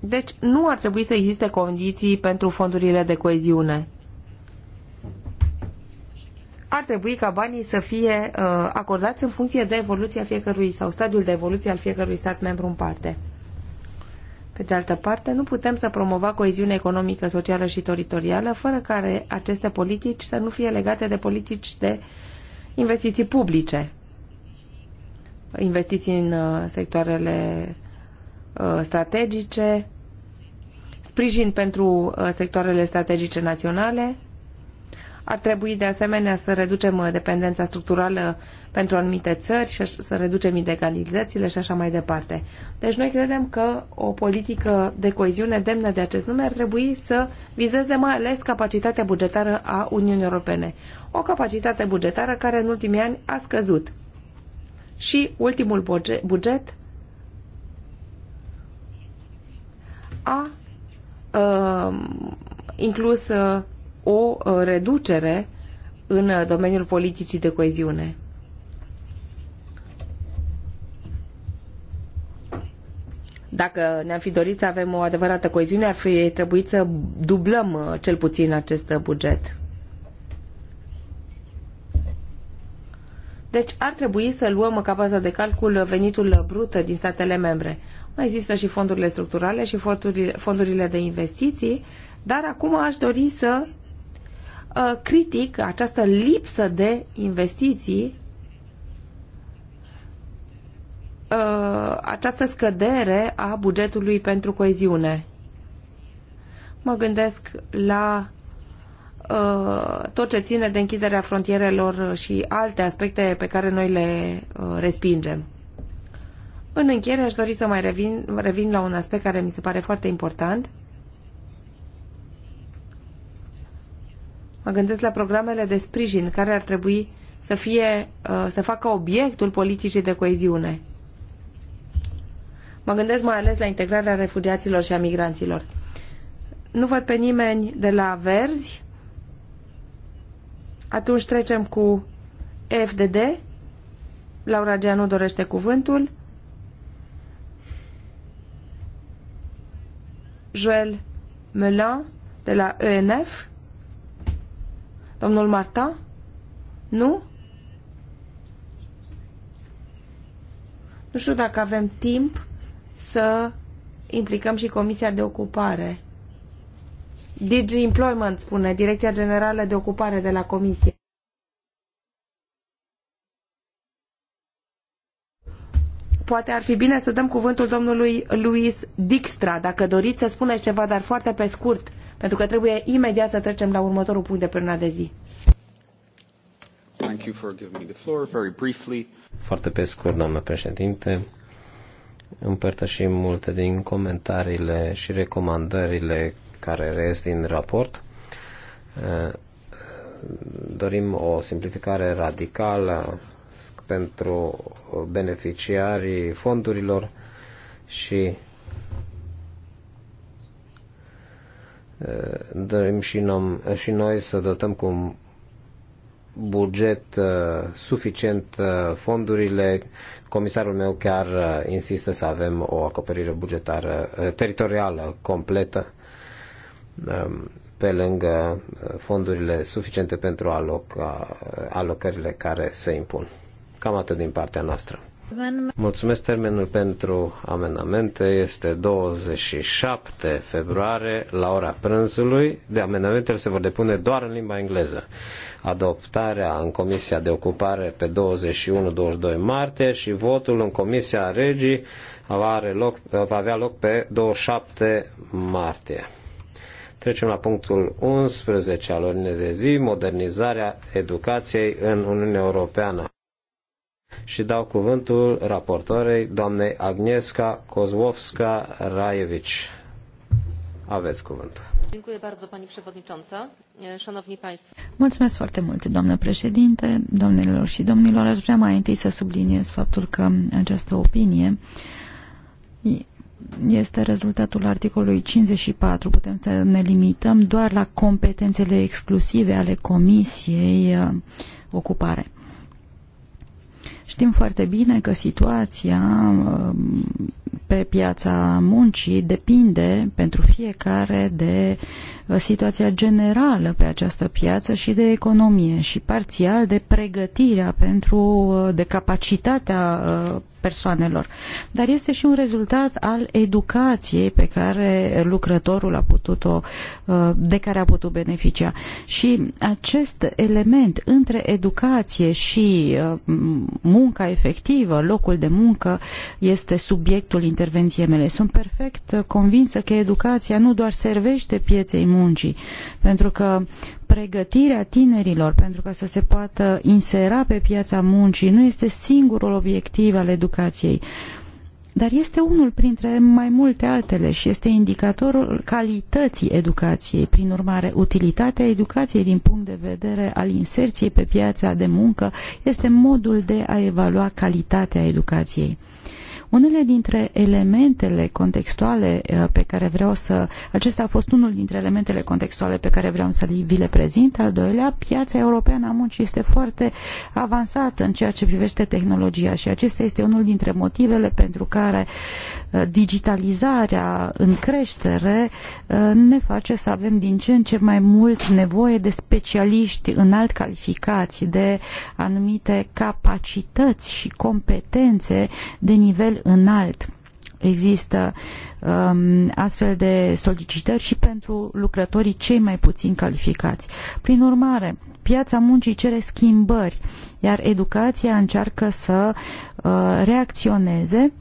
Deci nu ar trebui să existe condiții pentru fondurile de coeziune. Ar trebui ca banii să fie uh, acordați în funcție de evoluția fiecărui sau stadiul de evoluție al fiecărui stat membru în parte. Pe de altă parte, nu putem să promova coeziunea economică, socială și teritorială fără care aceste politici să nu fie legate de politici de investiții publice. Investiții în uh, sectoarele uh, strategice, sprijin pentru uh, sectoarele strategice naționale, ar trebui de asemenea să reducem uh, dependența structurală pentru anumite țări și să reducem inegalitățile și așa mai departe. Deci noi credem că o politică de coeziune demnă de acest nume ar trebui să vizeze mai ales capacitatea bugetară a Uniunii Europene. O capacitate bugetară care în ultimii ani a scăzut. Și ultimul buget a uh, inclus uh, o uh, reducere în uh, domeniul politicii de coeziune. Dacă ne-am fi dorit să avem o adevărată coeziune, ar fi trebuit să dublăm uh, cel puțin acest buget. Deci ar trebui să luăm ca bază de calcul venitul brut din statele membre. Mai există și fondurile structurale și fondurile de investiții, dar acum aș dori să Uh, critic această lipsă de investiții, uh, această scădere a bugetului pentru coeziune. Mă gândesc la uh, tot ce ține de închiderea frontierelor și alte aspecte pe care noi le respingem. În încheiere aș dori să mai revin, revin la un aspect care mi se pare foarte important – Mă gândesc la programele de sprijin care ar trebui să, fie, uh, să facă obiectul politicii de coeziune. Mă gândesc mai ales la integrarea refugiaților și a migranților. Nu văd pe nimeni de la Verzi. Atunci trecem cu FDD. Laura Geanu dorește cuvântul. Joel Melan de la ENF. Domnul Marta? Nu? Nu știu dacă avem timp să implicăm și Comisia de Ocupare. DG Employment, spune Direcția Generală de Ocupare de la Comisie. poate ar fi bine să dăm cuvântul domnului Luis Dijkstra, dacă doriți să spuneți ceva, dar foarte pe scurt, pentru că trebuie imediat să trecem la următorul punct de până de zi. Thank you for giving me the floor, very briefly. Foarte pe scurt, doamnă președinte, împărtășim multe din comentariile și recomandările care reies din raport. Eh, dorim o simplificare radicală pentru uh, beneficiarii fondurilor și uh, dorim și, și noi să dotăm cu un buget uh, suficient fondurile. Comisarul meu chiar insistă să avem o acoperire bugetară teritorială completă um, pe lângă fondurile suficiente pentru aloc, alocările care se impun. Cam atât din partea noastră. Mulțumesc. Termenul pentru amendamente este 27 februarie la ora prânzului. De amendamentele se vor depune doar în limba engleză. Adoptarea în Comisia de Ocupare pe 21-22 martie și votul în Comisia Regii va, are loc, va avea loc pe 27 martie. Trecem la punctul 11 al ordinei de zi, modernizarea educației în Uniunea Europeană și dau cuvântul raportoarei doamnei Agnieszka Kozłowska Rajewicz. Aveți cuvântul. Mulțumesc foarte mult, doamnă președinte, domnilor și domnilor. Aș vrea mai întâi să subliniez faptul că această opinie este rezultatul articolului 54. Putem să ne limităm doar la competențele exclusive ale Comisiei uh, Ocupare. Știm foarte bine că situația um, pe piața muncii depinde pentru fiecare de uh, situația generală pe această piață și de economie și parțial de pregătirea pentru, uh, de capacitatea uh, persoanelor. Dar este și un rezultat al educației pe care lucrătorul a putut-o, de care a putut beneficia. Și acest element între educație și munca efectivă, locul de muncă, este subiectul începutul intervenției mele. Sunt perfect convinsă că educația nu doar servește pieței muncii, pentru că pregătirea tinerilor pentru ca să se poată insera pe piața muncii nu este singurul obiectiv al educației dar este unul printre mai multe altele și este indicatorul calității educației. Prin urmare, utilitatea educației din punct de vedere al inserției pe piața de muncă este modul de a evalua calitatea educației. Unele dintre elementele contextuale uh, pe care vreau să... Acesta a fost unul dintre elementele contextuale pe care vreau să vi le prezint. Al doilea, piața europeană a muncii este foarte avansată în ceea ce privește tehnologia și acesta este unul dintre motivele pentru care uh, digitalizarea în creștere uh, ne face să avem din ce în ce mai mult nevoie de specialiști înalt calificați, de anumite capacități și competențe de nivel înalt există um, astfel de solicitări și pentru lucrătorii cei mai puțin calificați. Prin urmare, piața muncii cere schimbări, iar educația încearcă să uh, reacționeze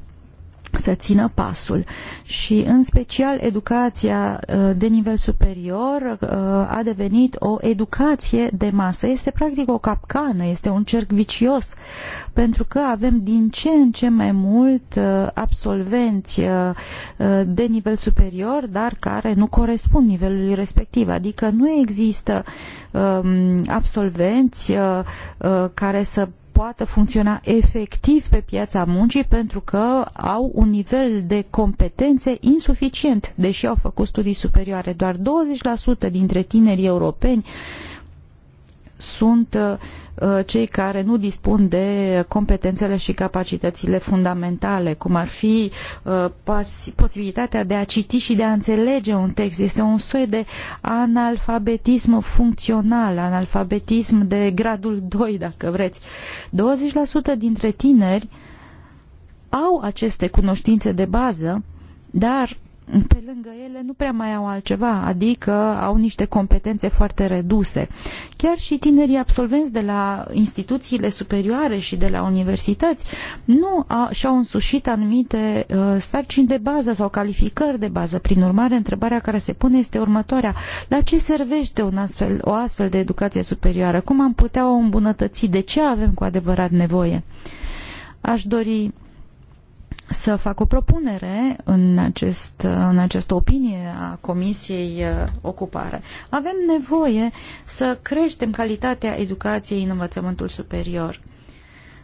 să țină pasul. Și în special educația uh, de nivel superior uh, a devenit o educație de masă. Este practic o capcană, este un cerc vicios, pentru că avem din ce în ce mai mult uh, absolvenți de nivel superior, dar care nu corespund nivelului respectiv. Adică nu există um, absolvenți care să poată funcționa efectiv pe piața muncii pentru că au un nivel de competențe insuficient, deși au făcut studii superioare. Doar 20% dintre tinerii europeni sunt uh, cei care nu dispun de competențele și capacitățile fundamentale, cum ar fi uh, posibilitatea de a citi și de a înțelege un text. Este un soi de analfabetism funcțional, analfabetism de gradul 2, dacă vreți. 20% dintre tineri au aceste cunoștințe de bază, dar pe lângă ele nu prea mai au altceva, adică au niște competențe foarte reduse. Chiar și tinerii absolvenți de la instituțiile superioare și de la universități nu și-au însușit anumite uh, sarcini de bază sau calificări de bază. Prin urmare, întrebarea care se pune este următoarea. La ce servește un astfel, o astfel de educație superioară? Cum am putea o îmbunătăți? De ce avem cu adevărat nevoie? Aș dori să fac o propunere în, acest, în această opinie a Comisiei uh, Ocupare. Avem nevoie să creștem calitatea educației în învățământul superior.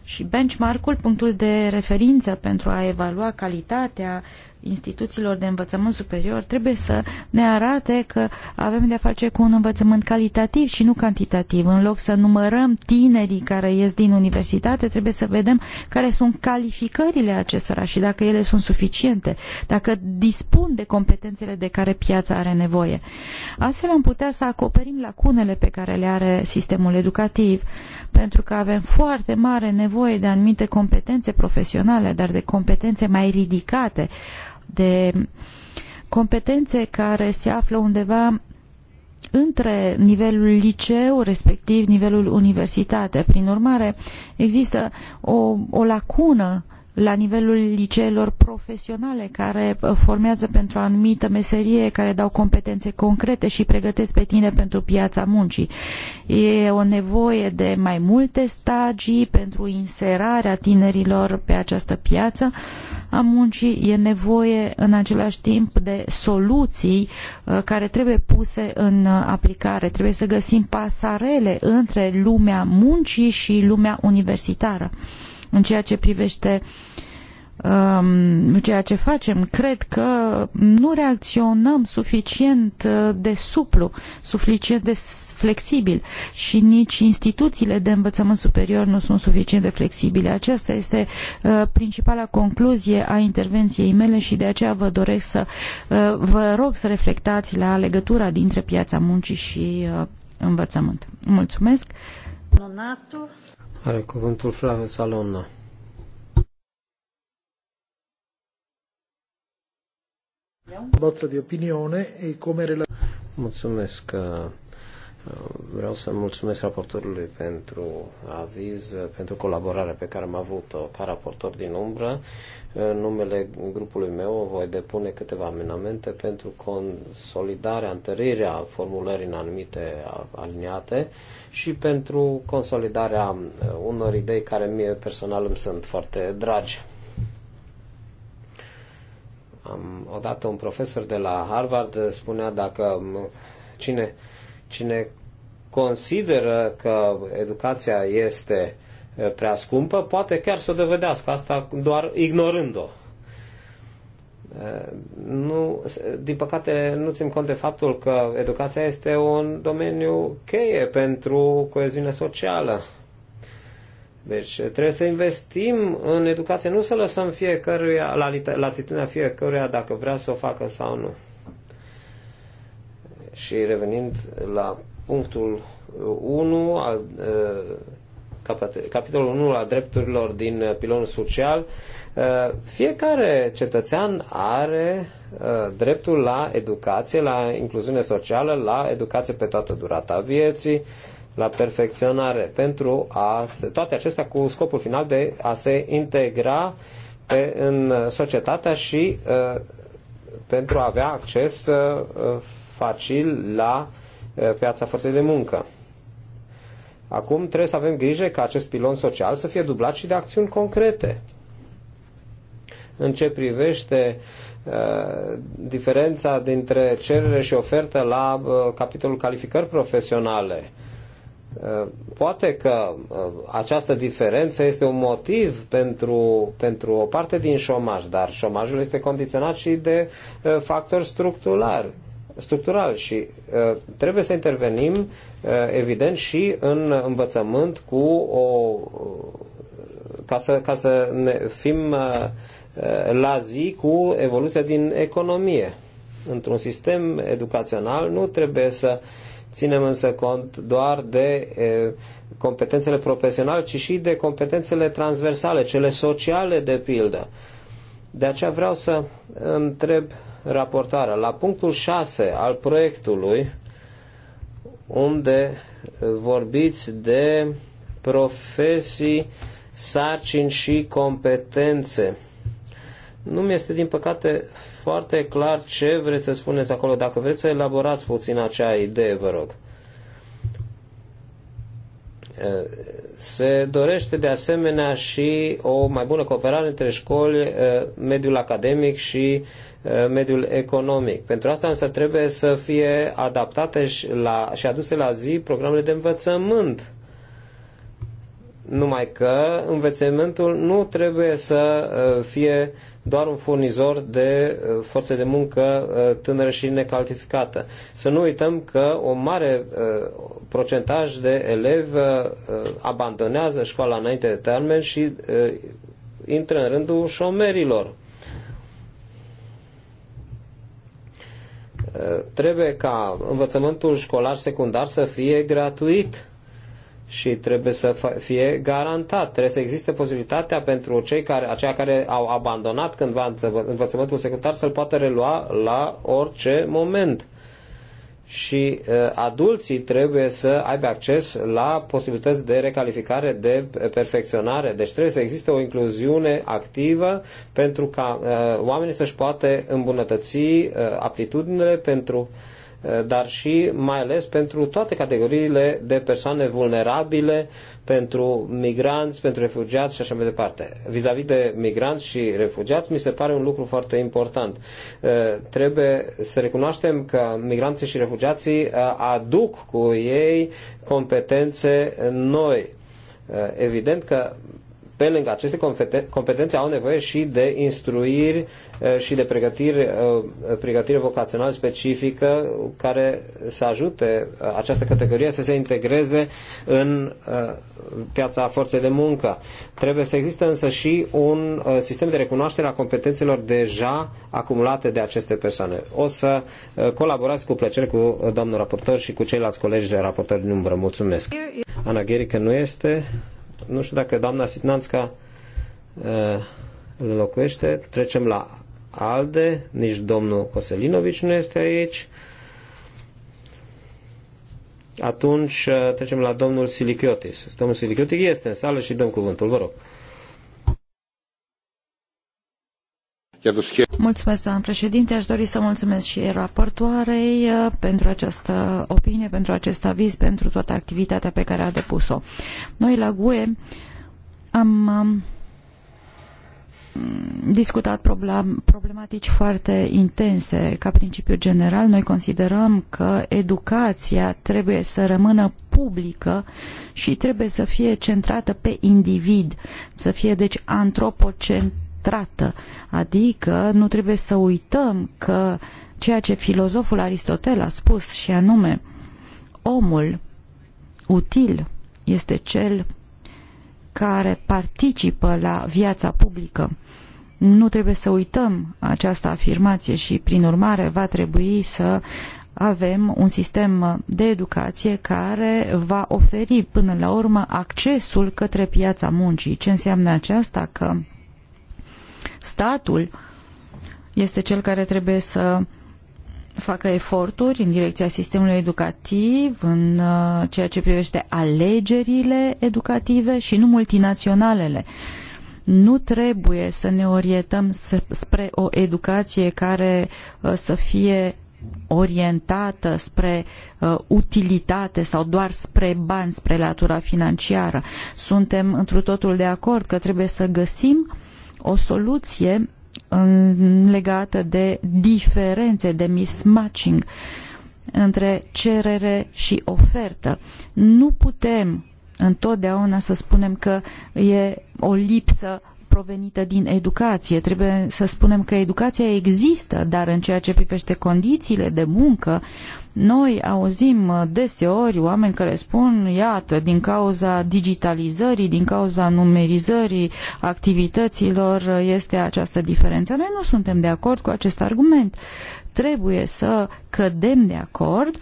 Și benchmark-ul, punctul de referință pentru a evalua calitatea instituțiilor de învățământ superior trebuie să ne arate că avem de-a face cu un învățământ calitativ și nu cantitativ. În loc să numărăm tinerii care ies din universitate, trebuie să vedem care sunt calificările acestora și dacă ele sunt suficiente, dacă dispun de competențele de care piața are nevoie. Astfel am putea să acoperim lacunele pe care le are sistemul educativ, pentru că avem foarte mare nevoie de anumite competențe profesionale, dar de competențe mai ridicate de competențe care se află undeva între nivelul liceu, respectiv nivelul universitate. Prin urmare, există o, o lacună la nivelul liceelor profesionale care uh, formează pentru o anumită meserie, care dau competențe concrete și pregătesc pe tine pentru piața muncii. E o nevoie de mai multe stagii pentru inserarea tinerilor pe această piață a muncii. E nevoie în același timp de soluții uh, care trebuie puse în uh, aplicare. Trebuie să găsim pasarele între lumea muncii și lumea universitară. În ceea ce privește um, ceea ce facem, cred că nu reacționăm suficient uh, de suplu, suficient de flexibil și nici instituțiile de învățământ superior nu sunt suficient de flexibile. Aceasta este uh, principala concluzie a intervenției mele și de aceea vă doresc să uh, vă rog să reflectați la legătura dintre piața muncii și uh, învățământ. Mulțumesc! Are cuvântul Flavio Salonna. Bozza de opinione e come Mulțumesc, uh, Vreau să mulțumesc raportorului pentru aviz, pentru colaborarea pe care am avut-o ca raportor din umbră. În numele grupului meu voi depune câteva amendamente pentru consolidarea, întărirea formulării în anumite aliniate și pentru consolidarea unor idei care mie personal îmi sunt foarte dragi. Am, odată un profesor de la Harvard spunea dacă cine Cine consideră că educația este prea scumpă, poate chiar să o dovedească asta doar ignorând-o. Nu, din păcate, nu țin cont de faptul că educația este un domeniu cheie pentru coeziune socială. Deci trebuie să investim în educație, nu să lăsăm fiecăruia, la latitudinea fiecăruia dacă vrea să o facă sau nu. Și revenind la punctul 1 al capitolul 1 al drepturilor din pilonul social, fiecare cetățean are dreptul la educație, la incluziune socială, la educație pe toată durata vieții, la perfecționare, pentru a se, toate acestea cu scopul final de a se integra pe, în societatea și pentru a avea acces facil la eh, piața forței de muncă. Acum trebuie să avem grijă ca acest pilon social să fie dublat și de acțiuni concrete. În ce privește uh, diferența dintre cerere și ofertă la uh, capitolul calificări profesionale, poate că această diferență este un motiv pentru, pentru o parte din șomaj, dar șomajul este condiționat și de factori structurali structural și uh, trebuie să intervenim, uh, evident, și în învățământ cu o. Uh, ca să, ca să ne fim uh, uh la zi cu evoluția din economie. Într-un sistem educațional nu trebuie să ținem însă cont doar de uh, competențele profesionale, ci și de competențele transversale, cele sociale, de pildă. De aceea vreau să întreb raportarea. La punctul 6 al proiectului, unde vorbiți de profesii, sarcini și competențe. Nu mi este, din păcate, foarte clar ce vreți să spuneți acolo. Dacă vreți să elaborați puțin acea idee, vă rog se dorește de asemenea și o mai bună cooperare între școli, eh, mediul academic și eh, mediul economic. Pentru asta însă trebuie să fie adaptate și, la, și aduse la zi programele de învățământ numai că învățământul nu trebuie să uh, fie doar un furnizor de uh, forțe de muncă uh, tânără și necalificată. Să nu uităm că o mare procentaj de elevi abandonează școala înainte de termen și intră în rândul șomerilor. Trebuie ca învățământul școlar secundar să fie gratuit și trebuie să fie garantat, trebuie să existe posibilitatea pentru cei care, aceia care au abandonat cândva învățământul secundar să-l poată relua la orice moment. Și uh, adulții trebuie să aibă acces la posibilități de recalificare, de perfecționare. Deci trebuie să existe o incluziune activă pentru ca uh, oamenii să-și poată îmbunătăți uh, aptitudinile pentru uh, Eh, dar și mai ales pentru toate categoriile de persoane vulnerabile, pentru migranți, pentru refugiați și așa mai departe. Vis-a-vis -vis de migranți și refugiați, mi se pare un lucru foarte important. Eh, trebuie să recunoaștem că migranții și refugiații eh, aduc cu ei competențe noi. Evident că pe lângă aceste competențe, au nevoie și de instruiri și de pregătire, pregătire vocațională specifică care să ajute această categorie să se integreze în piața forței de muncă. Trebuie să existe însă și un sistem de recunoaștere a competențelor deja acumulate de aceste persoane. O să colaborați cu plăcere cu domnul raportor și cu ceilalți colegi de raportori din umbră. Mulțumesc! Ana Gherică nu este. Nu știu dacă doamna Sitnanțca eh, îl înlocuiește. Trecem la ALDE. Nici domnul Coselinovici nu este aici. Atunci eh, trecem la domnul Silichiotis. Domnul Silichiotis este în sală și dăm cuvântul, vă rog. Mulțumesc, doamnă președinte. Aș dori să mulțumesc și raportoarei uh, pentru această opinie, pentru acest aviz, pentru toată activitatea pe care a depus-o. Noi la GUE am um, discutat problematici foarte intense ca principiu general. Noi considerăm că educația trebuie să rămână publică și trebuie să fie centrată pe individ, să fie deci antropocentrică păstrată, adică nu trebuie să uităm că ceea ce filozoful Aristotel a spus și anume omul util este cel care participă la viața publică. Nu trebuie să uităm această afirmație și, prin urmare, va trebui să avem un sistem de educație care va oferi până la urmă accesul către piața muncii. Ce înseamnă aceasta? Că Statul este cel care trebuie să facă eforturi în direcția sistemului educativ, în uh, ceea ce privește alegerile educative și nu multinaționalele. Nu trebuie să ne orientăm spre o educație care uh, să fie orientată spre uh, utilitate sau doar spre bani, spre latura financiară. Suntem întru totul de acord că trebuie să găsim o soluție legată de diferențe, de mismatching între cerere și ofertă. Nu putem întotdeauna să spunem că e o lipsă provenită din educație. Trebuie să spunem că educația există, dar în ceea ce privește condițiile de muncă, uh, noi auzim uh, deseori oameni care spun, iată, din cauza digitalizării, din cauza numerizării activităților uh, este această diferență. Noi nu suntem de acord cu acest argument. Trebuie să cădem de acord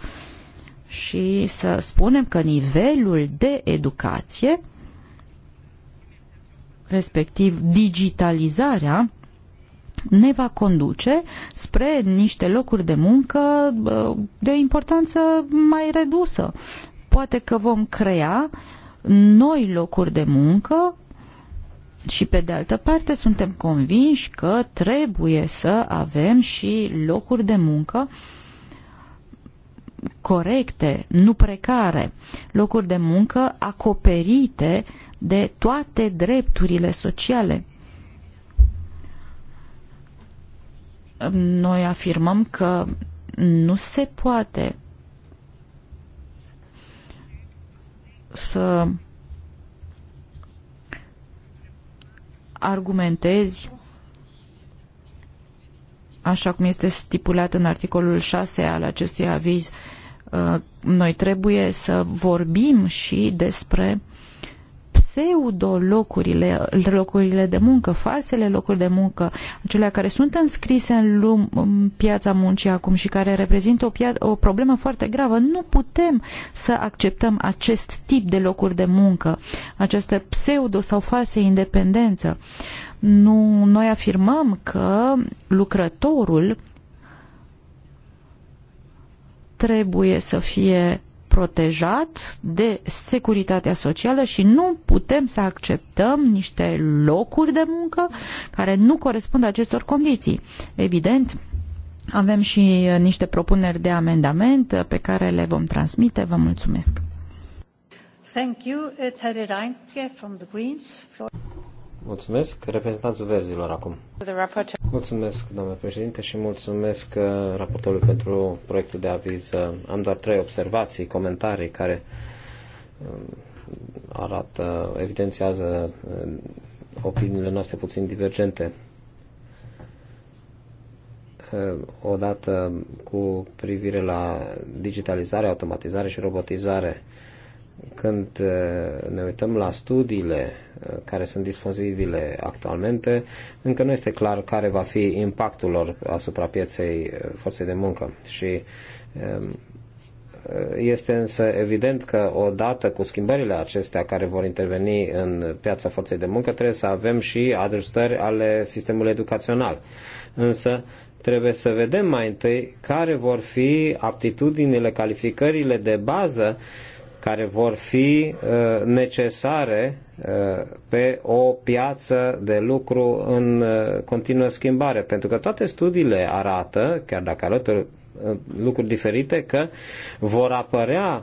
și să spunem că nivelul de educație, respectiv digitalizarea, ne va conduce spre niște locuri de muncă de importanță mai redusă. Poate că vom crea noi locuri de muncă și pe de altă parte suntem convinși că trebuie să avem și locuri de muncă corecte, nu precare, locuri de muncă acoperite de toate drepturile sociale noi afirmăm că nu se poate să argumentezi așa cum este stipulat în articolul 6 al acestui aviz, uh, noi trebuie să vorbim și despre pseudo-locurile, locurile de muncă, falsele locuri de muncă, acelea care sunt înscrise în, lum, în piața muncii acum și care reprezintă o, o problemă foarte gravă. Nu putem să acceptăm acest tip de locuri de muncă, aceste pseudo sau false independență. Nu, noi afirmăm că lucrătorul trebuie să fie protejat de securitatea socială și nu putem să acceptăm niște locuri de muncă care nu corespund acestor condiții. Evident, avem și niște propuneri de amendament pe care le vom transmite. Vă mulțumesc. Thank you, Terry Reinke from the Greens. Mulțumesc. Reprezentanțul verzilor acum. Mulțumesc, doamnă președinte, și mulțumesc uh, raportorului pentru proiectul de aviz. Uh, am doar trei observații, comentarii care um, arată, evidențiază uh, opiniile noastre puțin divergente. Odată cu privire la digitalizare, automatizare și robotizare, când uh, ne uităm la studiile uh, care sunt disponibile actualmente, încă nu este clar care va fi impactul lor asupra pieței uh, forței de muncă. Și um, este însă evident că odată cu schimbările acestea care vor interveni în piața forței de muncă, trebuie să avem și ajustări ale sistemului educațional. Însă trebuie să vedem mai întâi care vor fi aptitudinile, calificările de bază uh, care vor fi uh, necesare uh, pe o piață de lucru în uh, continuă schimbare. Pentru că toate studiile arată, chiar dacă arată lucruri diferite, că vor apărea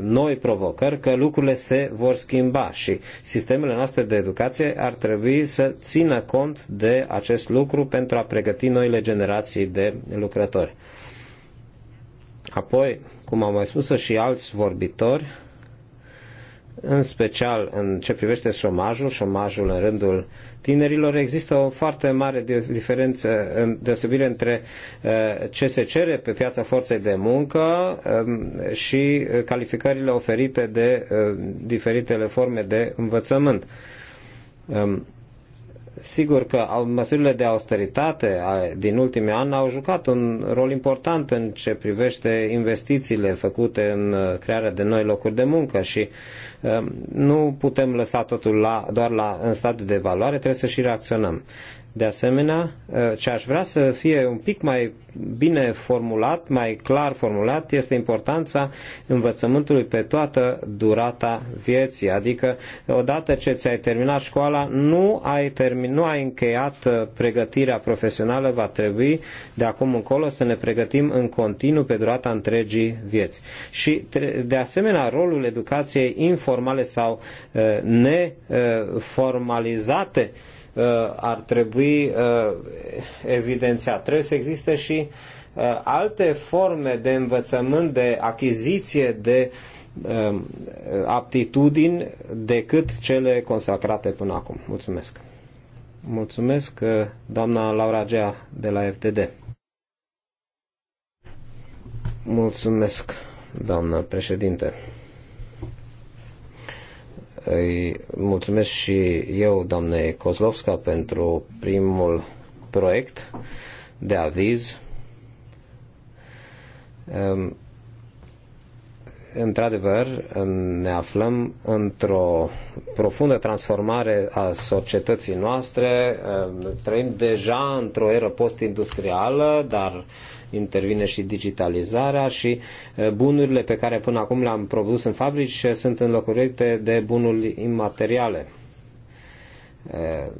noi provocări, că lucrurile se vor schimba și sistemele noastre de educație ar trebui să țină cont de acest lucru pentru a pregăti noile generații de lucrători. Apoi, cum au mai spus și alți vorbitori, în special în ce privește șomajul, șomajul în rândul tinerilor, există o foarte mare diferență, deosebire între uh, ce se cere pe piața forței de muncă um, și uh, calificările oferite de uh, diferitele forme de învățământ. Um, Sigur că măsurile de austeritate din ultimii ani au jucat un rol important în ce privește investițiile făcute în uh, crearea de noi locuri de muncă și uh, nu putem lăsa totul la, doar la, în stadiu de evaluare, trebuie să și reacționăm. De asemenea, ă, ce aș vrea să fie un pic mai bine formulat, mai clar formulat, este importanța învățământului pe toată durata vieții. Adică, odată ce ți-ai terminat școala, nu ai, termin, nu ai încheiat ă, pregătirea profesională, va trebui de acum încolo să ne pregătim în continuu pe durata întregii vieți. Și, de asemenea, rolul educației informale sau ă, neformalizate Uh, ar trebui uh, evidențiat. Trebuie să existe și uh, alte forme de învățământ, de achiziție, de um, aptitudini decât cele consacrate până acum. Mulțumesc! Mulțumesc, doamna Laura Gea de la FTD. Mulțumesc, doamnă președinte. Îi mulțumesc și eu, doamnei Kozlovska, pentru primul proiect de aviz. Ehm, într-adevăr, ne aflăm într-o profundă transformare a societății noastre. Ehm, trăim deja într-o eră postindustrială, dar intervine și digitalizarea și uh, bunurile pe care până acum le-am produs în fabrici uh, sunt înlocuite de bunuri imateriale uh,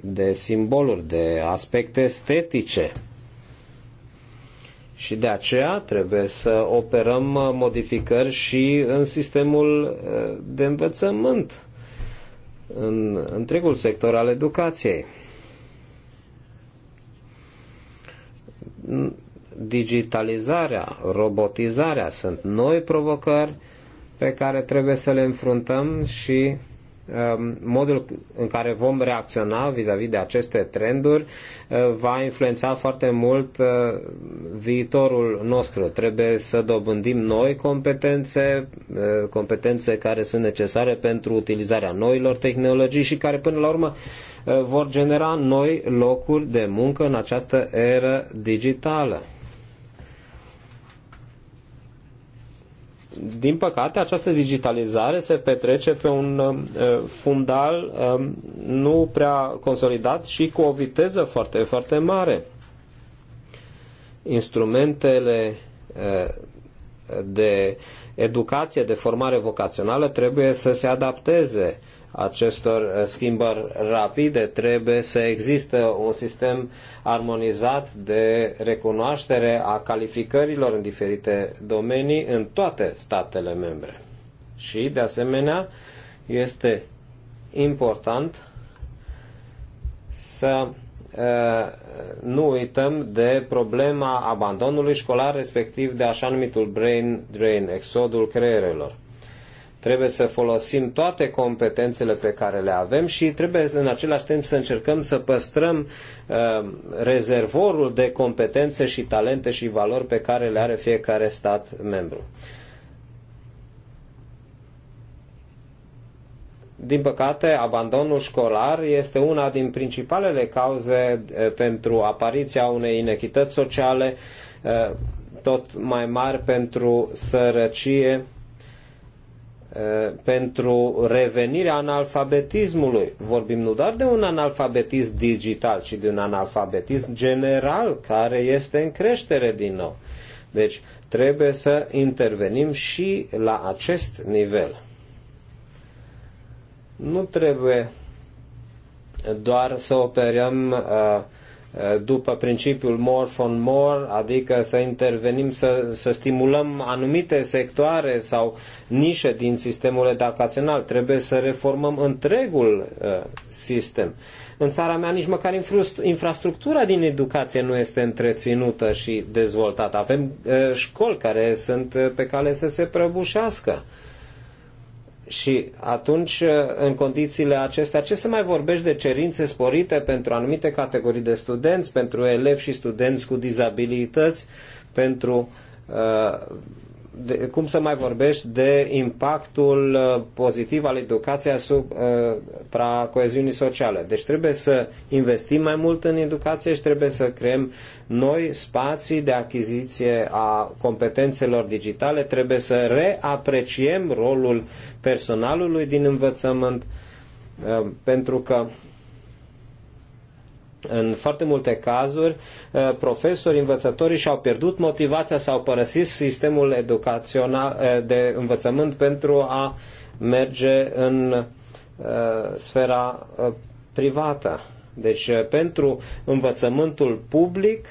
de simboluri, de aspecte estetice. Și de aceea trebuie să operăm modificări și în sistemul de învățământ, în întregul sector al educației. digitalizarea, robotizarea sunt noi provocări pe care trebuie să le înfruntăm și Um, modul în care vom reacționa vis-a-vis -vis de aceste trenduri uh, va influența foarte mult uh, viitorul nostru. Trebuie să dobândim noi competențe, uh, competențe care sunt necesare pentru utilizarea noilor tehnologii și care până la urmă vor genera noi locuri de muncă în această eră digitală. din păcate, această digitalizare se petrece pe un um, uh, fundal um, nu prea consolidat și cu o viteză foarte, foarte mare. Instrumentele uh, de educație, de formare vocațională trebuie să se adapteze acestor eh, schimbări rapide, trebuie să existe un sistem armonizat de recunoaștere a calificărilor în diferite domenii în toate statele membre. Și, de asemenea, este important să eh, nu uităm de problema abandonului școlar, respectiv de așa numitul brain drain, exodul creierelor Trebuie să folosim toate competențele pe care le avem și trebuie în același timp să încercăm să păstrăm uh, rezervorul de competențe și talente și valori pe care le are fiecare stat membru. Din păcate, abandonul școlar este una din principalele cauze uh, pentru apariția unei inechități sociale uh, tot mai mari pentru sărăcie pentru revenirea analfabetismului. Vorbim nu doar de un analfabetism digital, ci de un analfabetism general care este în creștere din nou. Deci trebuie să intervenim și la acest nivel. Nu trebuie doar să operăm uh, Eh, după principiul more for more, adică să intervenim, să, să stimulăm anumite sectoare sau nișe din sistemul educațional. Trebuie să reformăm întregul uh, sistem. În țara mea nici măcar infrastructura din educație nu este întreținută și dezvoltată. Avem uh, școli care sunt pe cale să se prăbușească. Uh, și atunci, uh, în condițiile acestea, ce să mai vorbești de cerințe sporite pentru anumite categorii de studenți, pentru elevi și studenți cu dizabilități, pentru uh, de, cum să mai vorbești de impactul uh, pozitiv al educației asupra uh, coeziunii sociale. Deci trebuie să investim mai mult în educație și trebuie să creăm noi spații de achiziție a competențelor digitale, trebuie să reapreciem rolul personalului din învățământ, uh, pentru că în foarte multe cazuri, uh, profesori, învățători și-au pierdut motivația sau părăsit sistemul educațional uh, de învățământ pentru a merge în uh, sfera privată. Deci pentru învățământul public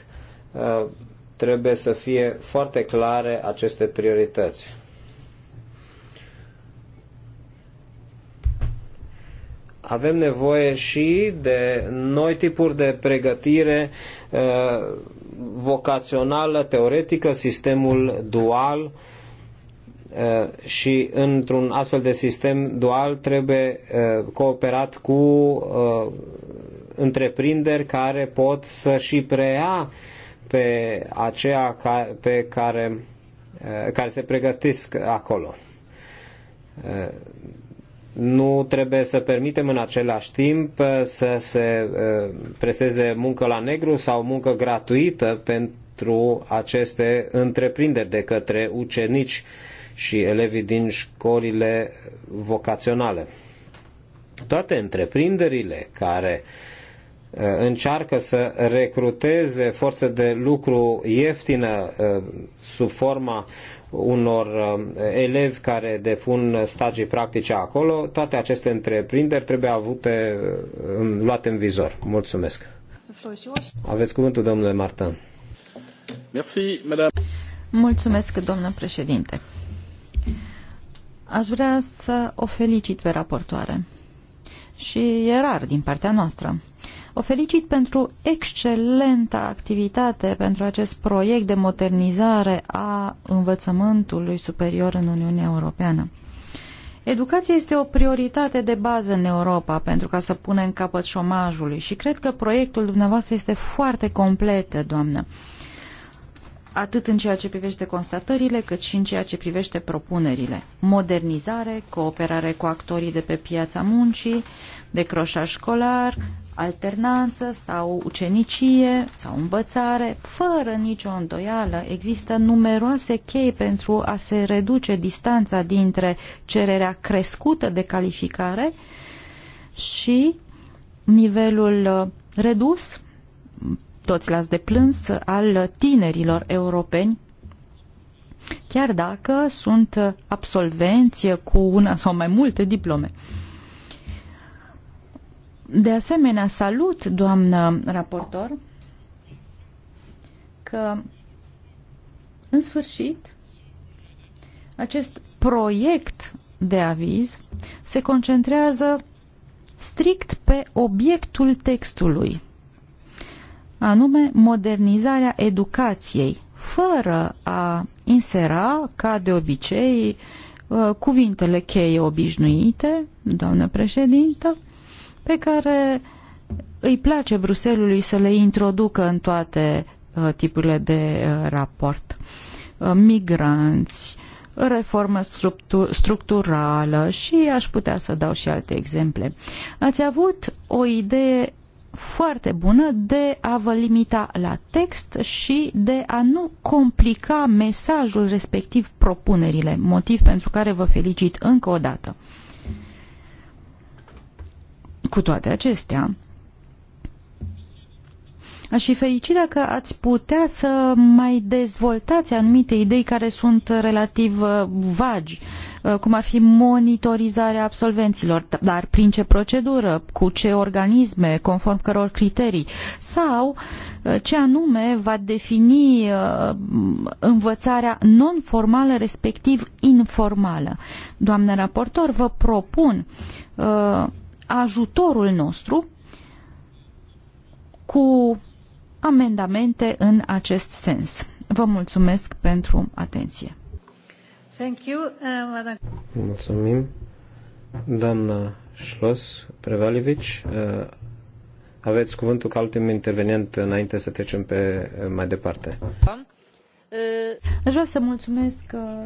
trebuie să fie foarte clare aceste priorități. avem nevoie și de noi tipuri de pregătire uh, vocațională, teoretică, sistemul dual uh, și într-un astfel de sistem dual trebuie uh, cooperat cu întreprinderi care pot să și preia pe aceea pe care, care se pregătesc acolo nu trebuie să permitem în același timp uh, să se uh, presteze muncă la negru sau muncă gratuită pentru aceste întreprinderi de către ucenici și elevii din școlile vocaționale. Toate întreprinderile care uh, încearcă să recruteze forță de lucru ieftină sub forma unor uh, elevi care depun stagii practice acolo, toate aceste întreprinderi trebuie avute, uh, luate în vizor. Mulțumesc. Aveți cuvântul, domnule Martin. Mulțumesc, doamnă președinte. Aș vrea să o felicit pe raportoare. Și e rar din partea noastră. O felicit pentru excelenta activitate pentru acest proiect de modernizare a învățământului superior în Uniunea Europeană. Educația este o prioritate de bază în Europa pentru ca să în capăt șomajului și cred că proiectul dumneavoastră este foarte complet, doamnă atât în ceea ce privește constatările, cât și în ceea ce privește propunerile. Modernizare, cooperare cu actorii de pe piața muncii, decroșaj școlar, alternanță sau ucenicie sau învățare, fără nicio îndoială, există numeroase chei pentru a se reduce distanța dintre cererea crescută de calificare și nivelul uh, redus, toți l-ați deplâns, al tinerilor europeni chiar dacă sunt absolvenți cu una sau mai multe diplome. De asemenea, salut, doamnă raportor, că, în sfârșit, acest proiect de aviz se concentrează strict pe obiectul textului, anume modernizarea educației, fără a insera, ca de obicei, uh, cuvintele cheie obișnuite, doamnă președintă, pe care îi place Bruselului să le introducă în toate uh, tipurile de uh, raport. Uh, migranți, reformă structu structurală și aș putea să dau și alte exemple. Ați avut o idee foarte bună de a vă limita la text și de a nu complica mesajul respectiv propunerile, motiv pentru care vă felicit încă o dată. Cu toate acestea, aș fi fericit dacă ați putea să mai dezvoltați anumite idei care sunt relativ uh, vagi, uh, cum ar fi monitorizarea absolvenților, dar prin ce procedură, cu ce organisme, conform căror criterii, sau uh, ce anume va defini învățarea non-formală, respectiv informală. Doamne raportor, vă propun ajutorul nostru cu amendamente în acest sens. Vă mulțumesc pentru atenție. Thank you, uh, Mulțumim. Doamna Șlos Prevalivici, uh, aveți cuvântul ca ultim intervenient înainte să trecem pe uh, mai departe. Uh, Aș vrea să mulțumesc uh,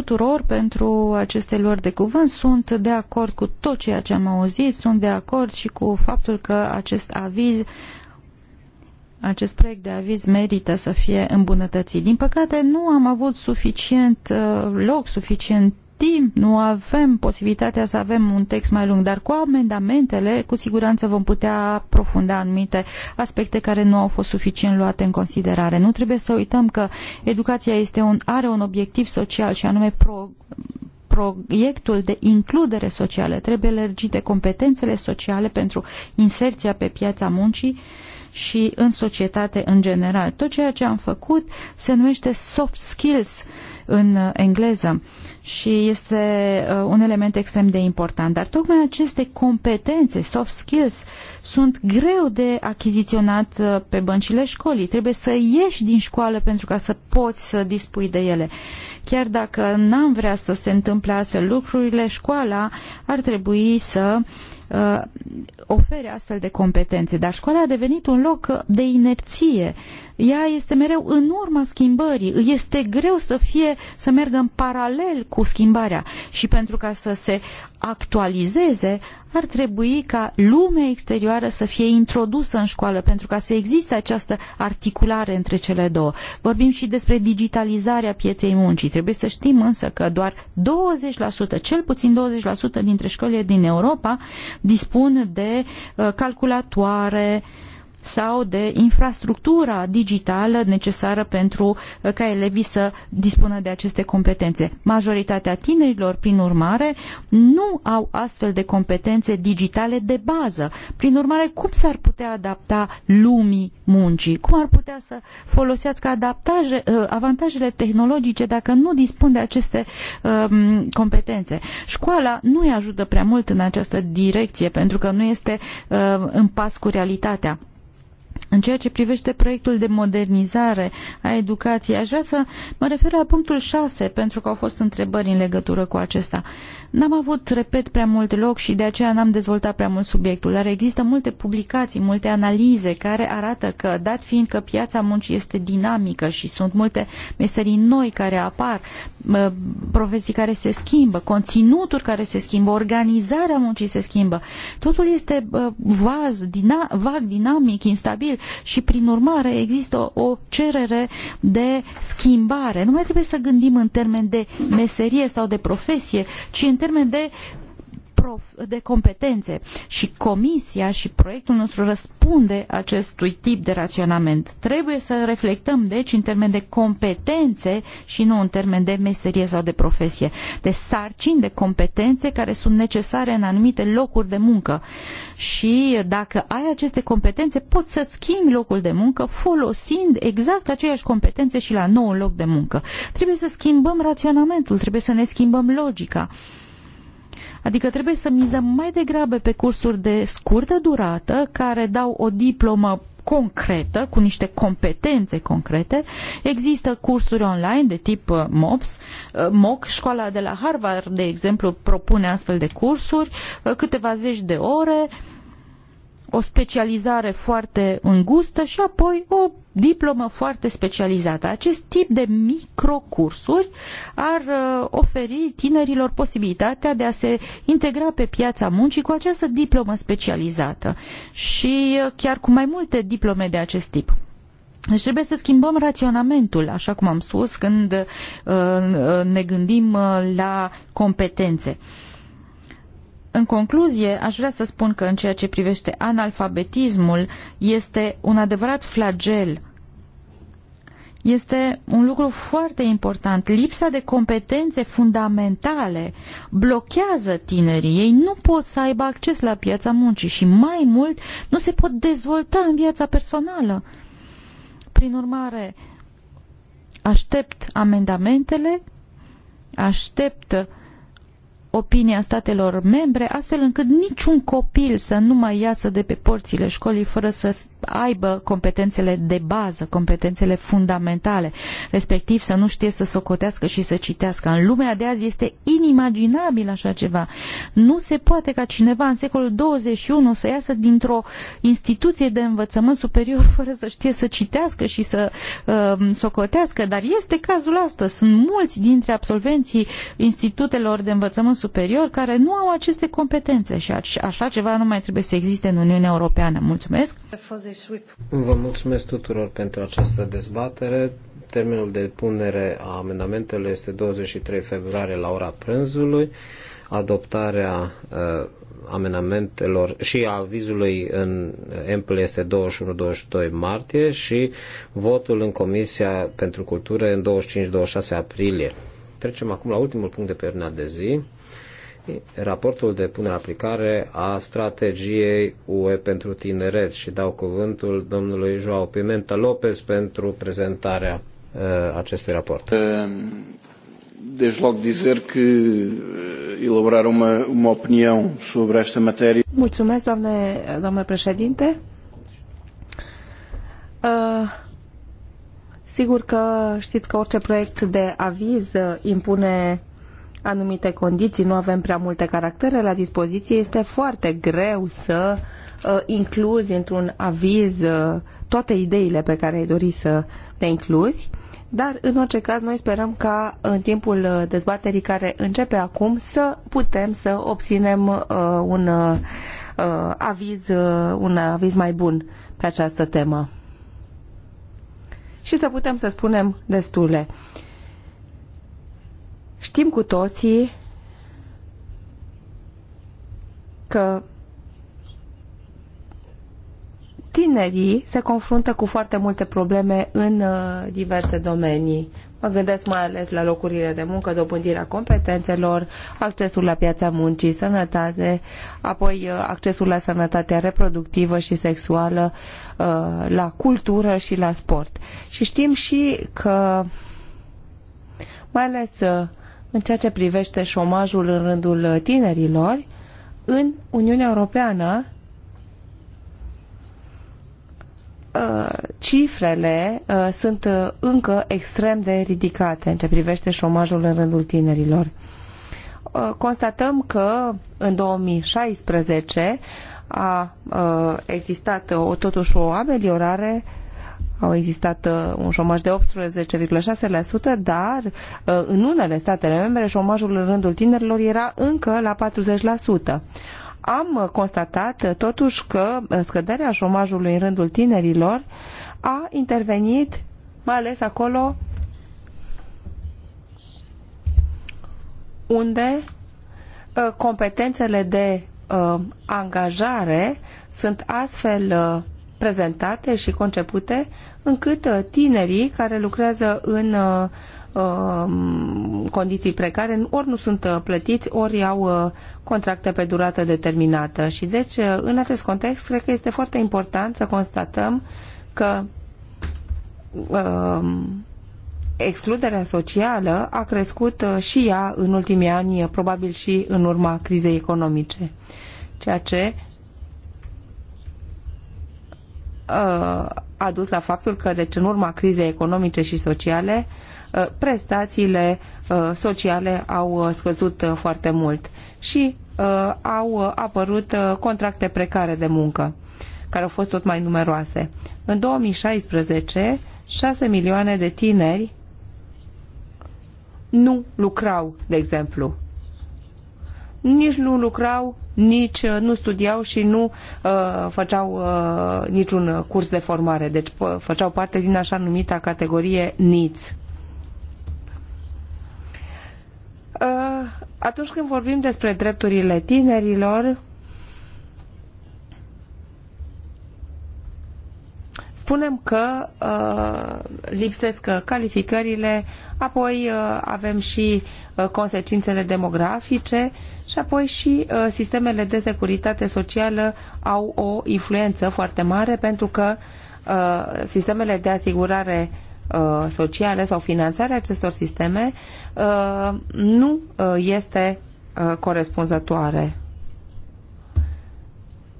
tuturor pentru aceste luări de cuvânt. Sunt de acord cu tot ceea ce am auzit, sunt de acord și cu faptul că acest aviz acest proiect de aviz merită să fie îmbunătățit. Din păcate, nu am avut suficient uh, loc, suficient timp, nu avem posibilitatea să avem un text mai lung, dar cu amendamentele, cu siguranță vom putea profunda anumite aspecte care nu au fost suficient luate în considerare. Nu trebuie să uităm că educația este un, are un obiectiv social și anume pro, proiectul de includere socială. Trebuie lărgite competențele sociale pentru inserția pe piața muncii și în societate în general. Tot ceea ce am făcut se numește soft skills, uh, în uh, engleză și este uh, un element extrem de important. Dar tocmai aceste competențe, soft skills, sunt greu de achiziționat uh, pe băncile școlii. Trebuie să ieși din școală pentru ca să poți să dispui de ele. Chiar dacă n-am vrea să se întâmple astfel lucrurile, școala ar trebui să ofere astfel de competențe. Dar școala a devenit un loc de inerție ea este mereu în urma schimbării. Este greu să fie, să meargă în paralel cu schimbarea și pentru ca să se actualizeze, ar trebui ca lumea exterioară să fie introdusă în școală pentru ca să existe această articulare între cele două. Vorbim și despre digitalizarea pieței muncii. Trebuie să știm însă că doar 20%, cel puțin 20% dintre școlile din Europa dispun de uh, calculatoare, uh, sau de infrastructura digitală necesară pentru uh, ca elevii să dispună de aceste competențe. Majoritatea tinerilor, prin urmare, nu au astfel de competențe digitale de bază. Prin urmare, cum s-ar putea adapta lumii muncii? Cum ar putea să folosească adaptaje, uh, avantajele tehnologice dacă nu dispun de aceste um, competențe? Școala nu îi ajută prea mult în această direcție pentru că nu este uh, în pas cu realitatea. În ceea ce privește proiectul de modernizare a educației, aș vrea să mă refer la punctul 6, pentru că au fost întrebări în legătură cu acesta. Uh, N-am avut, repet, prea mult loc și de aceea n-am dezvoltat prea mult subiectul, dar există multe publicații, multe analize care arată că, dat fiind că piața muncii este dinamică și sunt multe meserii noi care apar, profesii care se schimbă, conținuturi care se schimbă, organizarea muncii se schimbă, totul este vaz, dina, vag, dinamic, instabil și, prin urmare, există o cerere de schimbare. Nu mai trebuie să gândim în termen de meserie sau de profesie, ci în termen de de competențe și comisia și proiectul nostru răspunde acestui tip de raționament. Trebuie să reflectăm, deci, în termen de competențe și nu în termen de meserie sau de profesie, de sarcini, de competențe care sunt necesare în anumite locuri de muncă. Și dacă ai aceste competențe, poți să schimbi locul de muncă folosind exact aceeași competențe și la nou loc de muncă. Trebuie să schimbăm raționamentul, trebuie să ne schimbăm logica. Adică trebuie să mizăm mai degrabă pe cursuri de scurtă durată care dau o diplomă concretă, cu niște competențe concrete. Există cursuri online de tip uh, MOPS, uh, MOC, școala de la Harvard, de exemplu, propune astfel de cursuri, uh, câteva zeci de ore, o specializare foarte îngustă și apoi o diplomă foarte specializată. Acest tip de microcursuri ar uh, oferi tinerilor posibilitatea de a se integra pe piața muncii cu această diplomă specializată și uh, chiar cu mai multe diplome de acest tip. Deci trebuie să schimbăm raționamentul, așa cum am spus, când uh, ne gândim la competențe. Uh, în concluzie, aș vrea să spun că în ceea ce privește analfabetismul este un adevărat flagel. Este un lucru foarte important. Lipsa de competențe fundamentale blochează tinerii. Ei nu pot să aibă acces la piața muncii și mai mult nu se pot dezvolta în viața personală. Prin urmare, aștept amendamentele, aștept uh, opinia statelor membre, astfel încât niciun copil să nu mai iasă de pe porțile școlii fără să aibă competențele de bază, competențele fundamentale, respectiv să nu știe să socotească și să citească. În lumea de azi este inimaginabil așa ceva. Nu se poate ca cineva în secolul 21 să iasă dintr-o instituție de învățământ superior fără să știe să citească și să uh, socotească, dar este cazul ăsta. Sunt mulți dintre absolvenții institutelor de învățământ superior care nu au aceste competențe și așa ceva nu mai trebuie să existe în Uniunea Europeană. Mulțumesc! Vă mulțumesc tuturor pentru această dezbatere. Termenul de punere a amendamentelor este 23 februarie la ora prânzului. Adoptarea uh, amendamentelor și a avizului în uh, EMPL este 21-22 martie și votul în Comisia pentru Cultură în 25-26 aprilie. Trecem acum la ultimul punct de pe urmă de zi raportul de punere aplicare a strategiei UE pentru tineret și dau cuvântul domnului Joao Pimenta Lopez pentru prezentarea uh, acestui raport. Uh, desde logo dizer que uh, elaborar uma, uma opinião sobre esta matéria. Mulțumesc, doamne, doamne președinte. Uh... Sigur că știți că orice proiect de aviz uh, impune anumite condiții, nu avem prea multe caractere la dispoziție, este foarte greu să uh, incluzi într-un aviz uh, toate ideile pe care ai dori să le incluzi. Dar, în orice caz, noi sperăm ca uh, în timpul dezbaterii care începe acum să putem să obținem uh, un uh, aviz, uh, un aviz mai bun pe această temă. Și să putem să spunem destule. Uh, Știm cu toții că tinerii se confruntă cu foarte multe probleme în uh, diverse domenii. Mă gândesc mai ales la locurile de muncă, dobândirea competențelor, accesul la piața muncii, sănătate, apoi uh, accesul la sănătatea reproductivă și sexuală, uh, la cultură și la sport. Și știm și că mai ales în ceea ce privește șomajul în rândul tinerilor, în Uniunea Europeană uh, cifrele uh, sunt uh, încă extrem de ridicate în ce privește șomajul în rândul tinerilor. Constatăm că în 2016 a existat o, totuși o ameliorare au existat uh, un șomaj de 18,6%, dar uh, în unele statele membre șomajul în rândul tinerilor era încă la 40% am uh, constatat totuși că scăderea șomajului în rândul tinerilor a intervenit mai ales acolo unde competențele de angajare sunt astfel prezentate și concepute, încât uh, tinerii care lucrează în uh, um, condiții precare, ori nu sunt uh, plătiți, ori au contracte pe durată determinată. Și deci, în acest context, cred că este foarte important să constatăm că um, excluderea socială a crescut și ea în ultimii ani, probabil și în urma crizei economice, ceea ce Uh, a dus la faptul că, deci, în urma crizei economice și sociale, uh, prestațiile uh, sociale au scăzut foarte mult și au apărut contracte precare de muncă, care au fost tot mai numeroase. În 2016, 6 milioane de tineri nu lucrau, de exemplu nici nu lucrau, nici uh, nu studiau și nu uh, făceau uh, niciun uh, curs de formare. Deci făceau parte din așa numita categorie NITS. Uh, atunci când vorbim despre drepturile tinerilor, spunem că uh, lipsesc calificările, apoi uh, avem și uh, consecințele demografice și apoi și uh, sistemele de securitate socială au o influență foarte mare pentru că uh, sistemele de asigurare uh, sau finanțarea acestor sisteme uh, nu uh, este uh, corespunzătoare.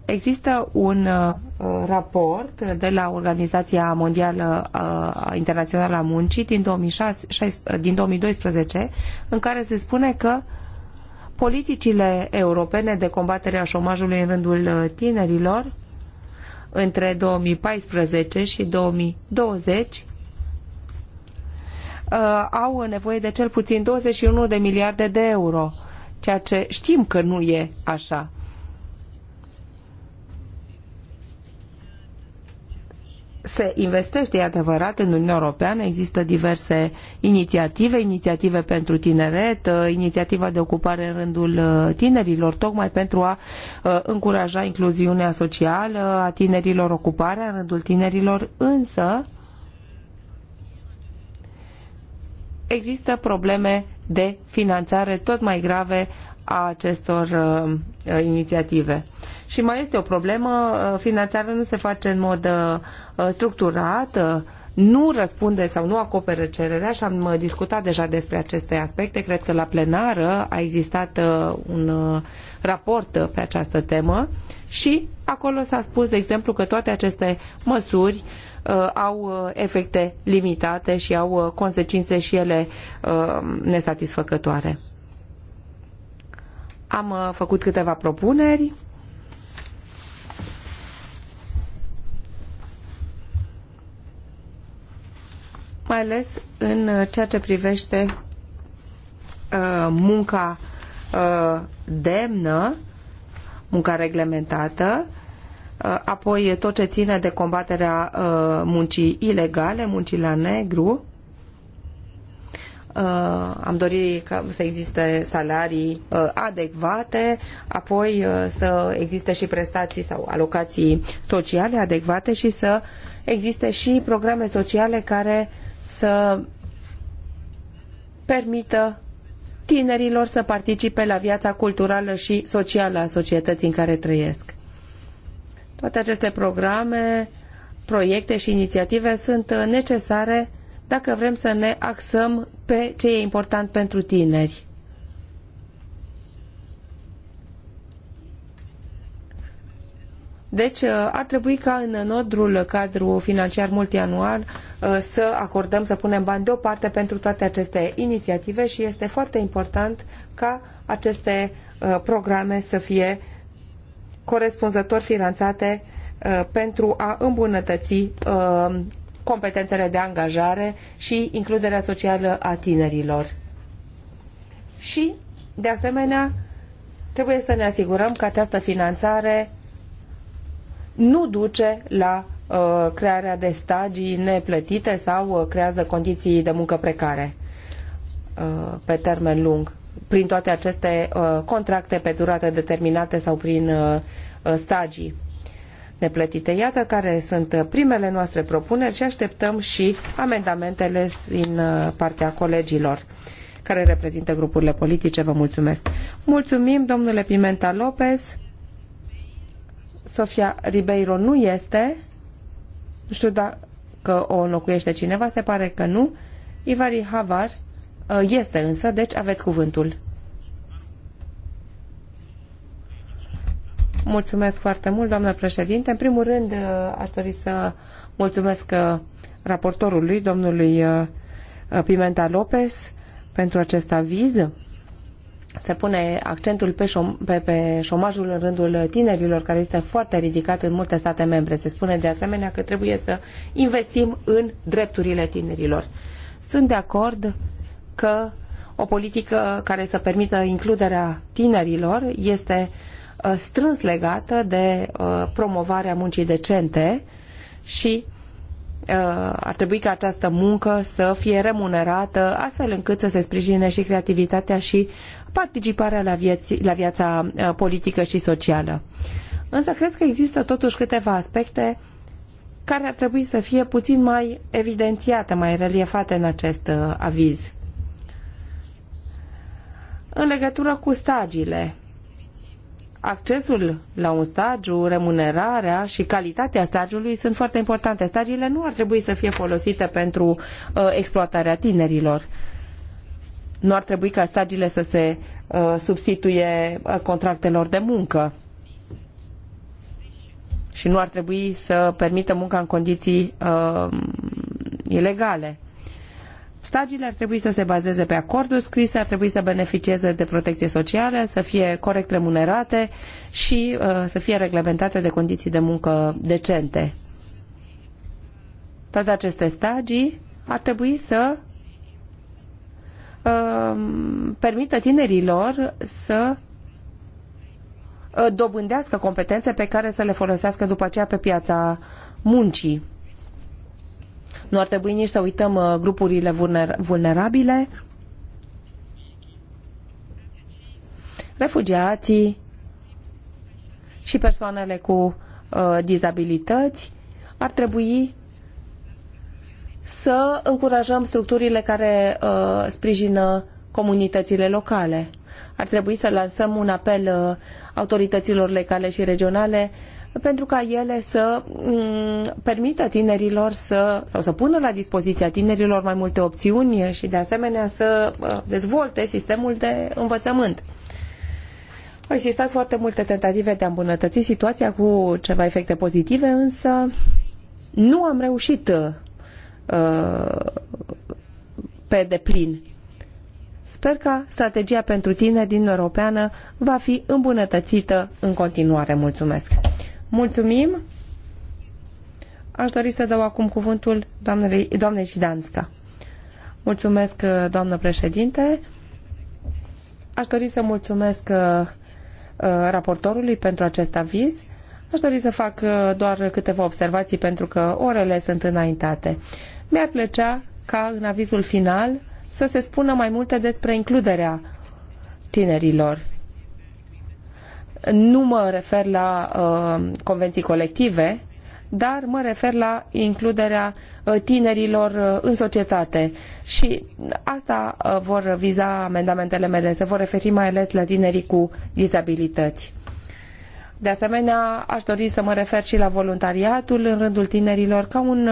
Există un uh, uh, raport de la Organizația Mondială uh, Internațională a Muncii din, 2006, din 2012 în care se spune că politicile europene de combatere a șomajului în rândul tinerilor între 2014 și 2020 au nevoie de cel puțin 21 de miliarde de euro, ceea ce știm că nu e așa. se investește, e adevărat, în Uniunea Europeană. Există diverse inițiative, inițiative pentru tineret, uh, inițiativa de ocupare în rândul uh, tinerilor, tocmai pentru a uh, încuraja incluziunea socială a tinerilor, ocuparea în rândul tinerilor, însă există probleme de finanțare tot mai grave a acestor inițiative. Și mai este o problemă, uh, finanțarea nu se face în mod uh, uh, structurat, nu răspunde sau nu acoperă cererea și am discutat deja despre aceste aspecte. Cred că la plenară a existat un raport pe această temă și acolo s-a spus, de exemplu, că toate aceste măsuri au efecte limitate și au consecințe și ele nesatisfăcătoare. Am făcut câteva propuneri mai ales în uh, ceea ce privește uh, munca uh, demnă, munca reglementată, uh, apoi tot ce ține de combaterea uh, muncii ilegale, muncii la negru. Uh, am dorit ca să existe salarii uh, adecvate, apoi uh, să existe și prestații sau alocații sociale adecvate și să existe și programe sociale care uh, să permită tinerilor să participe la viața culturală și socială a societății în care trăiesc. Toate aceste programe, proiecte și inițiative sunt necesare dacă vrem să ne axăm pe ce e important pentru tineri. Deci uh, ar trebui ca în nodrul cadru financiar multianual uh, să acordăm, să punem bani deoparte pentru toate aceste inițiative și este foarte important ca aceste uh, programe să fie corespunzător finanțate pentru a îmbunătăți competențele de angajare și includerea socială a tinerilor. Și, de asemenea, trebuie să ne asigurăm că această finanțare nu duce la uh, crearea de stagii neplătite sau uh, creează condiții de muncă precare uh, pe termen lung prin toate aceste contracte pe durată determinate sau prin stagii neplătite. Iată care sunt primele noastre propuneri și așteptăm și amendamentele din partea colegilor care reprezintă grupurile politice. Vă mulțumesc. Mulțumim, domnule Pimenta Lopez. Sofia Ribeiro nu este. Nu știu dacă o locuiește cineva, se pare că nu. Ivari Havar uh, este însă, deci aveți cuvântul. Mulțumesc foarte mult, doamnă președinte. În primul rând, uh, aș dori să mulțumesc uh, raportorului, domnului Pimenta Lopez, pentru acest aviz se pune accentul pe, șom- pe, pe șomajul în rândul tinerilor, care este foarte ridicat în multe state membre. Se spune de asemenea că trebuie să investim în drepturile tinerilor. Sunt de acord că o politică care să permită includerea tinerilor este uh, strâns legată de uh, promovarea muncii decente și Uh, ar trebui ca această muncă să fie remunerată astfel încât să se sprijine și creativitatea și participarea la, vieții, la viața uh, politică și socială. Însă cred că există totuși câteva aspecte care ar trebui să fie puțin mai evidențiate, mai reliefate în acest uh, aviz. În legătură cu stagiile, accesul la un stagiu, remunerarea și calitatea stagiului sunt foarte importante. Stagiile nu ar trebui să fie folosite pentru uh, exploatarea tinerilor. Nu ar trebui ca stagiile să se uh, substituie uh, contractelor de muncă. Și nu ar trebui să permită munca în condiții uh, ilegale. Stagiile ar trebui să se bazeze pe acorduri scrise, ar trebui să beneficieze de protecție socială, să fie corect remunerate și uh, să fie reglementate de condiții de muncă decente. Toate aceste stagii ar trebui să uh, permită tinerilor să uh, dobândească competențe pe care să le folosească după aceea pe piața muncii. Nu ar trebui nici să uităm uh, grupurile vulnerabile, refugiații și persoanele cu uh, dizabilități. Ar trebui să încurajăm structurile care uh, sprijină comunitățile locale. Ar trebui să lansăm un apel uh, autorităților locale și regionale pentru ca ele să mm, permită tinerilor să, sau să pună la dispoziția tinerilor mai multe opțiuni și de asemenea să uh, dezvolte sistemul de învățământ. Au existat foarte multe tentative de a îmbunătăți situația cu ceva efecte pozitive, însă nu am reușit uh, pe deplin. Sper că strategia pentru tine din Europeană va fi îmbunătățită în continuare. Mulțumesc! Mulțumim! Aș dori să dau acum cuvântul doamnei, doamnei Jidanska. Mulțumesc, uh, doamnă președinte. Aș dori să mulțumesc uh, uh, raportorului pentru acest aviz. Aș dori să fac doar câteva observații pentru că orele sunt înaintate. Mi-ar plăcea ca în avizul final să se spună mai multe despre includerea tinerilor nu mă refer la uh, convenții colective, dar mă refer la includerea uh, tinerilor uh, în societate. Și asta uh, vor viza amendamentele mele, se vor referi mai ales la tinerii cu dizabilități. De asemenea, aș dori să mă refer și la voluntariatul în rândul tinerilor ca un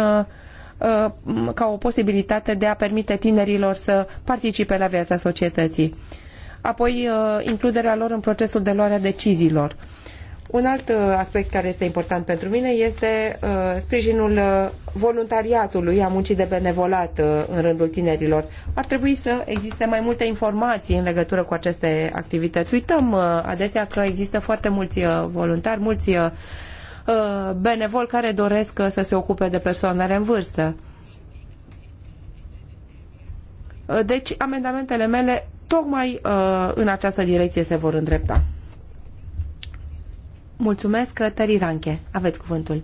ca o posibilitate de a permite tinerilor să participe la viața societății apoi uh, includerea lor în procesul de luare a deciziilor. Un alt uh, aspect care este important pentru mine este uh, sprijinul voluntariatului, a muncii de benevolat în rândul tinerilor. Ar trebui să existe mai multe informații în legătură cu aceste activități. Uităm adesea că există foarte mulți voluntari, mulți benevol care doresc să se ocupe de persoanele în vârstă. Deci, amendamentele mele tocmai uh, în această direcție se vor îndrepta. Mulțumesc, Tări Ranche. Aveți cuvântul.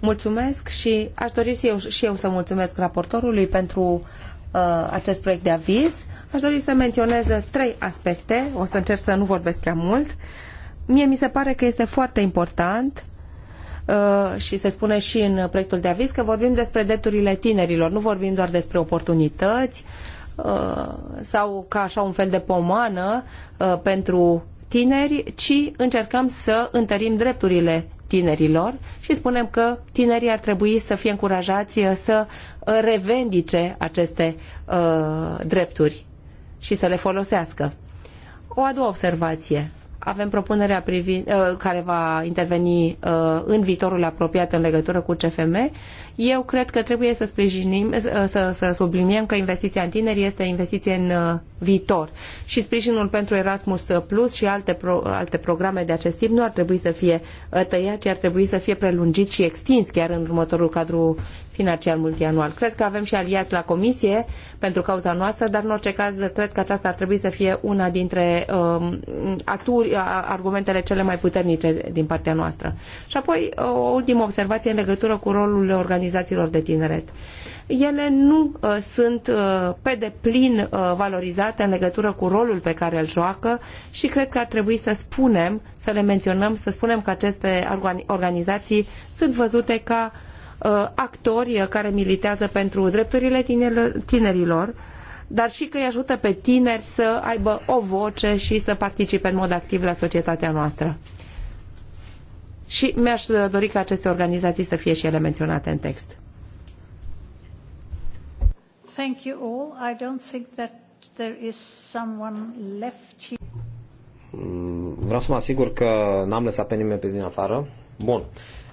Mulțumesc și aș dori și eu, și eu să mulțumesc raportorului pentru uh, acest proiect de aviz. Aș dori să menționez trei aspecte. O să încerc să nu vorbesc prea mult. Mie mi se pare că este foarte important uh, și se spune și în proiectul de aviz că vorbim despre drepturile tinerilor, nu vorbim doar despre oportunități, Uh, sau ca așa un fel de pomană uh, pentru tineri, ci încercăm să întărim drepturile tinerilor și spunem că tinerii ar trebui să fie încurajați uh, să revendice aceste drepturi și să le folosească. O a doua observație avem propunerea privind, uh, care va interveni uh, în viitorul apropiat în legătură cu CFM. Eu cred că trebuie să sprijinim, uh, să, să subliniem că investiția în tineri este investiție în viitor și sprijinul pentru Erasmus Plus și alte, pro, alte programe de acest tip nu ar trebui să fie tăiat, ci ar trebui să fie prelungit și extins chiar în următorul cadru financiar multianual. Cred că avem și aliați la comisie pentru cauza noastră, dar în orice caz cred că aceasta ar trebui să fie una dintre um, aturi, argumentele cele mai puternice din partea noastră. Și apoi o ultimă observație în legătură cu rolul organizațiilor de tineret ele nu uh, sunt uh, pe deplin uh, valorizate în legătură cu rolul pe care îl joacă și cred că ar trebui să spunem, să le menționăm, să spunem că aceste organizații sunt văzute ca uh, Uh, actori care militează pentru drepturile tinerilor, dar și că îi ajută pe tineri să aibă o voce și să participe în mod activ la societatea noastră. Și mi-aș dori ca aceste organizații să fie și ele menționate în text. Thank you all. I don't think that there is someone left here. Mm, vreau să mă asigur că n-am lăsat pe nimeni pe din afară. Bun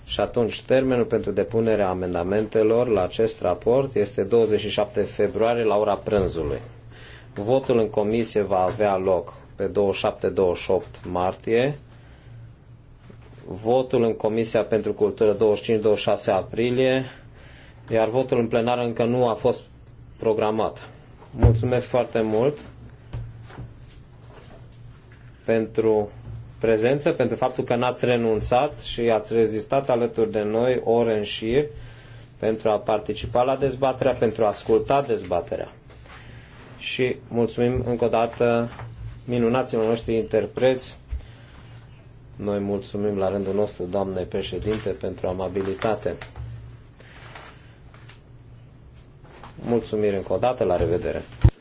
și atunci termenul pentru depunerea amendamentelor la acest raport este 27 februarie la ora prânzului. Votul în comisie va avea loc pe 27-28 martie, votul în Comisia pentru Cultură 25-26 aprilie, iar votul în plenar încă nu a fost programat. Mulțumesc foarte mult! pentru prezență, pentru faptul că n-ați renunțat și ați rezistat alături de noi ore în șir pentru a participa la dezbaterea, pentru a asculta dezbaterea. Și mulțumim încă o dată minunaților noștri interpreți. Noi mulțumim la rândul nostru, doamne președinte, pentru amabilitate. Mulțumiri încă o dată, la revedere!